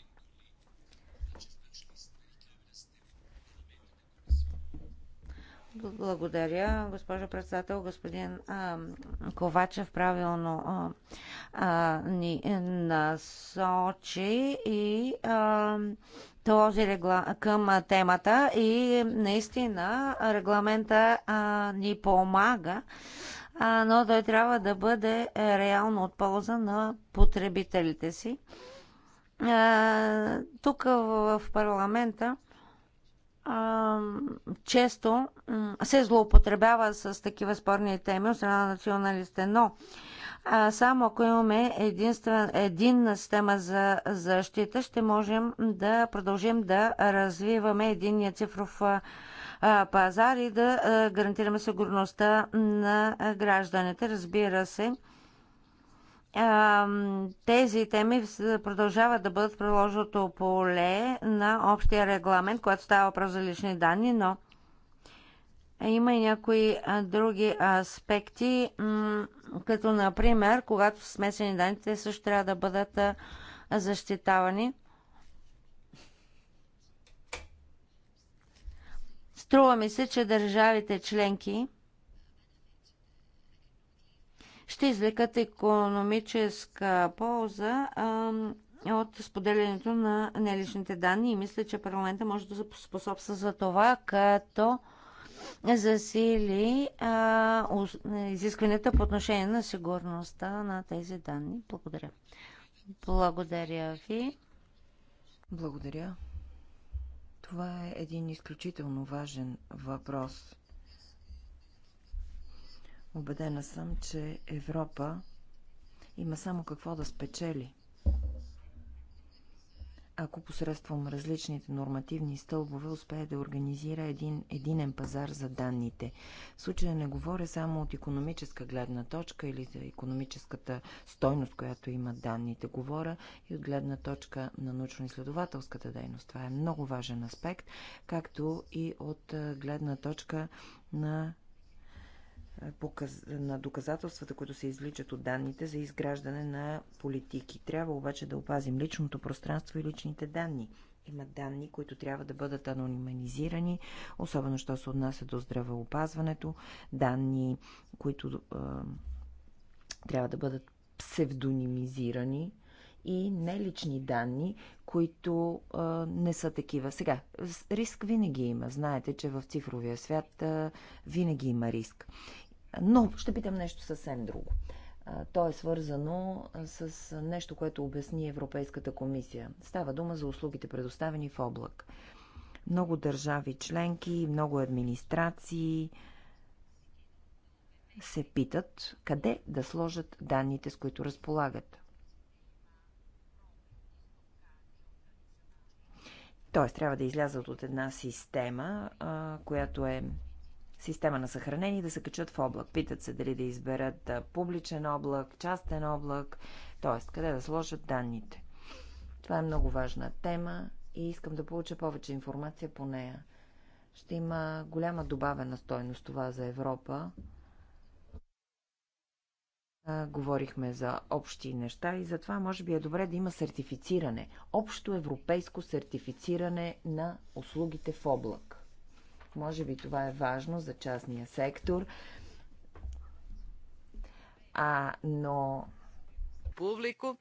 Благодаря, госпожо председател. Господин а, Ковачев правилно а, а, ни насочи и а, този регла... към темата и наистина регламента а, ни помага, а, но той трябва да бъде е, реално от полза на потребителите си. А, тук в парламента а, често се злоупотребява с такива спорни теми от страна на националистите, но а само ако имаме единствен, единна система за защита, ще можем да продължим да развиваме единния цифров пазар и да гарантираме сигурността на гражданите. Разбира се, тези теми продължават да бъдат приложното поле на общия регламент, който става въпрос за лични данни, но има и някои други аспекти като например, когато смесени данните също трябва да бъдат защитавани. Струва ми се, че държавите членки ще извлекат економическа полза а, от споделянето на неличните данни и мисля, че парламента може да способства за това, като засили а, изискванията по отношение на сигурността на тези данни. Благодаря. Благодаря ви. Благодаря. Това е един изключително важен въпрос. Обедена съм, че Европа има само какво да спечели – ако посредством различните нормативни стълбове успее да организира един единен пазар за данните. В случая не говоря само от економическа гледна точка или за економическата стойност, която имат данните. Говоря и от гледна точка на научно-изследователската дейност. Това е много важен аспект, както и от гледна точка на на доказателствата, които се изличат от данните за изграждане на политики. Трябва обаче да опазим личното пространство и личните данни. Има данни, които трябва да бъдат анонимизирани, особено що се отнася до здравеопазването, данни, които е, трябва да бъдат псевдонимизирани и нелични данни, които а, не са такива. Сега, риск винаги има. Знаете, че в цифровия свят а, винаги има риск. Но ще питам нещо съвсем друго. То е свързано с нещо, което обясни Европейската комисия. Става дума за услугите, предоставени в облак. Много държави членки, много администрации се питат къде да сложат данните, с които разполагат. Тоест, трябва да излязат от една система, която е система на съхранение и да се качат в облак. Питат се дали да изберат публичен облак, частен облак, т.е. къде да сложат данните. Това е много важна тема и искам да получа повече информация по нея. Ще има голяма добавена стойност това за Европа. Говорихме за общи неща и затова може би е добре да има сертифициране. Общо европейско сертифициране на услугите в облак. Може би това е важно за частния сектор. А, но... Публико.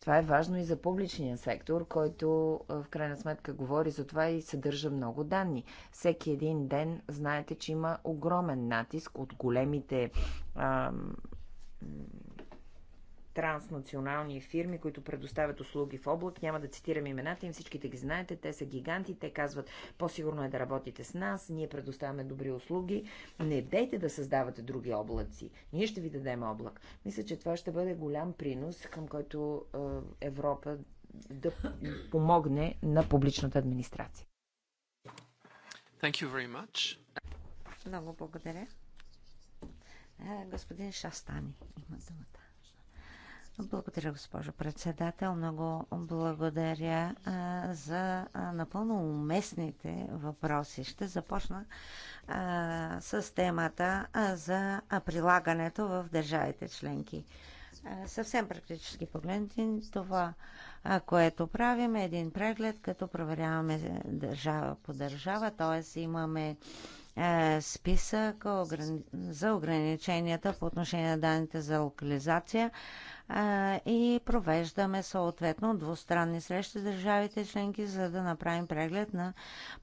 Това е важно и за публичния сектор, който в крайна сметка говори за това и съдържа много данни. Всеки един ден знаете, че има огромен натиск от големите ам, транснационални фирми, които предоставят услуги в облак. Няма да цитирам имената им, всичките ги знаете, те са гиганти, те казват по-сигурно е да работите с нас, ние предоставяме добри услуги, не дейте да създавате други облаци, ние ще ви дадем облак. Мисля, че това ще бъде голям принос, към който е, Европа да помогне на публичната администрация. Thank you very much. Много благодаря. Е, господин Шастани има думата. Благодаря, госпожо председател. Много благодаря а, за а, напълно уместните въпроси. Ще започна а, с темата а, за прилагането в държавите членки. А, съвсем практически погледнете това, а, което правим е един преглед, като проверяваме държава по държава, т.е. имаме а, е, списък за ограниченията по отношение на данните за локализация е, и провеждаме съответно двустранни срещи с държавите членки, за да направим преглед на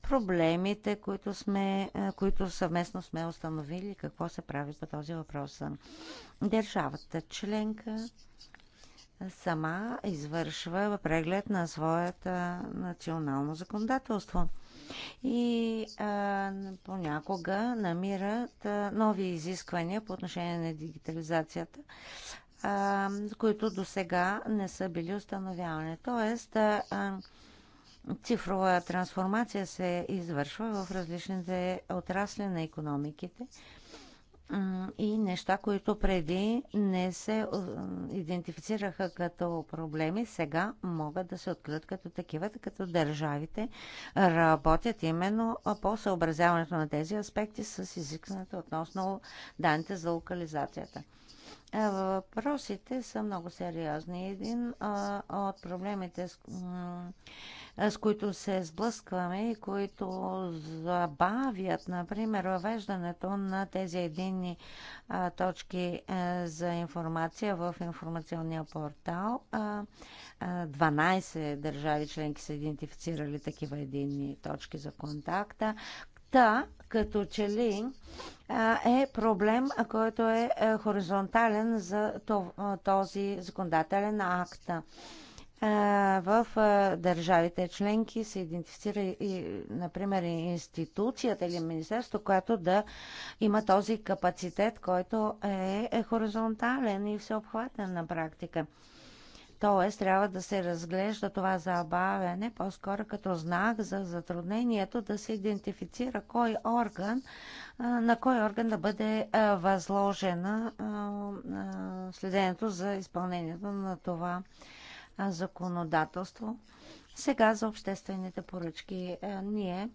проблемите, които, сме, е, които съвместно сме установили какво се прави по този въпрос. Държавата членка сама извършва преглед на своята национално законодателство и а, понякога намират а, нови изисквания по отношение на дигитализацията, а, които до сега не са били установявани. Тоест, а, цифрова трансформация се извършва в различните отрасли на економиките и неща, които преди не се е, идентифицираха като проблеми, сега могат да се открият като такива, като държавите работят именно по съобразяването на тези аспекти с изискването относно данните за локализацията. Въпросите са много сериозни. Един от проблемите с с които се сблъскваме и които забавят, например, въвеждането на тези единни точки за информация в информационния портал. 12 държави членки са идентифицирали такива единни точки за контакта. Та, като че ли е проблем, който е, е хоризонтален за този законодателен акт в държавите членки се идентифицира и, например, институцията или министерство, което да има този капацитет, който е, е, хоризонтален и всеобхватен на практика. Тоест, трябва да се разглежда това забавяне по-скоро като знак за затруднението да се идентифицира кой орган, на кой орган да бъде възложено следението за изпълнението на това законодателство. Сега за обществените поръчки. Е, ние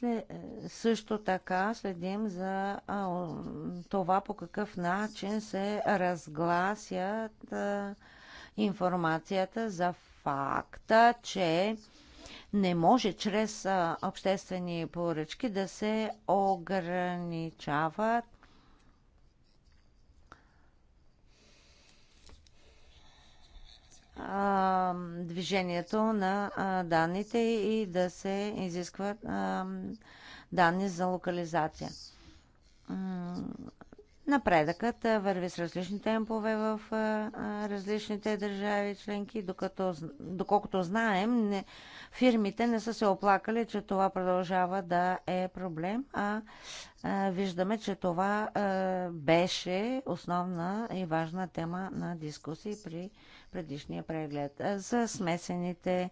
е, също така следим за това по какъв начин се разгласят е, информацията за факта, че не може чрез обществени поръчки да се ограничават движението на данните и да се изискват данни за локализация. Напредъкът върви с различни темпове в различните държави членки, докато, доколкото знаем, не, фирмите не са се оплакали, че това продължава да е проблем, а, а виждаме, че това а, беше основна и важна тема на дискусии при предишния преглед, за смесените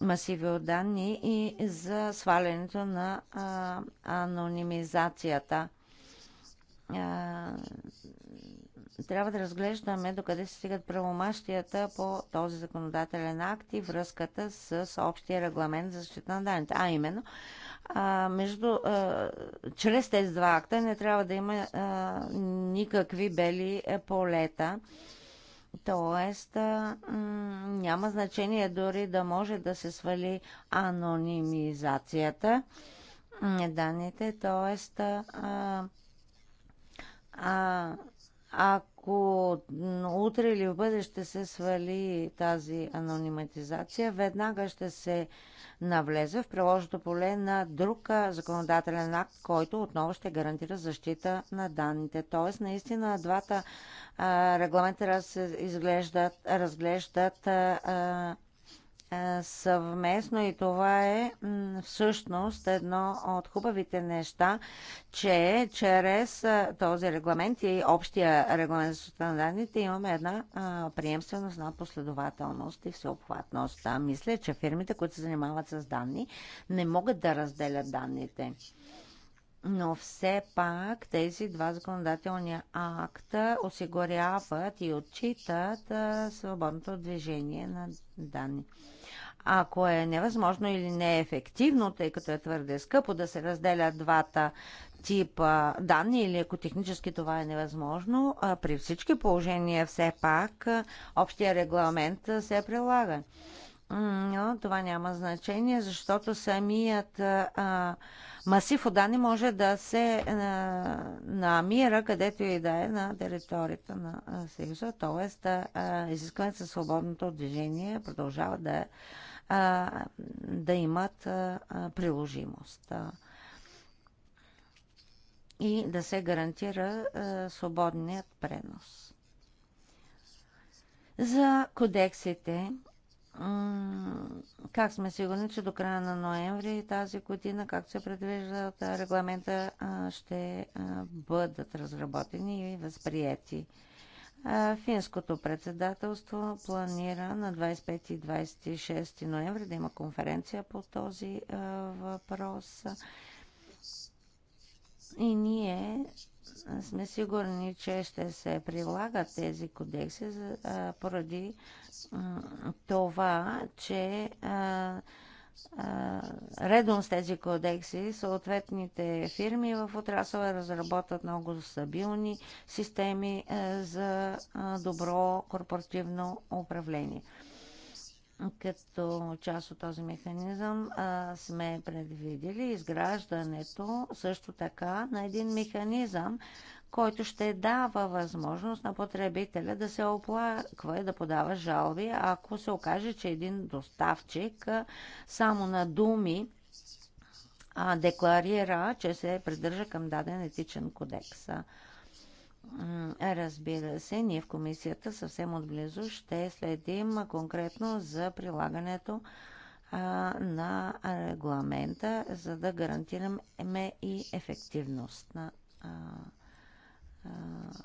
масиви от данни и за свалянето на а, анонимизацията. А, трябва да разглеждаме докъде се стигат правомащията по този законодателен акт и връзката с общия регламент за защита на данните. А именно, а, между, а, чрез тези два акта не трябва да има а, никакви бели е, полета. А, Тоест, няма значение дори да може да се свали анонимизацията данните, т.е. А, а, ако утре или в бъдеще се свали тази анониматизация, веднага ще се навлезе в приложното поле на друг законодателен акт, който отново ще гарантира защита на данните. Тоест, наистина, двата регламента изглеждат, разглеждат а, е, съвместно и това е всъщност едно от хубавите неща, че чрез е, този регламент и общия регламент за данните имаме една приемственост, на последователност и всеобхватност. А мисля, че фирмите, които се занимават с данни, не могат да разделят данните но все пак тези два законодателни акта осигуряват и отчитат свободното движение на данни. Ако е невъзможно или неефективно, е тъй като е твърде скъпо да се разделят двата типа данни или ако технически това е невъзможно, при всички положения все пак общия регламент се прилага но това няма значение, защото самият а, масив от данни може да се а, намира където и да е на територията на Съюза, т.е. изискването за свободното движение продължава да, а, да имат а, приложимост а, и да се гарантира а, свободният пренос. За кодексите как сме сигурни, че до края на ноември тази година, както се предвижда от регламента, ще бъдат разработени и възприяти. Финското председателство планира на 25 и 26 ноември да има конференция по този въпрос. И ние сме сигурни, че ще се прилагат тези кодекси поради това, че редом с тези кодекси съответните фирми в отрасъла разработват много стабилни системи за добро корпоративно управление като част от този механизъм а, сме предвидели изграждането също така на един механизъм, който ще дава възможност на потребителя да се оплаква и да подава жалби, ако се окаже, че един доставчик а, само на думи а, декларира, че се придържа към даден етичен кодекс. Разбира се, ние в комисията съвсем отблизо ще следим конкретно за прилагането на регламента, за да гарантираме и ефективност на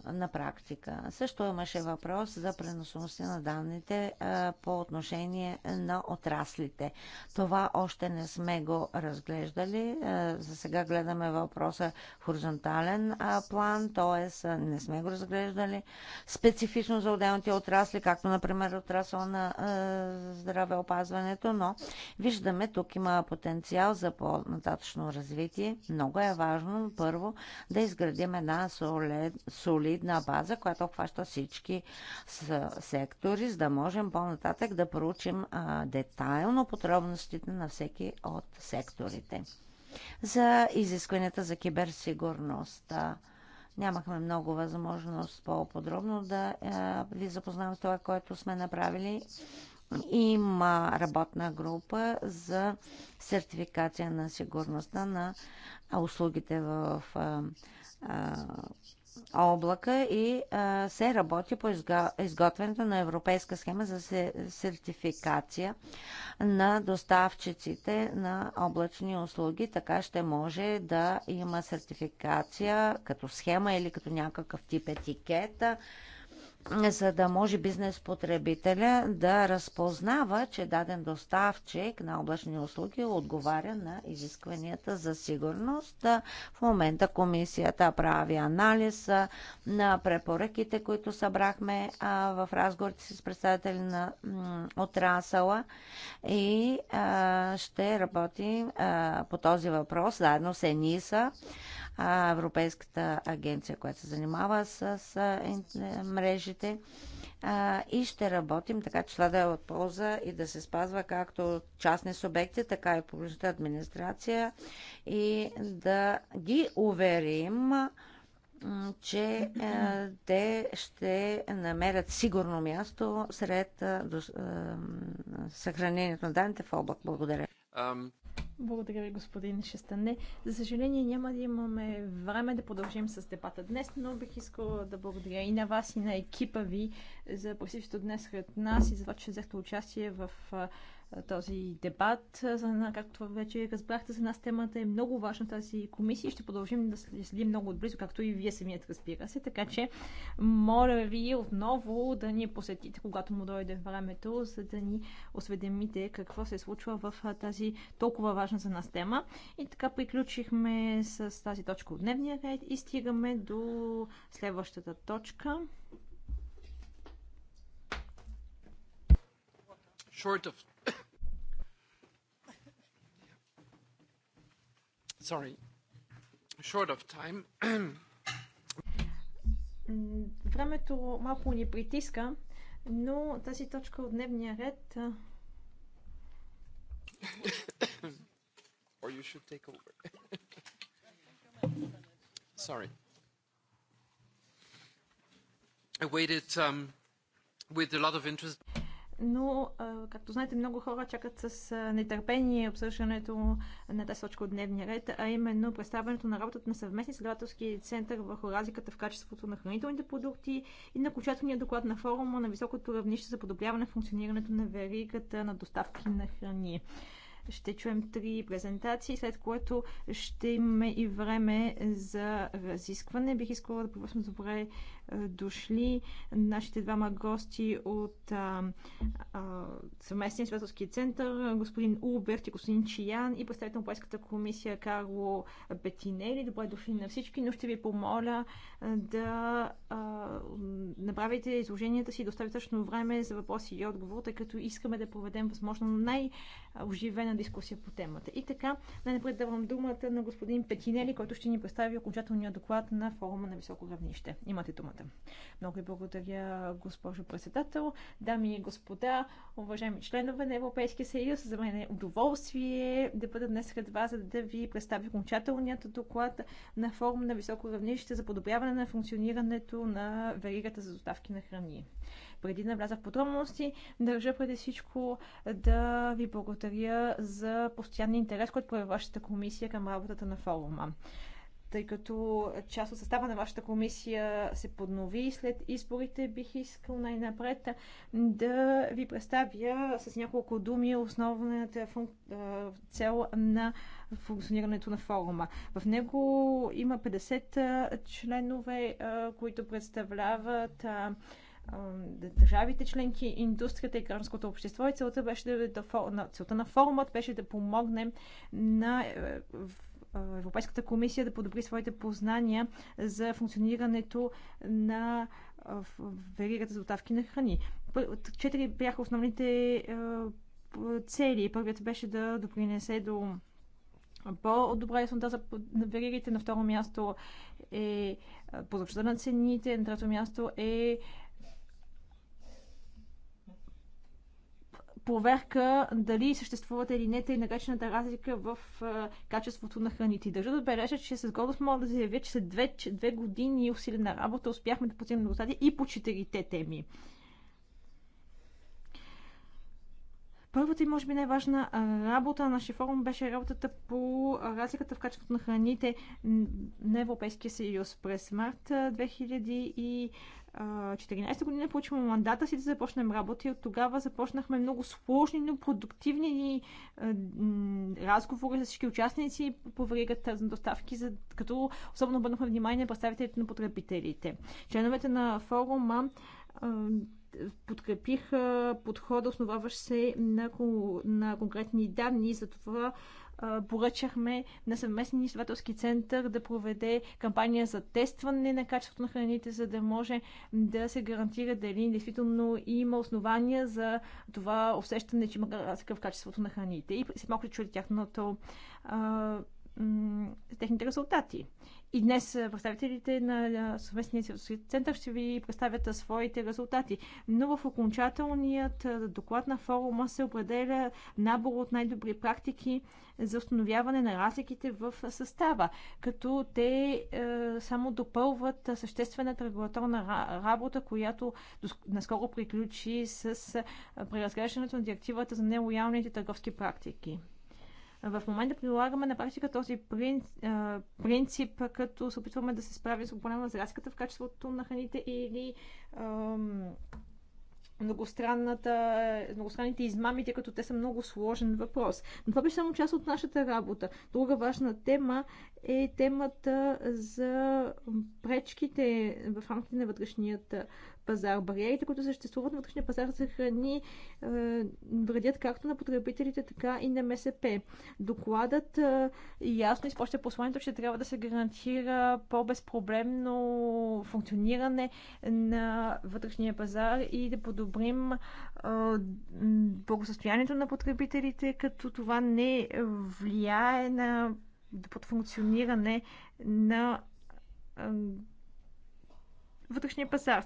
на практика. Също имаше въпрос за преносността на данните по отношение на отраслите. Това още не сме го разглеждали. За сега гледаме въпроса в хоризонтален план, т.е. не сме го разглеждали специфично за отделните отрасли, както например отрасъл на здравеопазването, но виждаме тук има потенциал за по-нататъчно развитие. Много е важно първо да изградим една соле солидна база, която обхваща всички сектори, за да можем по-нататък да проучим детайлно подробностите на всеки от секторите. За изискванията за киберсигурността нямахме много възможност по-подробно да ви запознаем с това, което сме направили. Има работна група за сертификация на сигурността на услугите в облака и а, се работи по изго... изготвянето на европейска схема за се... сертификация на доставчиците на облачни услуги. Така ще може да има сертификация като схема или като някакъв тип етикета за да може бизнес потребителя да разпознава, че даден доставчик на облачни услуги отговаря на изискванията за сигурност. В момента комисията прави анализ на препоръките, които събрахме в разговорите си с представители на отрасъла и ще работим по този въпрос заедно с ЕНИСА Европейската агенция, която се занимава с е, мрежите. И ще работим така, че това да е от полза и да се спазва както частни субекти, така и публичната администрация и да ги уверим, че е, те ще намерят сигурно място сред е, съхранението на данните в облак. Благодаря. Um, благодаря ви, господин Шестане. За съжаление няма да имаме време да продължим с дебата днес, но бих искала да благодаря и на вас, и на екипа ви за посещението днес сред нас и за това, че взехте участие в този дебат. За, както вече разбрахте, за нас темата е много важна тази комисия. Ще продължим да следим много отблизо, както и вие самият разбира се. Така че, моля ви отново да ни посетите, когато му дойде времето, за да ни осведемите какво се е случва в тази толкова важна за нас тема. И така приключихме с тази точка от дневния ред и стигаме до следващата точка. Short of Sorry. Short of time. Времето малко ни притиска, но тази точка от дневния ред or you should take over. Sorry. I waited um, with a lot of interest но, както знаете, много хора чакат с нетърпение обсъждането на тази точка от дневния ред, а именно представянето на работата на съвместни следователски център върху разликата в качеството на хранителните продукти и на окончателния доклад на форума на високото равнище за подобряване функционирането на веригата на доставки на храни ще чуем три презентации, след което ще имаме и време за разискване. Бих искала да приветствам добре дошли нашите двама гости от а, а, съвместния център, господин Уберт и господин Чиян и представител на Поиската комисия Карло Бетинели. Добре дошли на всички, но ще ви помоля да а, направите изложенията си и точно време за въпроси и отговор, тъй като искаме да проведем възможно най-оживена дискусия по темата. И така, най-напред давам думата на господин Петинели, който ще ни представи окончателния доклад на форума на високо равнище. Имате думата хората. Много ви благодаря, госпожо председател, дами и господа, уважаеми членове на Европейския съюз. За мен е удоволствие да бъда днес сред вас, за да ви представя окончателният доклад на форум на високо равнище за подобряване на функционирането на веригата за доставки на храни преди да вляза в подробности, държа преди всичко да ви благодаря за постоянния интерес, който прояви вашата комисия към работата на форума тъй като част от състава на вашата комисия се поднови след изборите, бих искал най-напред да ви представя с няколко думи основната фун... цел на функционирането на форума. В него има 50 членове, които представляват държавите членки, индустрията и гражданското общество. И целта, беше да, целта на форумът беше да помогнем на е, Европейската комисия да подобри своите познания за функционирането на веригата за доставки на храни. Четири бяха основните цели. Първият беше да допринесе до по-добра яснота за веригите. На второ място е прозрачността на цените. На трето място е проверка дали съществуват или не тъй наречената разлика в качеството на храните. Държа да отбележа, че с гордост мога да заявя, че след две, две години усилена работа успяхме да постигнем резултати и по четирите теми. Първата и може би най-важна работа на нашия форум беше работата по разликата в качеството на храните на Европейския съюз. През март 2014 година получихме мандата си да започнем работа и от тогава започнахме много сложни, но продуктивни разговори с всички участници по веригата за доставки, за, като особено обърнахме внимание на представителите на потребителите. Членовете на форума Подкрепих подхода, основаващ се на, на конкретни данни, затова поръчахме на съвместния изследователски център да проведе кампания за тестване на качеството на храните, за да може да се гарантира дали действително има основания за това усещане, че има разлика в качеството на храните. И след малко чули тяхното а, техните резултати. И днес представителите на съвместния център ще ви представят своите резултати. Но в окончателният доклад на форума се определя набор от най-добри практики за установяване на разликите в състава, като те е, само допълват съществената регулаторна работа, която наскоро приключи с преразглеждането на директивата за нелоялните търговски практики в момента прилагаме на практика този принцип, като се опитваме да се справим с проблема на зразката в качеството на храните или многостранните измами, тъй като те са много сложен въпрос. Но това беше само част от нашата работа. Друга важна тема е темата за пречките в рамките на вътрешният пазар. Бариерите, които съществуват на вътрешния пазар за храни, е, вредят както на потребителите, така и на МСП. Докладът е ясно изпоща посланието, че трябва да се гарантира по-безпроблемно функциониране на вътрешния пазар и да подобрим е, благосъстоянието на потребителите, като това не влияе на под функциониране на вътрешния пазар.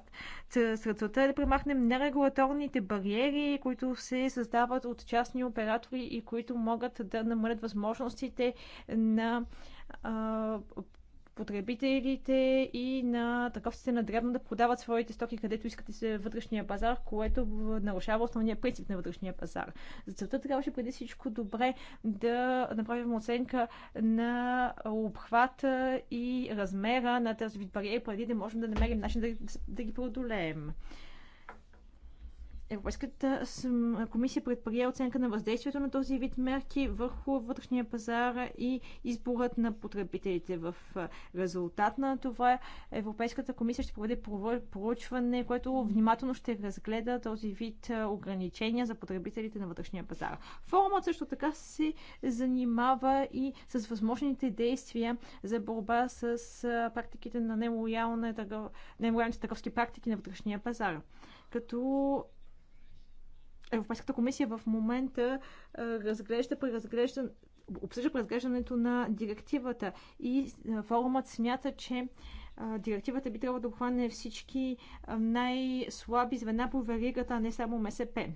Сред целта е да премахнем нерегулаторните бариери, които се създават от частни оператори и които могат да намалят възможностите на потребителите и на търговците на дребно да продават своите стоки където искат и се вътрешния пазар, което нарушава основния принцип на вътрешния пазар. За целта трябваше преди всичко добре да направим оценка на обхвата и размера на тези вид бариери, преди да можем да намерим начин да, да ги преодолеем. Европейската комисия предприе оценка на въздействието на този вид мерки върху вътрешния пазар и изборът на потребителите. В резултат на това Европейската комисия ще проведе проучване, което внимателно ще разгледа този вид ограничения за потребителите на вътрешния пазар. Форумът също така се занимава и с възможните действия за борба с практиките на нелоялните търговски практики на вътрешния пазар. Като Европейската комисия в момента разглежда, преразглежда, обсъжда преразглеждането на директивата и форумът смята, че директивата би трябвало да обхване всички най-слаби звена по веригата, а не само МСП.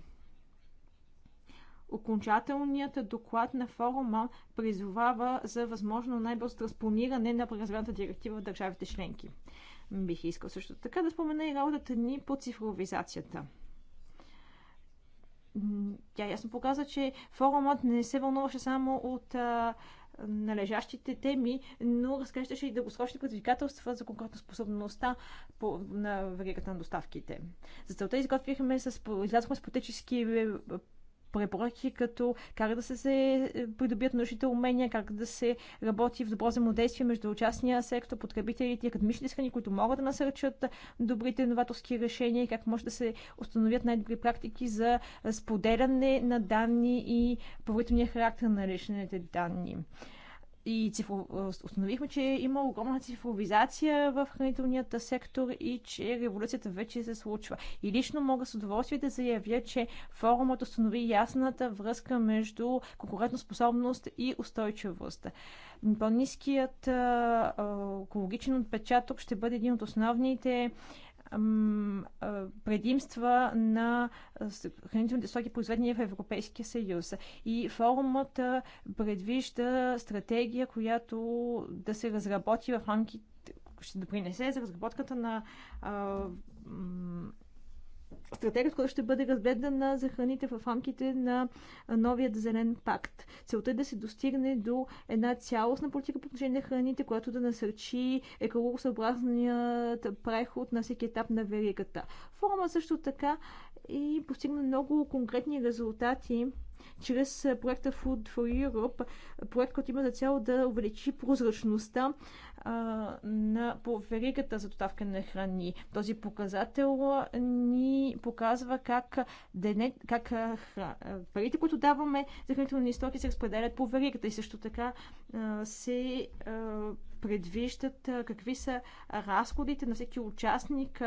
Окончателният доклад на форума призовава за възможно най-бързо транспониране на преразгледаната директива в държавите членки. Бих искал също така да спомена и работата ни по цифровизацията – тя ясно показа, че форумът не се вълнуваше само от а, належащите теми, но разкрещаше и дългосрочни предизвикателства за способността по, на веригата на доставките. За целта изготвихме с, излязохме с политически е, препоръки, като как да се, се е, придобият нужните умения, как да се работи в добро взаимодействие между участния сектор, потребителите и академичните страни, които могат да насърчат добрите новаторски решения и как може да се установят най-добри практики за споделяне на данни и поверителния характер на личните данни и цифро... Е, установихме, че има огромна цифровизация в хранителният сектор и че революцията вече се случва. И лично мога с удоволствие да заявя, че форумът установи ясната връзка между конкурентоспособност и устойчивост. По-низкият е, е, екологичен отпечатък ще бъде един от основните а, предимства на хранителните стоки, произведени в Европейския съюз. И форумът предвижда стратегия, която да се разработи в рамките, ще допринесе за разработката на стратегията, която ще бъде разгледана за храните в рамките на новият зелен пакт. Целта е да се достигне до една цялостна политика по отношение на храните, която да насърчи екологосъобразният преход на всеки етап на веригата. Форума също така и постигна много конкретни резултати чрез проекта Food for Europe, проект, който има за цел да увеличи прозрачността на, по веригата за доставка на храни. Този показател ни показва как, дене, как хра, парите, които даваме за хранителни стоки, се разпределят по веригата и също така се предвиждат какви са разходите на всеки участник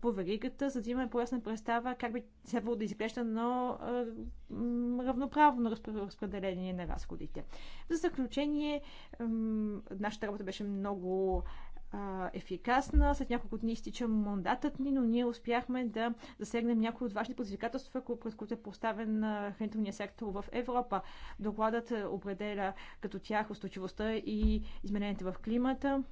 по веригата, за да имаме по-ясна представа как би следвало да изглежда но равноправно разпределение на разходите. За заключение, нашата работа беше много много а, ефикасна. След няколко дни изтича мандатът ни, но ние успяхме да засегнем някои от важни предизвикателства, пред които е поставен хранителния сектор в Европа. Докладът определя като тях устойчивостта и измененията в климата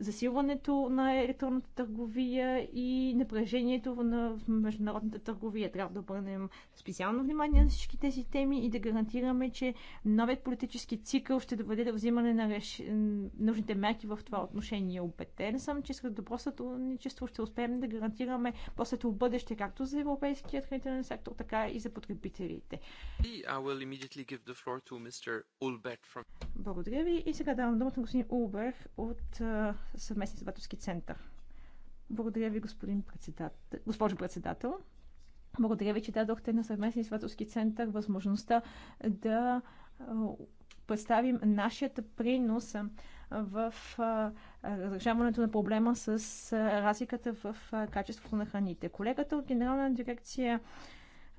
засилването на електронната търговия и напрежението на международната търговия. Трябва да обърнем специално внимание на всички тези теми и да гарантираме, че новият политически цикъл ще доведе до взимане на реш... нужните мерки в това отношение. Обетен съм, че след добро сътрудничество ще успеем да гарантираме после това бъдеще както за европейският хранителен сектор, така и за потребителите. From... Благодаря ви и сега давам думата на господин Улберг от съвместния изследователски център. Благодаря ви, господин председател, госпожо председател. Благодаря ви, че дадохте на съвместния изследователски център възможността да представим нашият принос в разрешаването на проблема с разликата в качеството на храните. Колегата от Генерална дирекция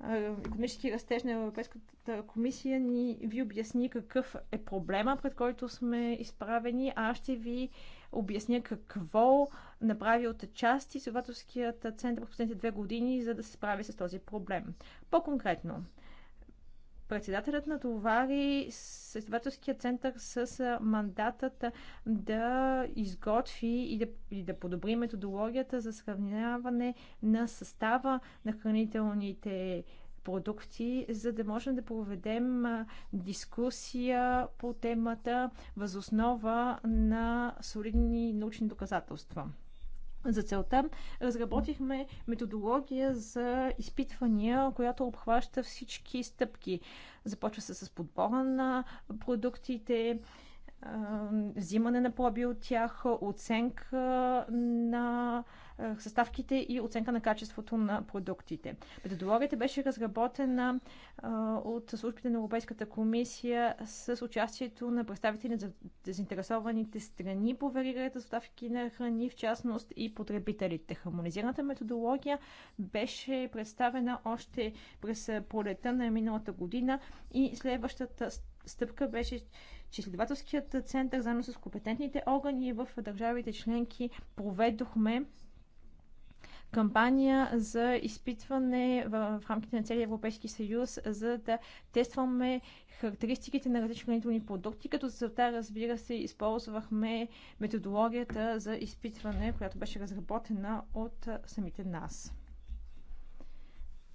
економически растеж на Европейската комисия ни ви обясни какъв е проблема, пред който сме изправени, а аз ще ви обясня какво направи от части Силватовският център в последните две години, за да се справи с този проблем. По-конкретно, председателят натовари изследователския център с мандатът да изготви и да, и да подобри методологията за сравняване на състава на хранителните продукти, за да можем да проведем дискусия по темата възоснова на солидни научни доказателства. За целта разработихме методология за изпитвания, която обхваща всички стъпки. Започва се с подбора на продуктите, взимане на проби от тях, оценка на съставките и оценка на качеството на продуктите. Методологията беше разработена от службите на Европейската комисия с участието на представители на заинтересованите страни по веригата доставки на храни, в частност и потребителите. Хармонизираната методология беше представена още през пролета на миналата година и следващата стъпка беше че изследователският център заедно с компетентните органи в държавите членки проведохме кампания за изпитване в, в рамките на целия Европейски съюз, за да тестваме характеристиките на различни хранителни продукти, като за това, разбира се, използвахме методологията за изпитване, която беше разработена от самите нас.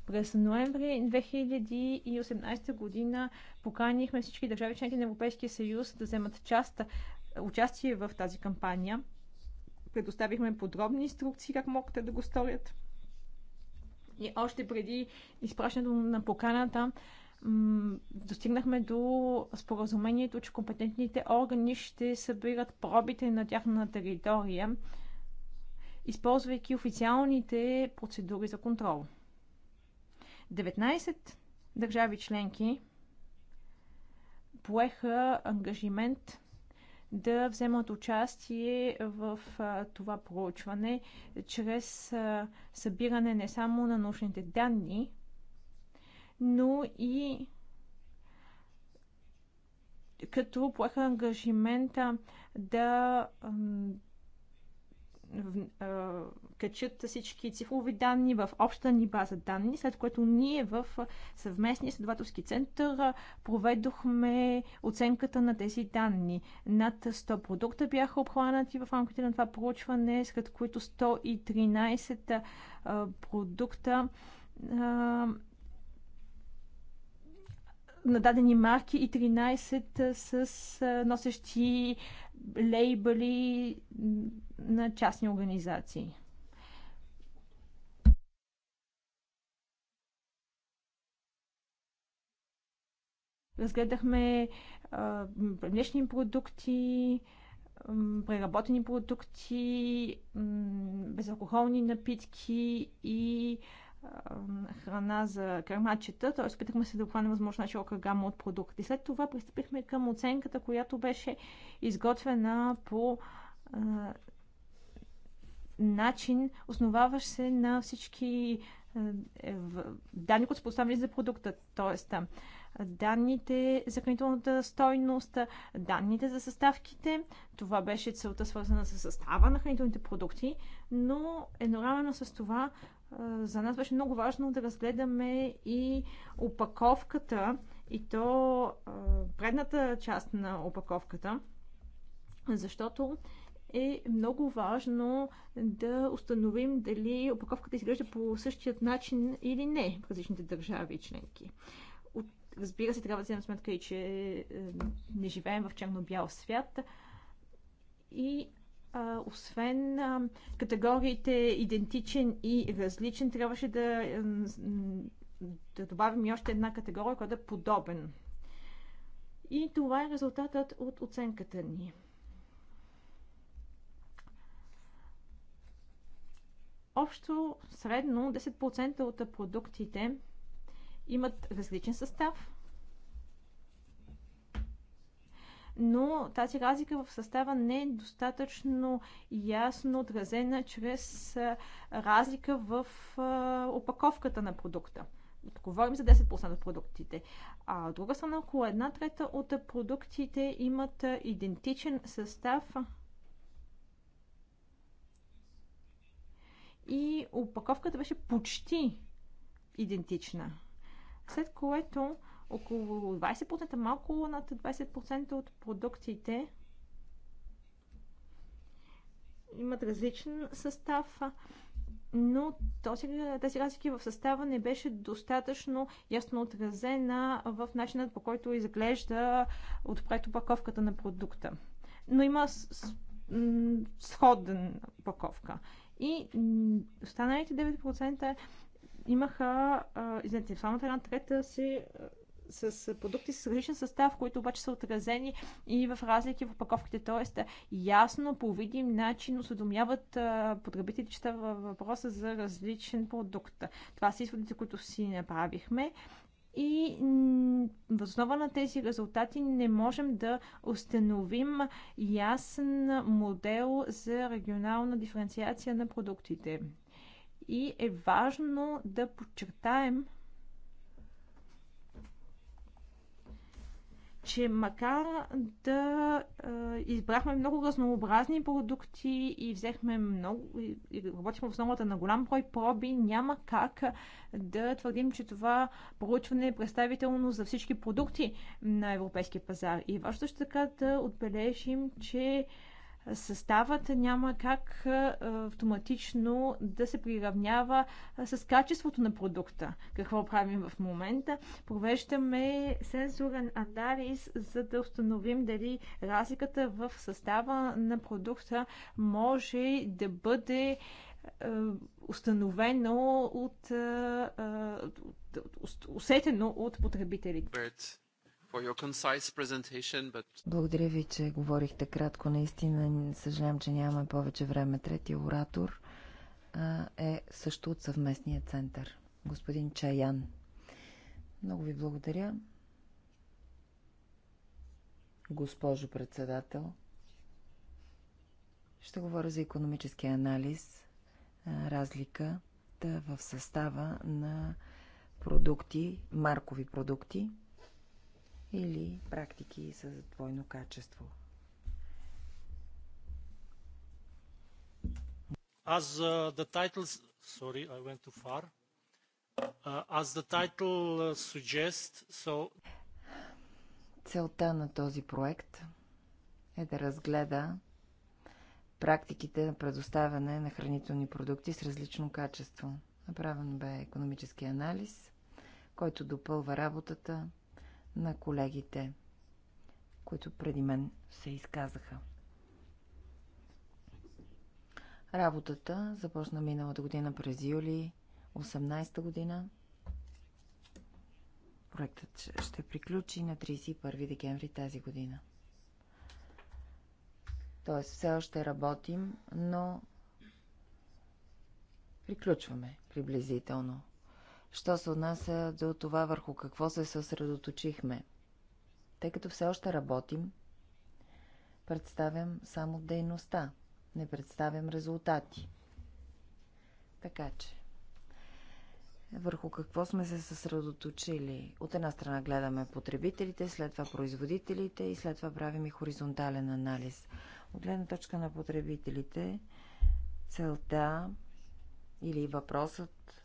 През ноември 2018 година поканихме всички държави членки на Европейския съюз да вземат част, участие в тази кампания. Предоставихме подробни инструкции как могат да го сторят. И още преди изпращането на поканата достигнахме до споразумението, че компетентните органи ще събират пробите на тяхна територия, използвайки официалните процедури за контрол. 19 държави членки поеха ангажимент да вземат участие в а, това проучване чрез а, събиране не само на научните данни, но и като поеха ангажимента да качат всички цифрови данни в обща ни база данни, след което ние в съвместния следователски център проведохме оценката на тези данни. Над 100 продукта бяха обхванати в рамките на това проучване, след които 113 продукта на дадени марки и 13 с носещи лейбъли на частни организации. Разгледахме млечни продукти, преработени продукти, безалкохолни напитки и а, храна за кърмачета, т.е. опитахме се да обхванем възможно най-широка гама от продукти. След това пристъпихме към оценката, която беше изготвена по а, начин, основаващ се на всички е, данни, които са поставили за продукта, т.е. данните за хранителната стойност, данните за съставките. Това беше целта свързана с състава на хранителните продукти, но едновременно с това за нас беше много важно да разгледаме и опаковката, и то предната част на опаковката, защото е много важно да установим дали опаковката изглежда по същият начин или не в различните държави и членки. От, разбира се, трябва да вземем сметка и, че е, не живеем в черно-бял свят и освен категориите идентичен и различен, трябваше да, да добавим и още една категория, която е подобен. И това е резултатът от оценката ни. Общо, средно 10% от продуктите имат различен състав, но тази разлика в състава не е достатъчно ясно отразена чрез разлика в опаковката на продукта. Говорим за 10% от продуктите. А от друга страна, около една трета от продуктите имат идентичен състав и опаковката беше почти идентична. След което около 20%, малко над 20% от продуктите имат различен състав, но този, тази разлика в състава не беше достатъчно ясно отразена в начинът по който изглежда отпред паковката на продукта. Но има сходен паковка И останалите 9% имаха, извинете, само една трета си с продукти с различен състав, които обаче са отразени и в разлики в опаковките. Тоест, ясно, по видим начин осведомяват потребителите, че става въпроса за различен продукт. Това са изводите, които си направихме. И основа на тези резултати не можем да установим ясен модел за регионална диференциация на продуктите. И е важно да подчертаем, че макар да избрахме много разнообразни продукти и взехме много, и работихме в основата на голям брой проби, няма как да твърдим, че това проучване е представително за всички продукти на европейския пазар. И важно ще така да отбележим, че съставът няма как автоматично да се приравнява с качеството на продукта. Какво правим в момента? Провеждаме сензорен анализ, за да установим дали разликата в състава на продукта може да бъде установено от, усетено от потребителите. Благодаря ви, че говорихте кратко. Наистина съжалявам, че нямаме повече време. Третия оратор а, е също от съвместния център. Господин Чаян. Много ви благодаря. Госпожо председател, ще говоря за економическия анализ, разликата в състава на продукти, маркови продукти – или практики с двойно качество. As uh, the title, sorry, I went too far. Uh, as the title uh, suggests, so... Целта на този проект е да разгледа практиките на предоставяне на хранителни продукти с различно качество. Направен бе економически анализ, който допълва работата на колегите, които преди мен се изказаха. Работата започна миналата година през юли 18-та година. Проектът ще приключи на 31 декември тази година. Тоест все още работим, но приключваме приблизително що се отнася до това върху какво се съсредоточихме. Тъй като все още работим, представям само дейността, не представям резултати. Така че, върху какво сме се съсредоточили? От една страна гледаме потребителите, след това производителите и след това правим и хоризонтален анализ. От гледна точка на потребителите, целта или въпросът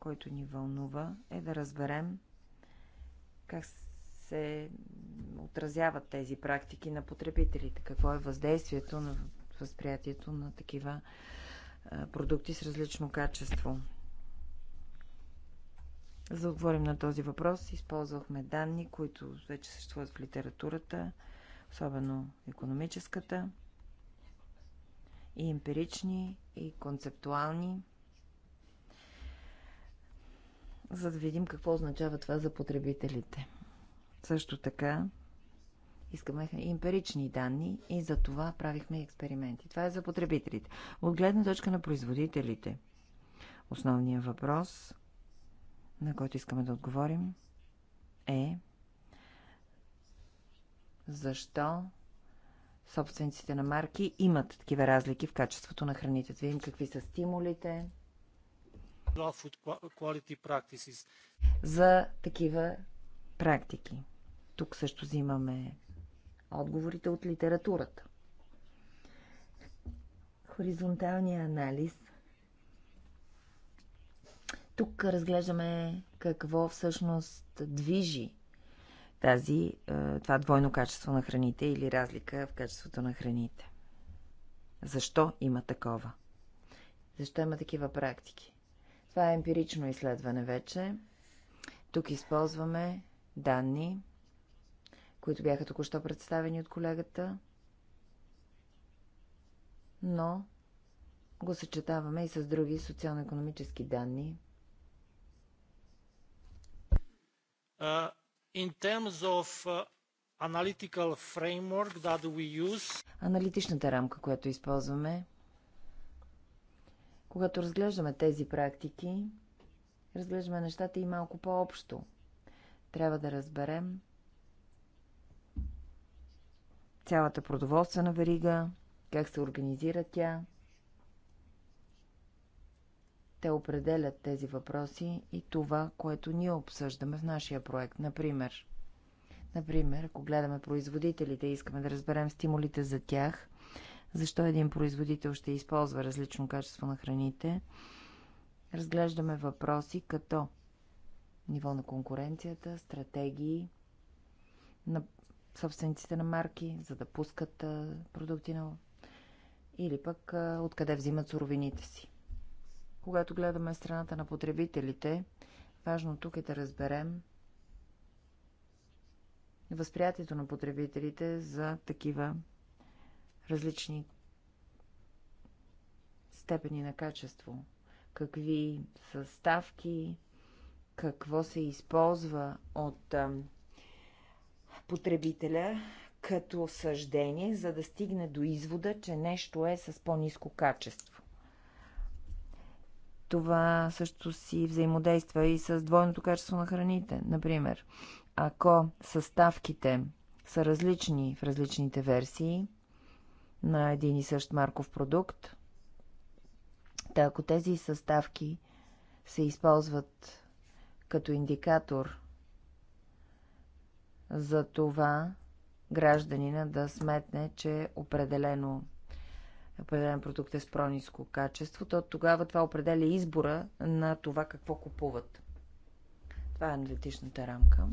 който ни вълнува, е да разберем как се отразяват тези практики на потребителите, какво е въздействието на възприятието на такива продукти с различно качество. За да отговорим на този въпрос, използвахме данни, които вече съществуват в литературата, особено економическата, и емпирични, и концептуални за да видим какво означава това за потребителите. Също така, искаме емпирични данни и за това правихме експерименти. Това е за потребителите. От гледна точка на производителите, основният въпрос, на който искаме да отговорим, е защо собствениците на марки имат такива разлики в качеството на храните. Да видим какви са стимулите, за такива практики. Тук също взимаме отговорите от литературата. Хоризонталния анализ. Тук разглеждаме какво всъщност движи тази, е, това двойно качество на храните или разлика в качеството на храните. Защо има такова? Защо има такива практики? Това е емпирично изследване вече. Тук използваме данни, които бяха току-що представени от колегата, но го съчетаваме и с други социално-економически данни. Uh, in terms of uh, analytical framework that we use... Аналитичната рамка, която използваме, когато разглеждаме тези практики, разглеждаме нещата и малко по-общо. Трябва да разберем цялата продоволствена верига, как се организира тя. Те определят тези въпроси и това, което ние обсъждаме в нашия проект. Например, например ако гледаме производителите и искаме да разберем стимулите за тях – защо един производител ще използва различно качество на храните, разглеждаме въпроси като ниво на конкуренцията, стратегии на собствениците на марки, за да пускат продукти на или пък откъде взимат суровините си. Когато гледаме страната на потребителите, важно тук е да разберем възприятието на потребителите за такива различни степени на качество, какви съставки, какво се използва от а, потребителя като съждение, за да стигне до извода, че нещо е с по-низко качество. Това също си взаимодейства и с двойното качество на храните. Например, ако съставките са различни в различните версии, на един и същ марков продукт. Та ако тези съставки се използват като индикатор за това гражданина да сметне, че определено определен продукт е с прониско качество, то тогава това определя избора на това какво купуват. Това е аналитичната рамка.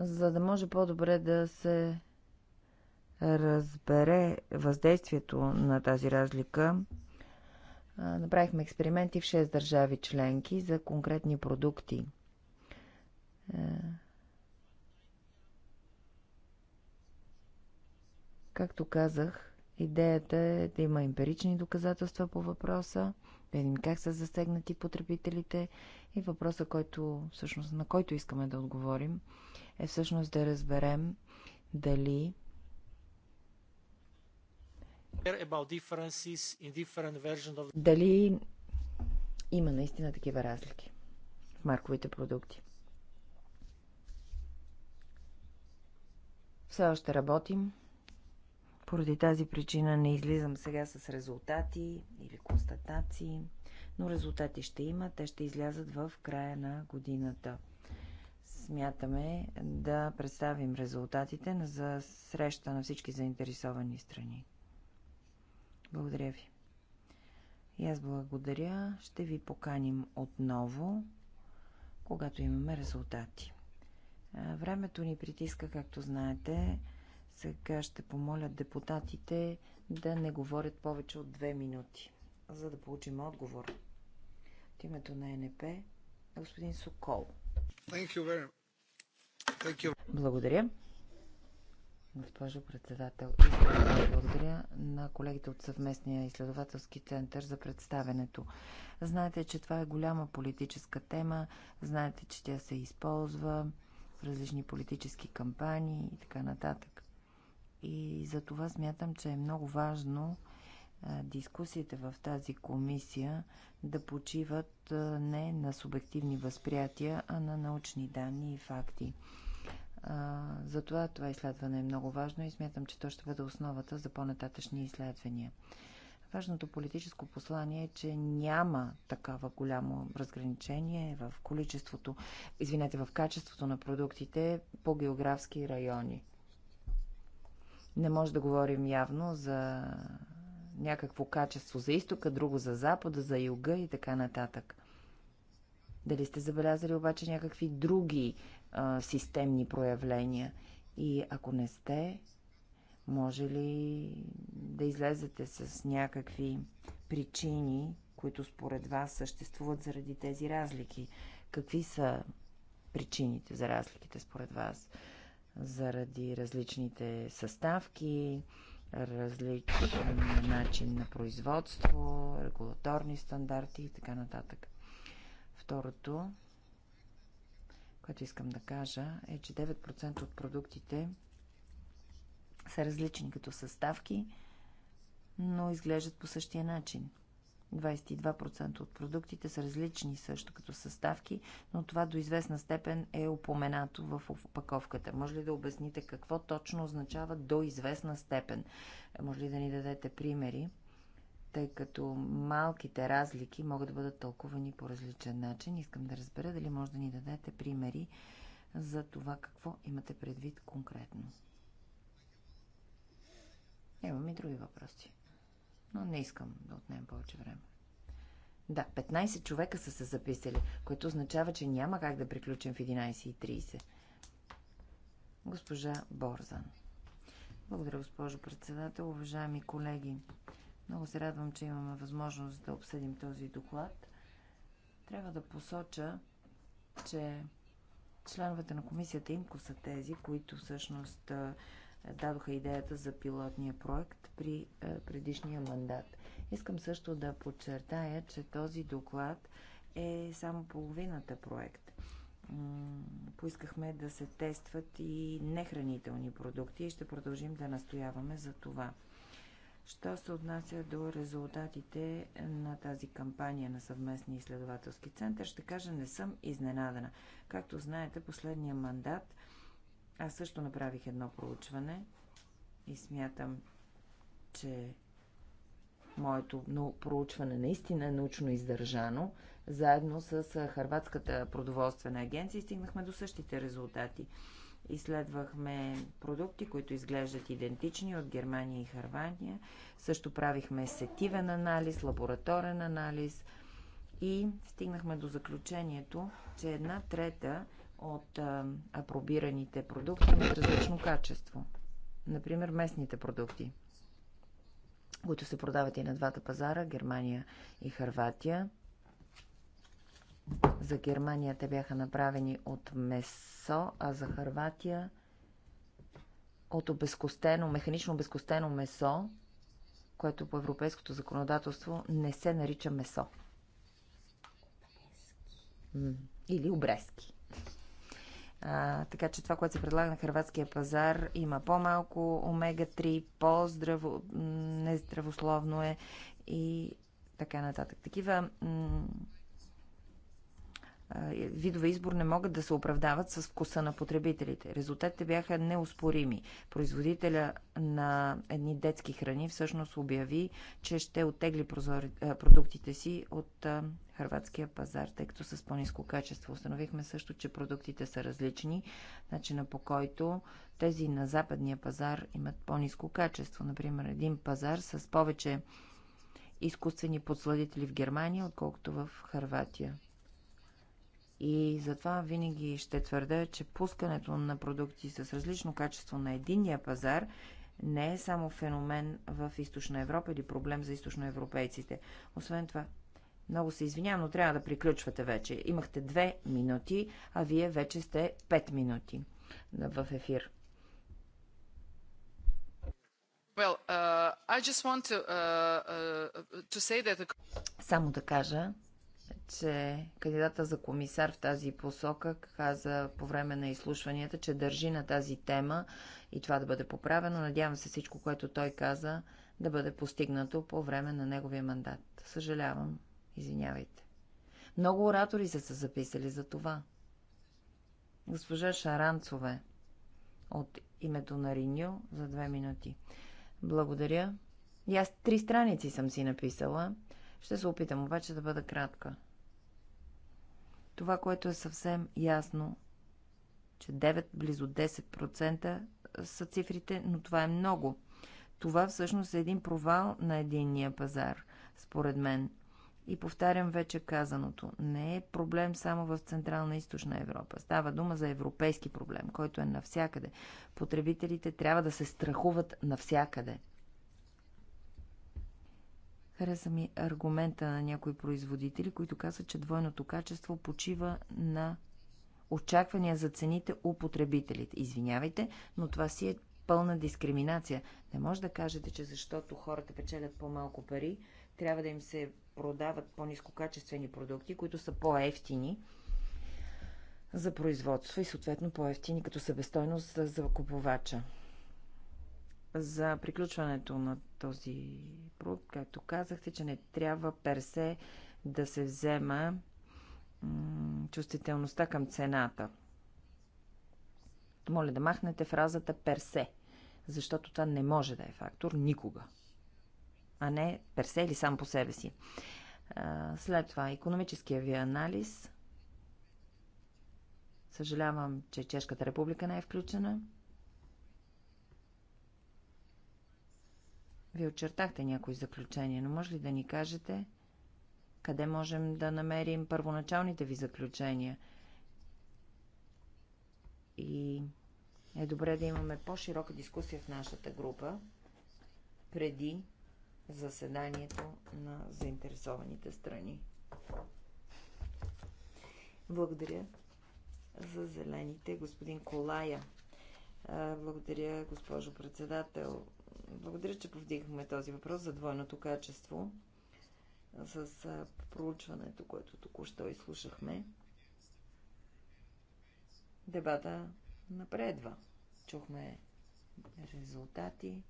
за да може по-добре да се разбере въздействието на тази разлика, направихме експерименти в 6 държави членки за конкретни продукти. Е, както казах, идеята е да има емпирични доказателства по въпроса, да видим как са засегнати потребителите и въпроса, който, всъщност, на който искаме да отговорим, е всъщност да разберем дали дали има наистина такива разлики в марковите продукти. Все още работим. Поради тази причина не излизам сега с резултати или констатации, но резултати ще има, те ще излязат в края на годината. Смятаме да представим резултатите за среща на всички заинтересовани страни. Благодаря ви. И аз благодаря. Ще ви поканим отново, когато имаме резултати. Времето ни притиска, както знаете. Сега ще помоля депутатите да не говорят повече от две минути, за да получим отговор. От името на НП господин Сокол. Thank you very much. Благодаря. Госпожо председател, благодаря на колегите от съвместния изследователски център за представенето. Знаете, че това е голяма политическа тема, знаете, че тя се използва в различни политически кампании и така нататък. И за това смятам, че е много важно дискусиите в тази комисия да почиват не на субективни възприятия, а на научни данни и факти. Затова това изследване е много важно и смятам, че то ще бъде основата за по-нататъчни изследвания. Важното политическо послание е, че няма такава голямо разграничение в количеството, извинете, в качеството на продуктите по географски райони. Не може да говорим явно за някакво качество за изтока, друго за запада, за юга и така нататък. Дали сте забелязали обаче някакви други а, системни проявления? И ако не сте, може ли да излезете с някакви причини, които според вас съществуват заради тези разлики? Какви са причините за разликите според вас? Заради различните съставки, различен начин на производство, регулаторни стандарти и така нататък. Второто, което искам да кажа, е, че 9% от продуктите са различни като съставки, но изглеждат по същия начин. 22% от продуктите са различни също като съставки, но това до известна степен е упоменато в опаковката. Може ли да обясните какво точно означава до известна степен? Може ли да ни дадете примери? Тъй като малките разлики могат да бъдат тълкувани по различен начин. Искам да разбера дали може да ни дадете примери за това какво имате предвид конкретно. Имам и други въпроси но не искам да отнем повече време. Да, 15 човека са се записали, което означава, че няма как да приключим в 11.30. Госпожа Борзан. Благодаря, госпожо председател. Уважаеми колеги, много се радвам, че имаме възможност да обсъдим този доклад. Трябва да посоча, че членовете на комисията имко са тези, които всъщност дадоха идеята за пилотния проект при е, предишния мандат. Искам също да подчертая, че този доклад е само половината проект. Поискахме да се тестват и нехранителни продукти и ще продължим да настояваме за това. Що се отнася до резултатите на тази кампания на съвместния изследователски център, ще кажа, не съм изненадана. Както знаете, последния мандат аз също направих едно проучване и смятам, че моето проучване наистина е научно издържано. Заедно с Харватската продоволствена агенция стигнахме до същите резултати. Изследвахме продукти, които изглеждат идентични от Германия и Харвания. Също правихме сетивен анализ, лабораторен анализ и стигнахме до заключението, че една трета от а, апробираните продукти имат различно качество. Например, местните продукти, които се продават и на двата пазара Германия и Харватия. За Германия те бяха направени от месо, а за Харватия от обезкостено, механично обезкостено месо, което по европейското законодателство не се нарича месо. Или обрезки. А, така че това, което се предлага на хрватския пазар, има по-малко омега-3, по-здраво, нездравословно е и така нататък. Такива видове избор не могат да се оправдават с вкуса на потребителите. Резултатите бяха неоспорими. Производителя на едни детски храни всъщност обяви, че ще оттегли продуктите си от хрватския пазар, тъй като са с по-низко качество. Установихме също, че продуктите са различни, начина по който тези на западния пазар имат по-низко качество. Например, един пазар с повече изкуствени подсладители в Германия, отколкото в Харватия. И затова винаги ще твърда, че пускането на продукти с различно качество на единния пазар не е само феномен в Източна Европа или проблем за източноевропейците. Освен това, много се извинявам, но трябва да приключвате вече. Имахте две минути, а вие вече сте пет минути в ефир. Well, uh, to, uh, uh, to that... Само да кажа, че кандидата за комисар в тази посока каза по време на изслушванията, че държи на тази тема и това да бъде поправено. Надявам се всичко, което той каза, да бъде постигнато по време на неговия мандат. Съжалявам. Извинявайте. Много оратори са се записали за това. Госпожа Шаранцове от името на Риньо за две минути. Благодаря. И аз три страници съм си написала. Ще се опитам обаче да бъда кратка. Това, което е съвсем ясно, че 9, близо 10% са цифрите, но това е много. Това всъщност е един провал на единния пазар, според мен. И повтарям вече казаното. Не е проблем само в Централна и Източна Европа. Става дума за европейски проблем, който е навсякъде. Потребителите трябва да се страхуват навсякъде. Хареса ми аргумента на някои производители, които казват, че двойното качество почива на очаквания за цените у потребителите. Извинявайте, но това си е пълна дискриминация. Не може да кажете, че защото хората печелят по-малко пари, трябва да им се продават по-низкокачествени продукти, които са по-ефтини за производство и съответно по-ефтини като събестойност за купувача за приключването на този пруд, както казахте, че не трябва персе да се взема чувствителността към цената. Моля да махнете фразата персе, защото това не може да е фактор никога. А не персе или сам по себе си. След това, економическия ви анализ. Съжалявам, че Чешката република не е включена. Вие очертахте някои заключения, но може ли да ни кажете къде можем да намерим първоначалните ви заключения? И е добре да имаме по-широка дискусия в нашата група преди заседанието на заинтересованите страни. Благодаря за зелените, господин Колая. Благодаря, госпожо председател. Благодаря, че повдигнахме този въпрос за двойното качество с проучването, което току-що изслушахме. Дебата напредва. Чухме резултати,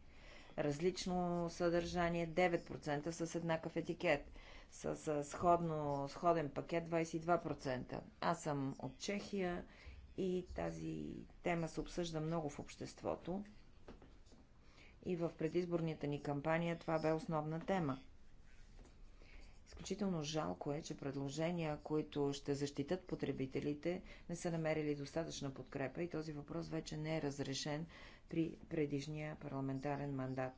различно съдържание, 9% с еднакъв етикет, с сходно, сходен пакет 22%. Аз съм от Чехия и тази тема се обсъжда много в обществото и в предизборната ни кампания това бе основна тема. Изключително жалко е, че предложения, които ще защитат потребителите, не са намерили достатъчна подкрепа и този въпрос вече не е разрешен при предишния парламентарен мандат.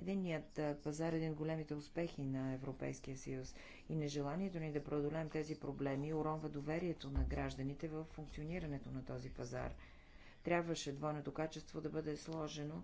Единият пазар е един от големите успехи на Европейския съюз и нежеланието ни да преодолеем тези проблеми уронва доверието на гражданите в функционирането на този пазар – трябваше двойното качество да бъде сложено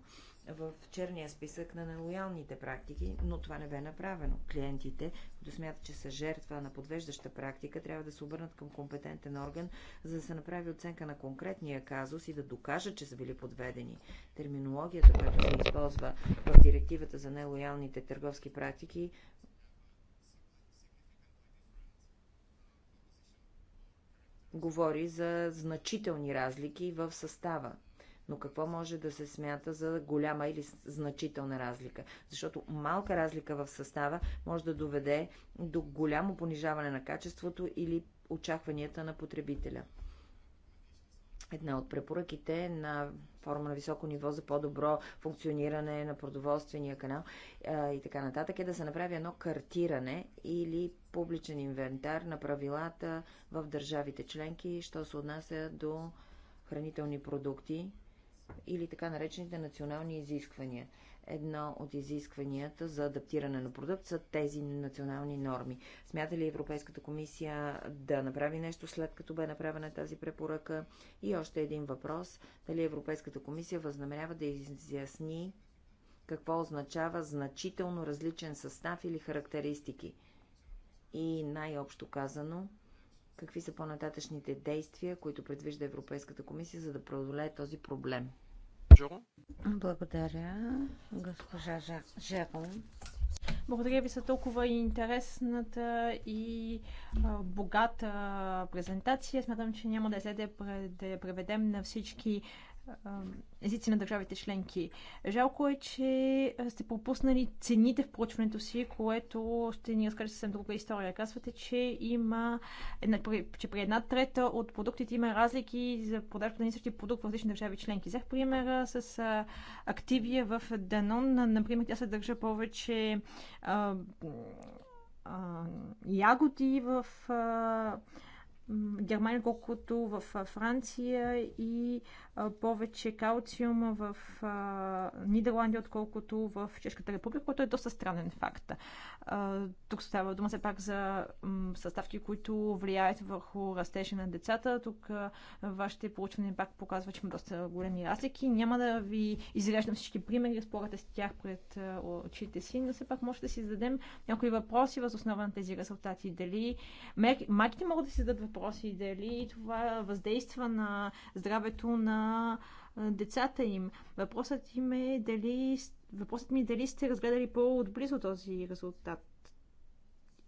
в черния списък на нелоялните практики, но това не бе направено. Клиентите, които смятат, че са жертва на подвеждаща практика, трябва да се обърнат към компетентен орган, за да се направи оценка на конкретния казус и да докажат, че са били подведени. Терминологията, която се използва в директивата за нелоялните търговски практики, говори за значителни разлики в състава. Но какво може да се смята за голяма или значителна разлика? Защото малка разлика в състава може да доведе до голямо понижаване на качеството или очакванията на потребителя. Една от препоръките на форма на високо ниво за по-добро функциониране на продоволствения канал а, и така нататък е да се направи едно картиране или публичен инвентар на правилата в държавите членки, що се отнася до хранителни продукти или така наречените национални изисквания едно от изискванията за адаптиране на продукт са тези национални норми. Смята ли Европейската комисия да направи нещо след като бе направена тази препоръка? И още един въпрос. Дали Европейската комисия възнамерява да изясни какво означава значително различен състав или характеристики? И най-общо казано, какви са по-нататъчните действия, които предвижда Европейската комисия, за да преодолее този проблем? Благодаря, госпожа Жерон. Благодаря ви за толкова интересната и богата презентация. Смятам, че няма да след да преведем на всички езици на държавите членки. Жалко е, че сте пропуснали цените в проучването си, което ще ни разкаже съвсем друга история. Казвате, че има една, че при една трета от продуктите има разлики за продажбата на същи продукт в различни държави членки. Взех примера с активия в Данон. Например, тя съдържа повече а, а, ягоди в а, Германия, колкото в Франция и повече калциум в Нидерландия, отколкото в Чешката република, което е доста странен факт. Тук става дума все пак за съставки, които влияят върху растежа на децата. Тук вашите получвания пак показва, че има доста големи разлики. Няма да ви изреждам всички примери, спорате с тях пред очите си, но все пак може да си зададем някои въпроси въз основа на тези резултати. Дали мерки... майките могат да си зададат въпроси дали това въздейства на здравето на децата им. Въпросът им е дали, въпросът ми е дали сте разгледали по-отблизо този резултат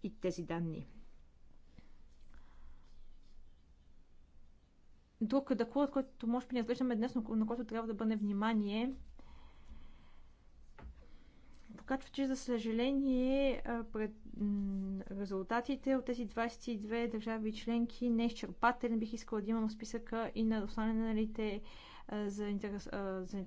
и тези данни. Друг документ, който може би не разглеждаме днес, но на който трябва да бъде внимание, Покачва, че за съжаление пред резултатите от тези 22 държави членки не е изчерпателен. Бих искала да имам списъка и на останалите за интерес, за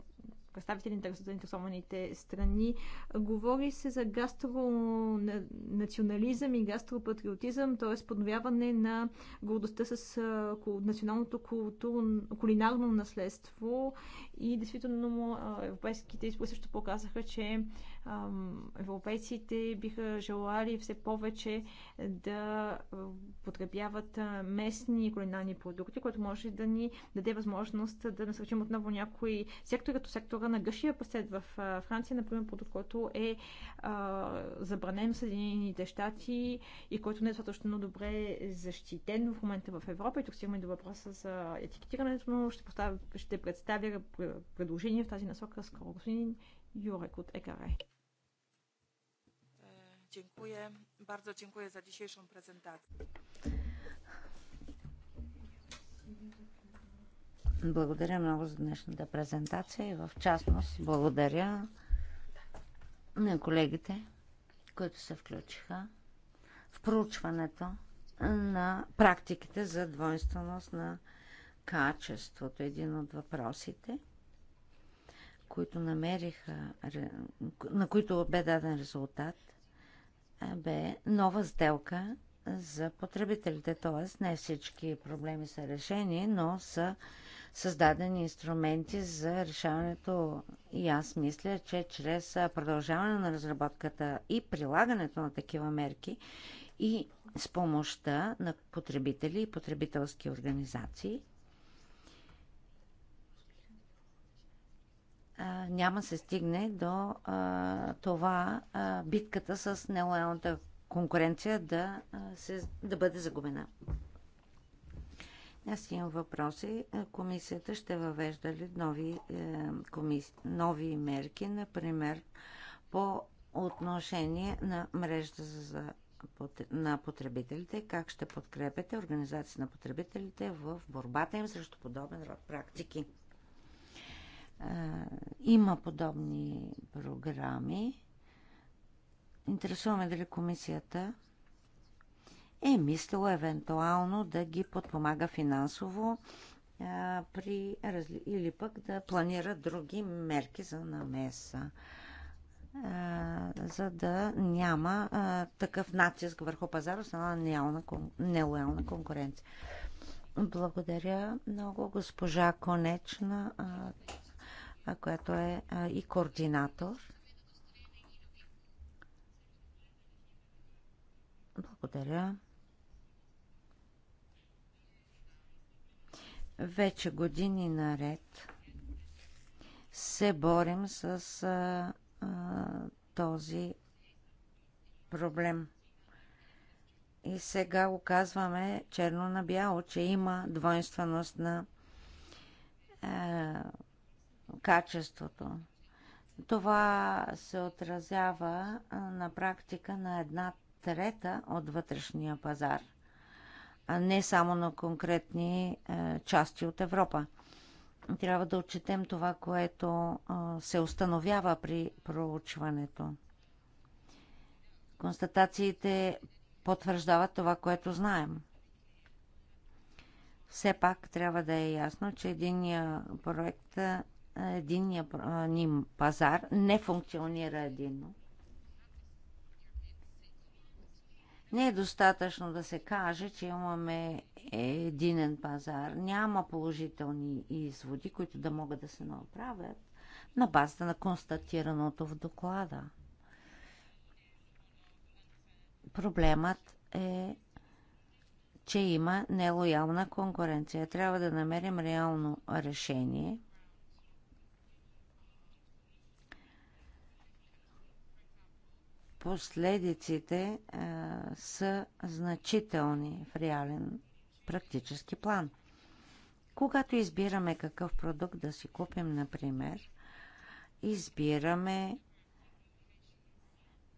представители на заинтересованите страни. Говори се за гастронационализъм и гастропатриотизъм, т.е. подновяване на гордостта с националното културно, кулинарно наследство и действително европейските избори също показаха, че европейците биха желали все повече да потребяват местни кулинарни продукти, което може да ни даде възможност да насърчим отново някои сектори, като сектора на гъшия пасет в Франция, например, продукт, който е забранен в Съединените щати и който не е достатъчно добре защитен в момента в Европа. И тук стигаме до въпроса за етикетирането, но ще, поставя, ще представя предложение в тази насока скоро. Господин Юрек от ЕКАРЕ. Dziękuję. Bardzo dziękuję za dzisiejszą prezentację. Благодаря много за днешната презентация и в частност благодаря на колегите, които се включиха в проучването на практиките за двойственост на качеството. Един от въпросите, които намериха, на които бе даден резултат бе нова сделка за потребителите. Т.е. не всички проблеми са решени, но са създадени инструменти за решаването и аз мисля, че чрез продължаване на разработката и прилагането на такива мерки и с помощта на потребители и потребителски организации няма се стигне до това битката с нелоялната конкуренция да, се, да бъде загубена. Аз имам въпроси. Комисията ще въвежда ли нови, е, комис... нови мерки, например, по отношение на мрежата за на потребителите, как ще подкрепяте организации на потребителите в борбата им срещу подобен род практики има подобни програми. Интересуваме дали комисията е мислила евентуално да ги подпомага финансово а, при, или пък да планира други мерки за намеса, а, за да няма а, такъв натиск върху пазара, с нелоялна, нелоялна конкуренция. Благодаря много, госпожа Конечна която е и координатор. Благодаря. Вече години наред се борим с а, а, този проблем. И сега оказваме черно на бяло, че има двойственост на а, качеството. Това се отразява на практика на една трета от вътрешния пазар, а не само на конкретни е, части от Европа. Трябва да отчетем това, което се установява при проучването. Констатациите потвърждават това, което знаем. Все пак трябва да е ясно, че единия проект единния ни пазар не функционира едино. Не е достатъчно да се каже, че имаме единен пазар. Няма положителни изводи, които да могат да се направят на базата на констатираното в доклада. Проблемът е, че има нелоялна конкуренция. Трябва да намерим реално решение – последиците а, са значителни в реален практически план. Когато избираме какъв продукт да си купим, например, избираме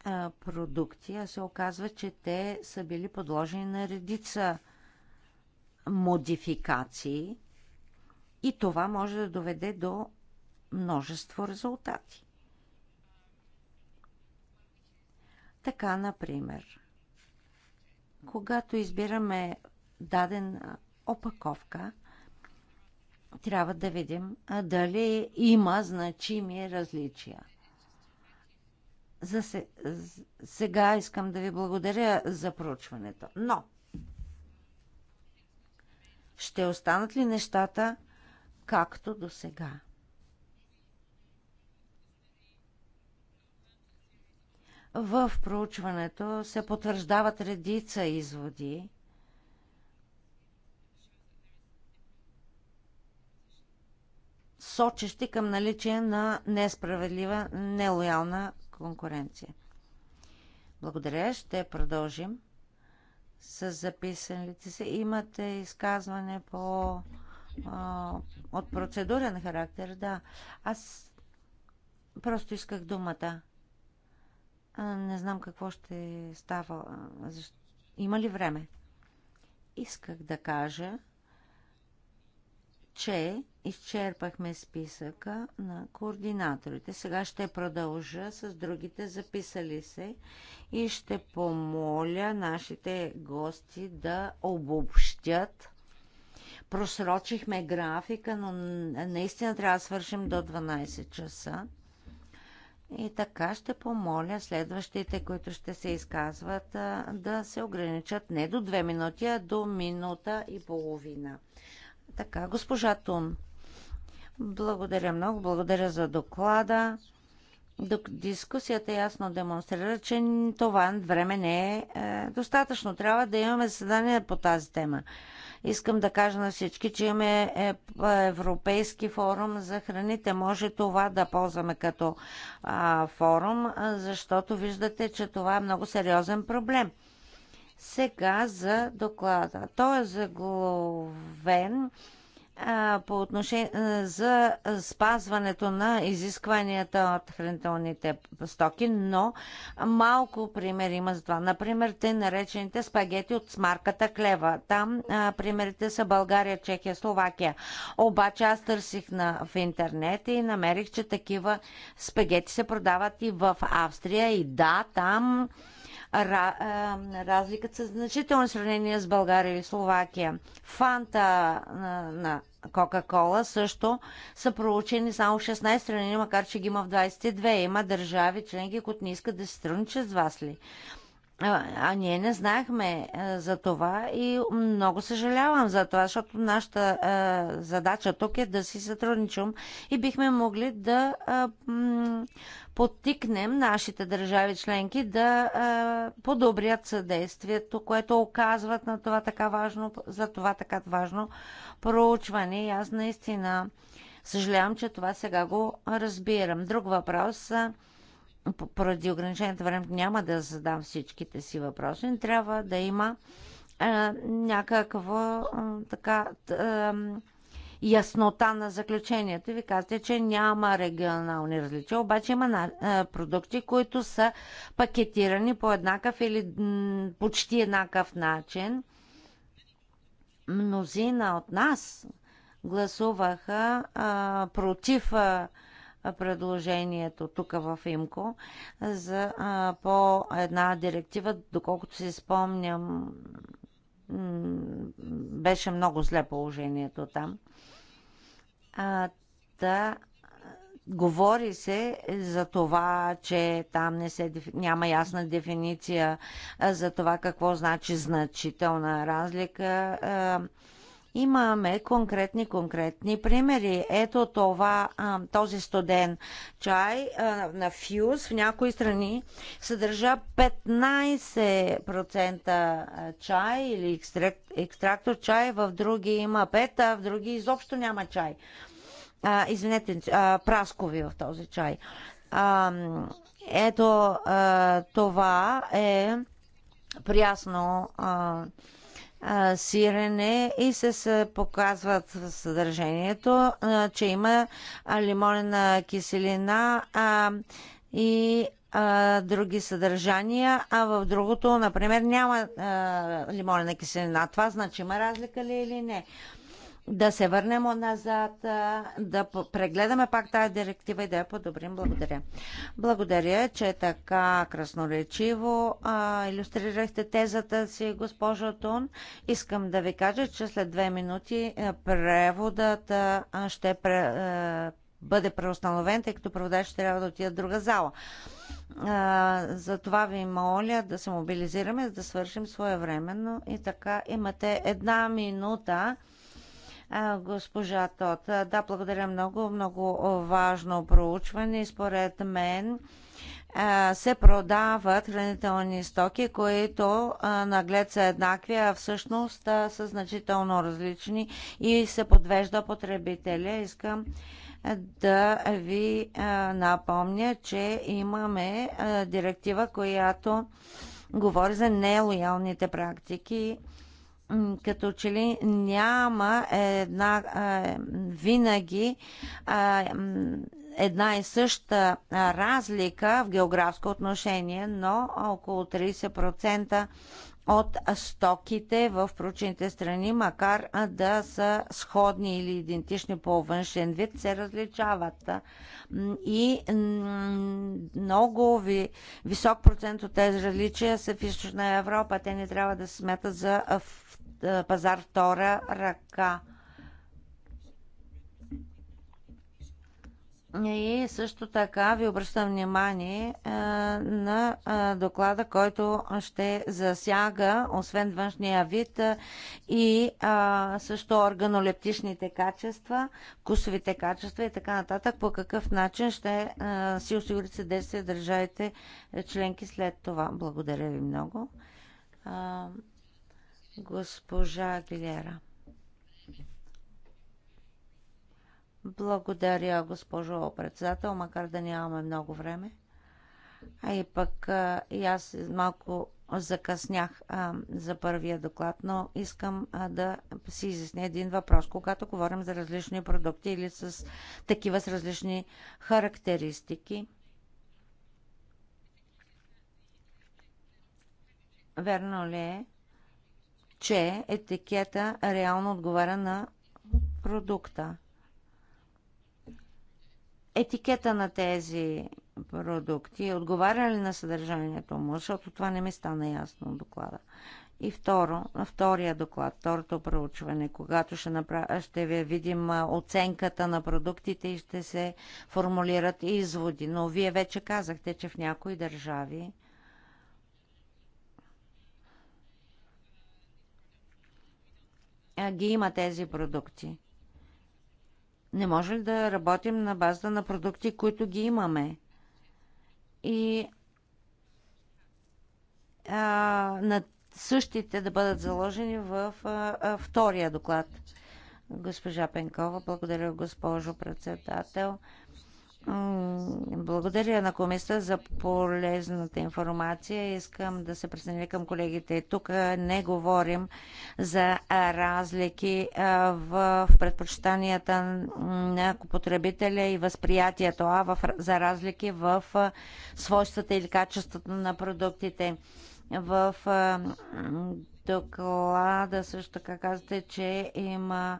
а, продукти, а се оказва, че те са били подложени на редица модификации и това може да доведе до множество резултати. Така, например, когато избираме даден опаковка, трябва да видим дали има значими различия. За сега искам да ви благодаря за проучването. Но ще останат ли нещата както до сега? В проучването се потвърждават редица изводи, сочещи към наличие на несправедлива, нелоялна конкуренция. Благодаря. Ще продължим с записаните се. Имате изказване по, а, от процедурен характер, да. Аз просто исках думата. Не знам какво ще става. Има ли време? Исках да кажа, че изчерпахме списъка на координаторите. Сега ще продължа с другите записали се и ще помоля нашите гости да обобщят. Просрочихме графика, но наистина трябва да свършим до 12 часа. И така ще помоля следващите, които ще се изказват, да се ограничат не до две минути, а до минута и половина. Така, госпожа Тун, благодаря много, благодаря за доклада. Дискусията ясно демонстрира, че това време не е, е достатъчно. Трябва да имаме заседание по тази тема. Искам да кажа на всички, че имаме е, е, Европейски форум за храните. Може това да ползваме като а, форум, защото виждате, че това е много сериозен проблем. Сега за доклада. Той е заглавен по отношение за спазването на изискванията от хранителните стоки, но малко пример има за това. Например, те наречените спагети от смарката Клева. Там примерите са България, Чехия, Словакия. Обаче аз търсих на, в интернет и намерих, че такива спагети се продават и в Австрия. И да, там разликата са значителни в сравнение с България и Словакия. Фанта на Кока-Кола също са проучени само в 16 страни, макар че ги има в 22. Има държави членки, които не искат да се сравничат с вас ли. А, а ние не знаехме а, за това и много съжалявам за това, защото нашата а, задача тук е да си сътрудничим и бихме могли да а, м- подтикнем нашите държави членки да а, подобрят съдействието, което оказват на това така важно, за това така важно проучване. И аз наистина съжалявам, че това сега го разбирам. Друг въпрос. А, поради ограниченото време няма да задам всичките си въпроси, но трябва да има а, някаква а, така а, яснота на заключението. Ви казвате, че няма регионални различия, обаче има на, а, продукти, които са пакетирани по еднакъв или м, почти еднакъв начин. Мнозина от нас гласуваха а, против а, предложението тук в ИМКО за а, по една директива, доколкото си спомням, беше много зле положението там. А, да, говори се за това, че там не се, няма ясна дефиниция за това какво значи значителна разлика. А, Имаме конкретни, конкретни примери. Ето това, този студен чай на фюз в някои страни съдържа 15% чай или екстрактор чай, в други има 5, а в други изобщо няма чай. извинете, праскови в този чай. ето това е прясно а, сирене и се показват в съдържанието, че има лимонена киселина и други съдържания, а в другото, например, няма лимонена киселина. Това значима разлика ли или не? да се върнем назад, да прегледаме пак тази директива и да я подобрим. Благодаря. Благодаря, че така красноречиво а, иллюстрирахте тезата си, госпожо Тун. Искам да ви кажа, че след две минути преводът а, ще пре, а, бъде преустановен, тъй като преводач ще трябва да отида в друга зала. А, за това ви моля да се мобилизираме, да свършим своевременно. И така имате една минута. Госпожа Тот, да, благодаря много. Много важно проучване. Според мен се продават хранителни стоки, които наглед са еднакви, а всъщност са значително различни и се подвежда потребителя. Искам да ви напомня, че имаме директива, която говори за нелоялните практики като че ли няма една винаги една и съща разлика в географско отношение, но около 30% от стоките в прочените страни, макар да са сходни или идентични по външен вид, се различават. И много ви, висок процент от тези различия са в Източна Европа. Те не трябва да се смятат за е, пазар втора ръка. И също така ви обръщам внимание а, е, на а, е, доклада, който ще засяга, освен външния вид, а, и а, също органолептичните качества, вкусовите качества и така нататък, по какъв начин ще а, си осигурите съдействие държавите членки след това. Благодаря ви много. А, госпожа Агилера. Благодаря, госпожо председател, макар да нямаме много време. А и пък а, и аз малко закъснях а, за първия доклад, но искам а, да си изясня един въпрос. Когато говорим за различни продукти или с такива с различни характеристики, верно ли е, че етикета реално отговаря на продукта. Етикета на тези продукти отговаря ли на съдържанието му, защото това не ми стана ясно от доклада. И второ, втория доклад, второто проучване, когато ще, направ... ще ви видим оценката на продуктите и ще се формулират изводи. Но вие вече казахте, че в някои държави ги има тези продукти. Не може ли да работим на база на продукти, които ги имаме? И а, на същите да бъдат заложени в а, а, втория доклад. Госпожа Пенкова, благодаря госпожо председател. Благодаря на комисията за полезната информация. Искам да се присъединя към колегите. Тук не говорим за разлики в предпочитанията на потребителя и възприятието, а за разлики в свойствата или качеството на продуктите. В доклада също така казвате, че има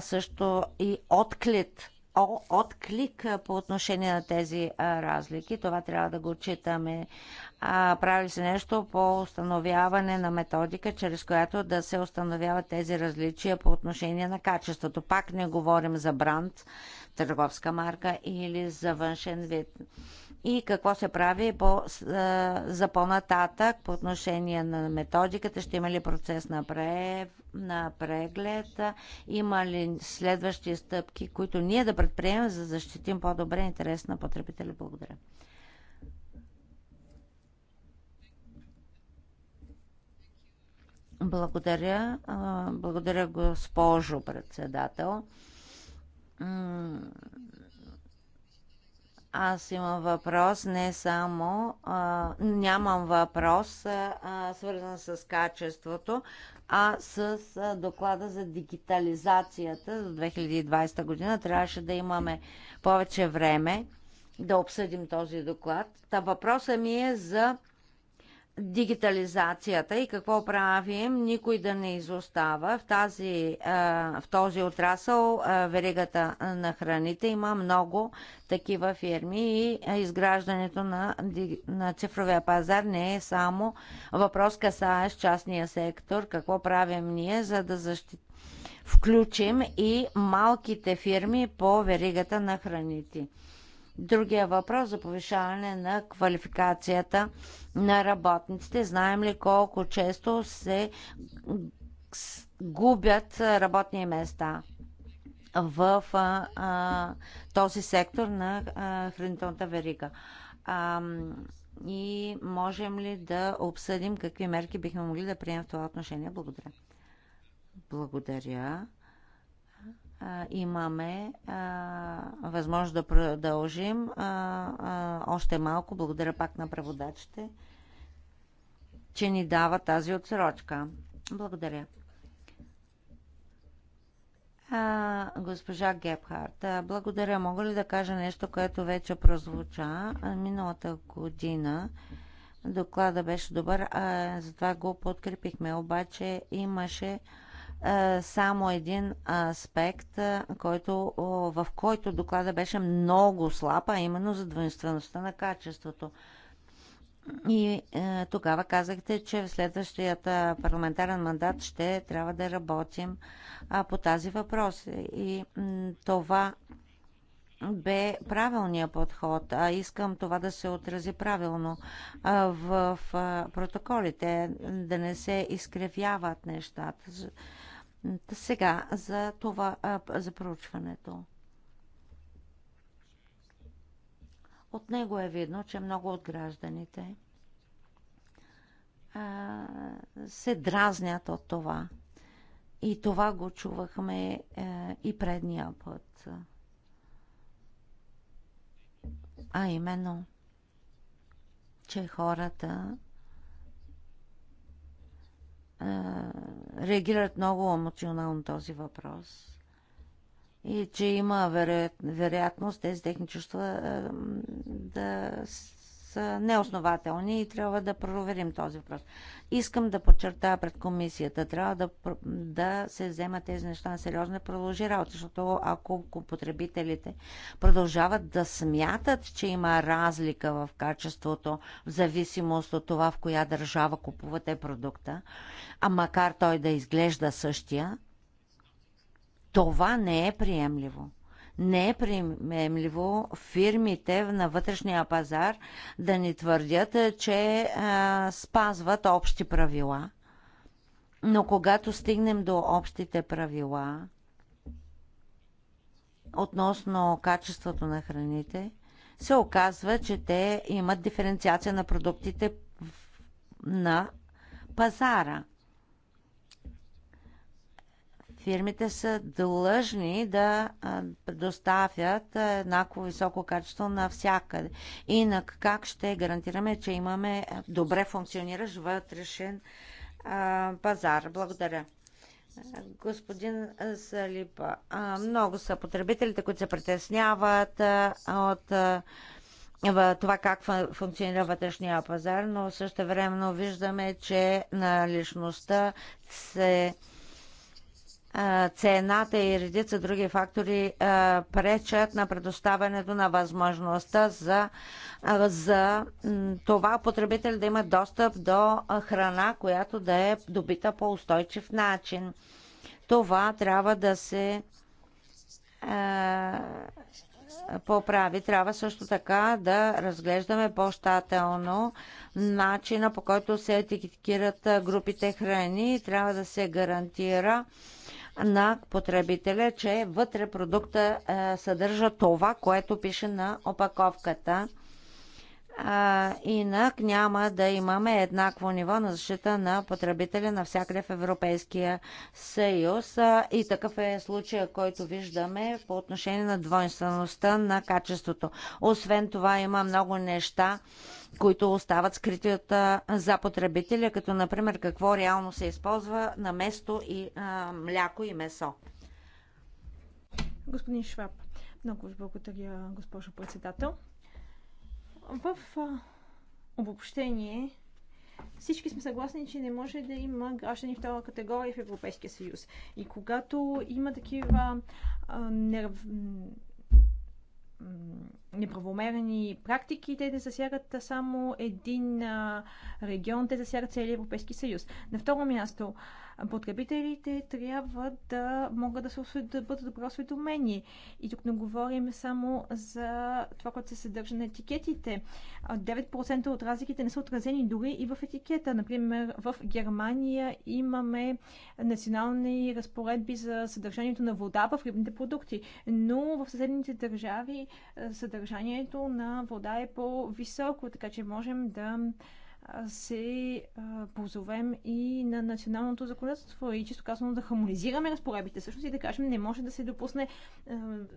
също и отклит отклик по отношение на тези разлики. Това трябва да го отчитаме. Прави се нещо по установяване на методика, чрез която да се установяват тези различия по отношение на качеството. Пак не говорим за бранд, търговска марка или за външен вид и какво се прави по, за по-нататък по отношение на методиката? Ще има ли процес на, пре, на преглед? Има ли следващи стъпки, които ние да предприемем, за да защитим по-добре интерес на потребителя? Благодаря. Благодаря. Благодаря, госпожо председател аз имам въпрос, не само, а, нямам въпрос, а, свързан с качеството, а с а, доклада за дигитализацията за 2020 година. Трябваше да имаме повече време да обсъдим този доклад. Та въпросът ми е за дигитализацията и какво правим, никой да не изостава. В, тази, в този отрасъл веригата на храните има много такива фирми и изграждането на, на цифровия пазар не е само въпрос касаещ частния сектор. Какво правим ние, за да защитим включим и малките фирми по веригата на храните. Другия въпрос за повишаване на квалификацията на работниците. Знаем ли колко често се губят работни места в а, а, този сектор на а, хранителната верига? А, и можем ли да обсъдим какви мерки бихме могли да приемем в това отношение? Благодаря. Благодаря имаме а, възможност да продължим а, а, още малко. Благодаря пак на преводачите, че ни дава тази отсрочка. Благодаря. А, госпожа Гепхарт, благодаря. Мога ли да кажа нещо, което вече прозвуча? Миналата година доклада беше добър, а затова го подкрепихме. Обаче имаше а, е, само един аспект, е, който, в който доклада беше много слаб, а именно за двойствеността на качеството. И е, тогава казахте, че в следващият е, парламентарен мандат ще трябва да работим а, по тази въпрос. И това бе правилният подход, а искам това да се отрази правилно а, в, в протоколите, да не се изкривяват нещата. Сега за това, за проучването. От него е видно, че много от гражданите се дразнят от това. И това го чувахме и предния път. А именно, че хората реагират много емоционално този въпрос и че има вероятност тези техни чувства да са неоснователни и трябва да проверим този въпрос. Искам да подчертая пред комисията, трябва да, да се вземат тези неща на сериозна и продължи работа, защото ако потребителите продължават да смятат, че има разлика в качеството, в зависимост от това в коя държава купувате продукта, а макар той да изглежда същия, това не е приемливо. Не е приемливо фирмите на вътрешния пазар да ни твърдят, е, че а, е, спазват общи правила. Но когато стигнем до общите правила относно качеството на храните, се оказва, че те имат диференциация на продуктите на пазара – фирмите са длъжни да предоставят еднакво високо качество навсякъде. Инак как ще гарантираме, че имаме добре функциониращ вътрешен пазар? Благодаря. Господин Салипа, много са потребителите, които се притесняват от това как функционира вътрешния пазар, но също времено виждаме, че наличността се цената и редица други фактори пречат на предоставянето на възможността за, за това потребители да имат достъп до храна, която да е добита по устойчив начин. Това трябва да се поправи. Трябва също така да разглеждаме по-щателно начина по който се етикетират групите храни. Трябва да се гарантира на потребителя, че вътре продукта съдържа това, което пише на опаковката а, инак няма да имаме еднакво ниво на защита на потребителя навсякъде в Европейския съюз. А, и такъв е случая, който виждаме по отношение на двойствеността на качеството. Освен това има много неща, които остават скрити от, а, за потребителя, като например какво реално се използва на место и а, мляко и месо. Господин Шваб, много ви благодаря, госпожо председател. В обобщение, всички сме съгласни, че не може да има граждани втора категория в Европейския съюз. И когато има такива а, нерв... неправомерни практики, те не засягат само един а, регион, те засягат целия Европейски съюз. На второ място, а, потребителите трябва да могат да, се, да бъдат добро осведомени. И тук не говорим само за това, което се съдържа на етикетите. 9% от разликите не са отразени дори и в етикета. Например, в Германия имаме национални разпоредби за съдържанието на вода в рибните продукти, но в съседните държави съдържанието на вода е по-високо, така че можем да се позовем и на националното законодателство и често казано да хармонизираме разпоредбите всъщност и да кажем не може да се допусне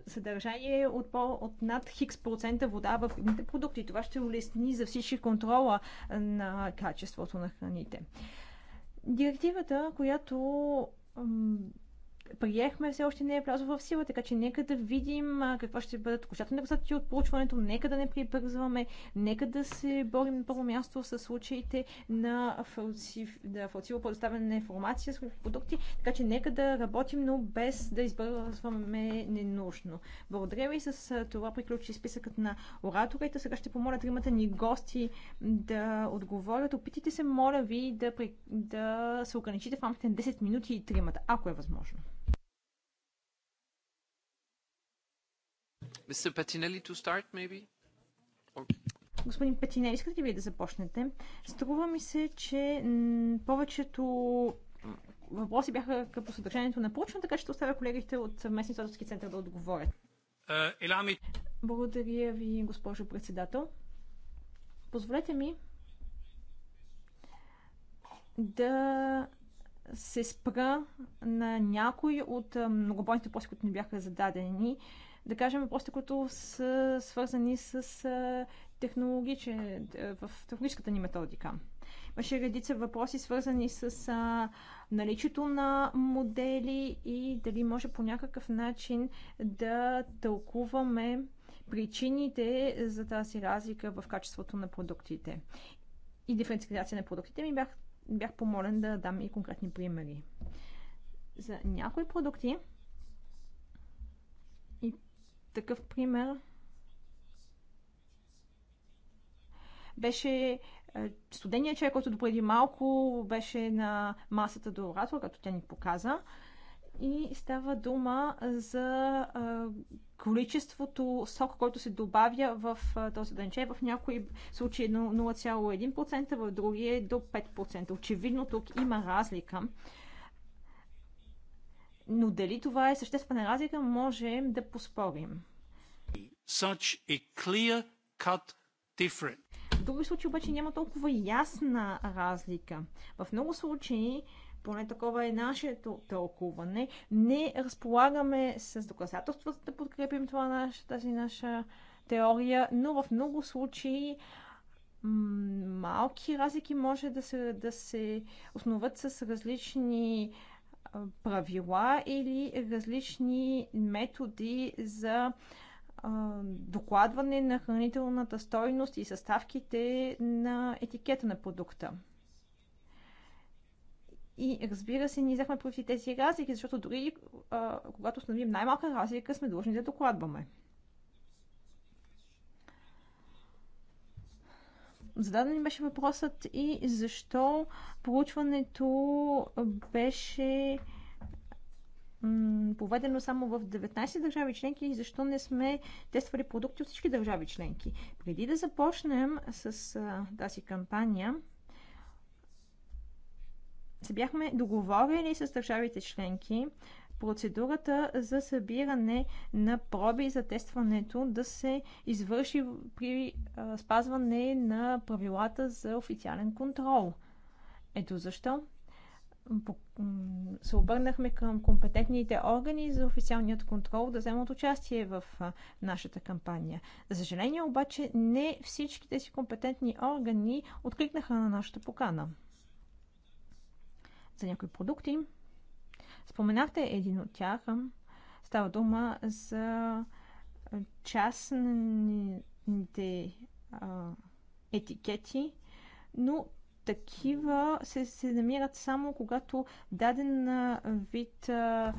съдържание от, по, от над хикс процента вода в едните продукти. Това ще улесни за всички контрола на качеството на храните. Директивата, която приехме, все още не е влязло в сила, така че нека да видим какво ще бъдат окончателни резултати от получването, нека да не прибързваме, нека да се борим на първо място с случаите на, фалсив, да, предоставяне на информация с продукти, така че нека да работим, но без да избързваме ненужно. Благодаря ви, с това приключи списъкът на ораторите. Сега ще помоля тримата ни гости да отговорят. Опитайте се, моля ви, да, да се ограничите в рамките на 10 минути и тримата, ако е възможно. Господин Петине, искате ли вие да започнете? Струва ми се, че повечето въпроси бяха към съдържанието на получено, така че ще оставя колегите от местния статутски център да отговорят. Е, Благодаря ви, госпожо председател. Позволете ми да се спра на някои от многобойните въпроси, които ни бяха зададени. Uh, да кажем, въпросите, които са свързани с технологичен, в технологическата ни методика. Имаше редица въпроси, свързани с а, наличието на модели и дали може по някакъв начин да тълкуваме причините за тази разлика в качеството на продуктите. И диференциализация на продуктите ми бях, бях помолен да дам и конкретни примери. За някои продукти такъв пример беше студения чай, който допреди малко беше на масата до оратора, като тя ни показа. И става дума за количеството сок, който се добавя в този денче. В някои случаи 0,1%, е в други е до 5%. Очевидно тук има разлика. Но дали това е съществена разлика, можем да поспорим. Such a clear cut difference. В други случаи обаче няма толкова ясна разлика. В много случаи поне такова е нашето тълкуване. Не разполагаме с доказателства да подкрепим това наша, тази наша теория, но в много случаи малки разлики може да се, да се основат с различни правила или различни методи за докладване на хранителната стойност и съставките на етикета на продукта. И разбира се, ние взехме против тези разлики, защото дори а, когато установим най-малка разлика, сме длъжни да докладваме. Зададен ни беше въпросът и защо проучването беше поведено само в 19 държави членки и защо не сме тествали продукти от всички държави членки. Преди да започнем с а, тази кампания, се бяхме договорили с държавите членки процедурата за събиране на проби за тестването да се извърши при спазване на правилата за официален контрол. Ето защо се обърнахме към компетентните органи за официалният контрол да вземат участие в нашата кампания. За съжаление обаче не всички тези компетентни органи откликнаха на нашата покана. За някои продукти Споменахте един от тях. Става дума за частните етикети, но такива се, се намират само когато даден вид да,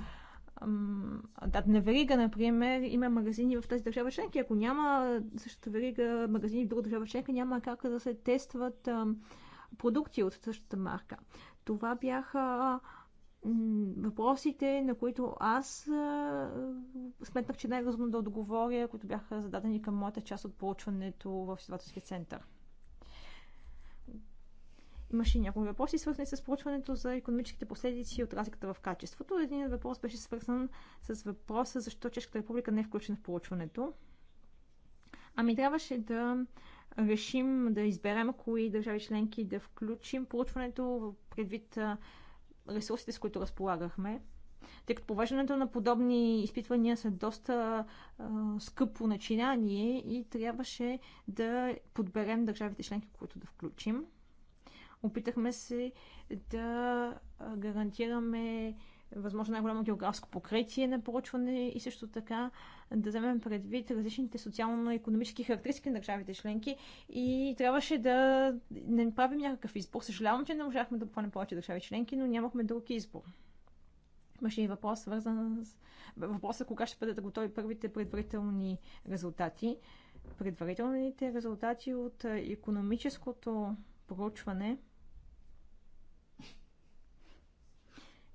на верига, например, има магазини в тази държава членка. Ако няма същата верига магазини в друга държава членка, няма как да се тестват а, продукти от същата марка. Това бяха а, въпросите, на които аз сметнах, че най-разумно да отговоря, които бяха зададени към моята част от получването в изследователския център. Имаше и някои въпроси, свързани с проучването за економическите последици от разликата в качеството. Един въпрос беше свързан с въпроса защо Чешката република не е включена в проучването. Ами трябваше да решим да изберем кои държави членки да включим проучването предвид ресурсите, с които разполагахме, тъй като повеждането на подобни изпитвания са доста а, скъпо начинание и трябваше да подберем държавите членки, които да включим. Опитахме се да гарантираме възможно най-голямо географско покритие на поручване и също така да вземем предвид различните социално-економически характеристики на държавите членки и трябваше да не направим някакъв избор. Съжалявам, че не можахме да попълним повече държави членки, но нямахме друг избор. Имаше и въпрос, свързан с въпроса кога ще бъдат готови първите предварителни резултати. Предварителните резултати от економическото проучване –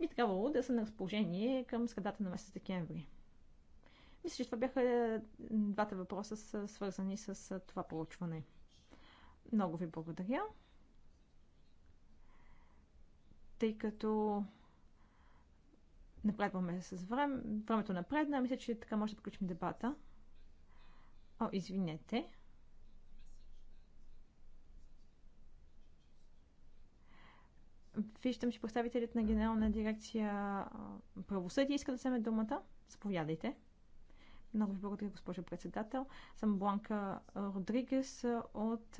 би трябвало да са на разположение към средата на месец декември. Мисля, че това бяха е, двата въпроса, свързани с е, това проучване. Много ви благодаря. Тъй като напредваме с време, времето напредна, мисля, че така може да приключим дебата. О, извинете. Виждам, че представителят на Генерална дирекция правосъдие иска да вземе думата. Заповядайте. Много ви благодаря, госпожо председател. Съм Бланка Родригес от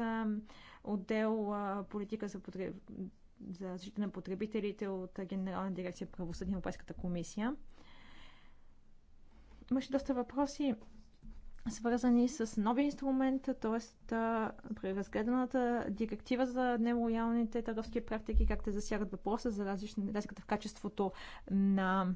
отдел политика за, потреб... за защита на потребителите от Генерална дирекция правосъдие на Европейската комисия. Имаше доста въпроси свързани с нови инструмент, т.е. преразгледаната директива за нелоялните търговски практики, как те засягат въпроса за разликата в качеството на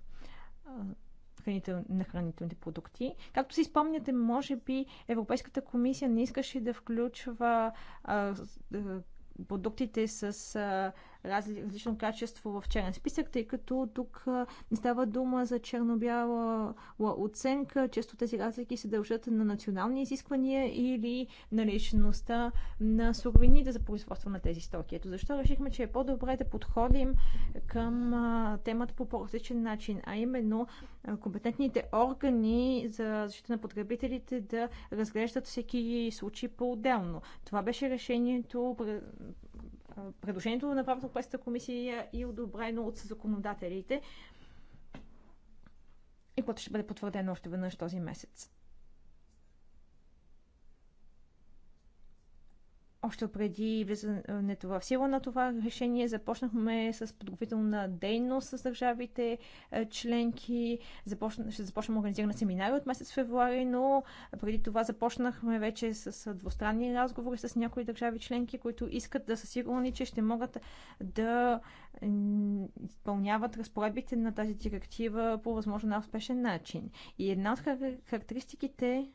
на хранителните продукти. Както си спомняте, може би Европейската комисия не искаше да включва а, а, продуктите с а, различно качество в черен списък, тъй като тук не става дума за черно-бяла оценка. Често тези разлики се дължат на национални изисквания или на личността на суровините за производство на тези стоки. Ето защо решихме, че е по-добре да подходим към темата по по-различен начин, а именно компетентните органи за защита на потребителите да разглеждат всеки случай по-отделно. Това беше решението предложението на Европейската комисия и одобрено от законодателите и което ще бъде потвърдено още веднъж този месец. Още преди влизането в сила на това решение започнахме с подготвителна дейност с държавите е, членки. Започна, ще започнем организирана семинари от месец февруари, но преди това започнахме вече с двустранни разговори с някои държави членки, които искат да са сигурни, че ще могат да изпълняват разпоредбите на тази директива по възможно най-успешен начин. И една от характеристиките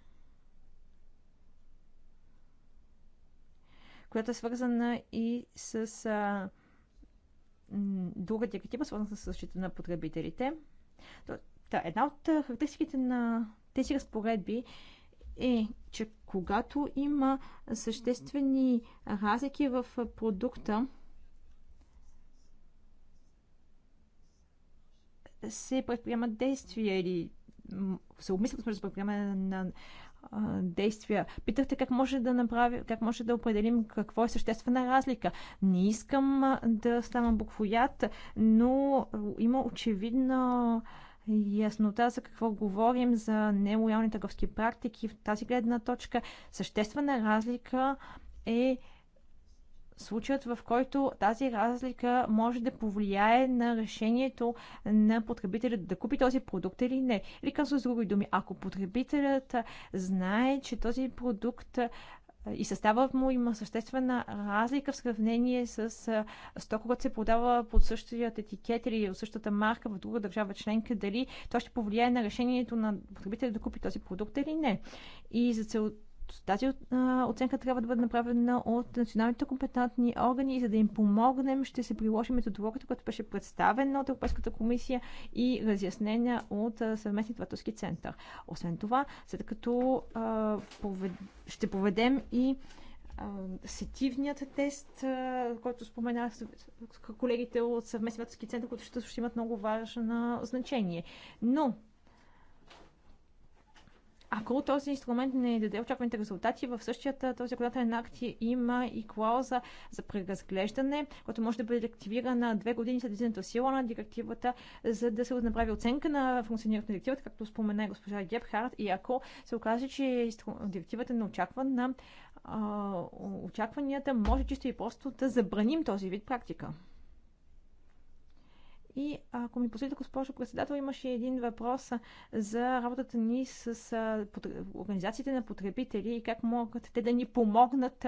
която е свързана и с а, друга директива, свързана с защита на потребителите. Та, една от характеристиките на тези разпоредби е, че когато има съществени разлики в продукта, се предприемат действия или се обмислят между предприемане на действия. Питахте как може да направим, как може да определим какво е съществена разлика. Не искам да ставам буквоят, но има очевидна яснота за какво говорим, за нелоялни търговски практики. В тази гледна точка съществена разлика е случаят, в който тази разлика може да повлияе на решението на потребителя да купи този продукт или не. Или казвам с други думи, ако потребителят знае, че този продукт и състава му има съществена разлика в сравнение с сток, когато се продава под същият етикет или от същата марка в друга държава членка, дали това ще повлияе на решението на потребителя да купи този продукт или не. И за целта тази оценка трябва да бъде направена от националните компетентни органи и за да им помогнем ще се приложи методологията, която беше представена от Европейската комисия и разяснена от съвместния творчески център. Освен това, след като ще поведем и сетивният тест, който споменах колегите от съвместния център, които ще имат много важно значение. Но ако този инструмент не даде очакваните резултати, в същията този законодателен акт е- има и клауза за преразглеждане, която може да бъде активирана две години след влизането сила на директивата, за да се направи оценка на функционирането на директивата, както спомена госпожа Гебхард. И ако се окаже, че директивата не очаква на очакванията, може чисто и просто да забраним този вид практика. И ако ми позволите, госпожо председател, имаше един въпрос за работата ни с организациите на потребители и как могат те да ни помогнат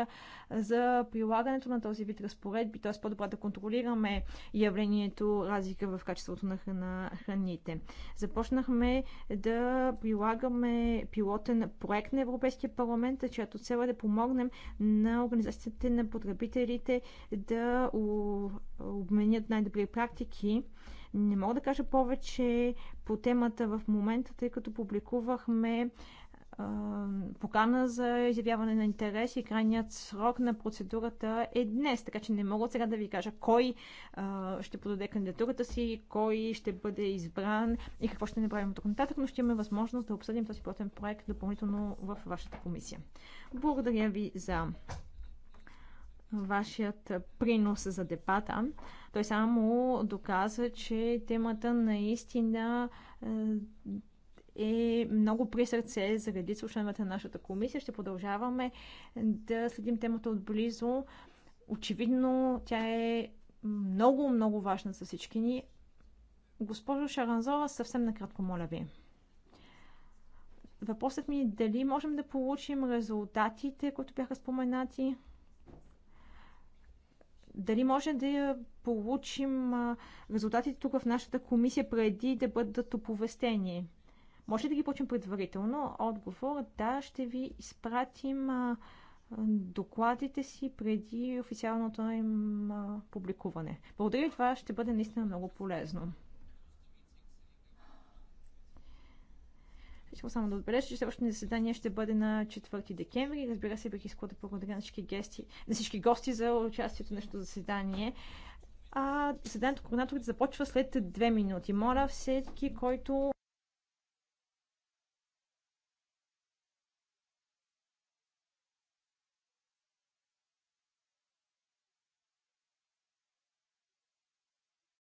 за прилагането на този вид разпоредби, т.е. по-добре да контролираме явлението разлика в качеството на храна, храните. Започнахме да прилагаме пилотен проект на Европейския парламент, чиято цел е да помогнем на организациите на потребителите да обменят най-добри практики не мога да кажа повече по темата в момента, тъй като публикувахме покана за изявяване на интерес и крайният срок на процедурата е днес, така че не мога сега да ви кажа кой а, ще подаде кандидатурата си, кой ще бъде избран и какво ще направим тук нататък, но ще имаме възможност да обсъдим този платен проект допълнително в вашата комисия. Благодаря ви за вашият принос за дебата. Той само доказа, че темата наистина е, е много при сърце за редица членовете на нашата комисия. Ще продължаваме е, да следим темата отблизо. Очевидно, тя е много, много важна за всички ни. Госпожо Шаранзова, съвсем накратко, моля ви. Въпросът ми е дали можем да получим резултатите, които бяха споменати дали може да получим резултатите тук в нашата комисия преди да бъдат оповестени? Може ли да ги получим предварително? Отговор да, ще ви изпратим докладите си преди официалното им публикуване. Благодаря, това ще бъде наистина много полезно. искам само да отбележа, че следващото заседание ще бъде на 4 декември. Разбира се, бих искала да благодаря на всички, гести, на всички гости за участието в нашето заседание. А заседанието координаторите започва след 2 минути. Моля всеки, който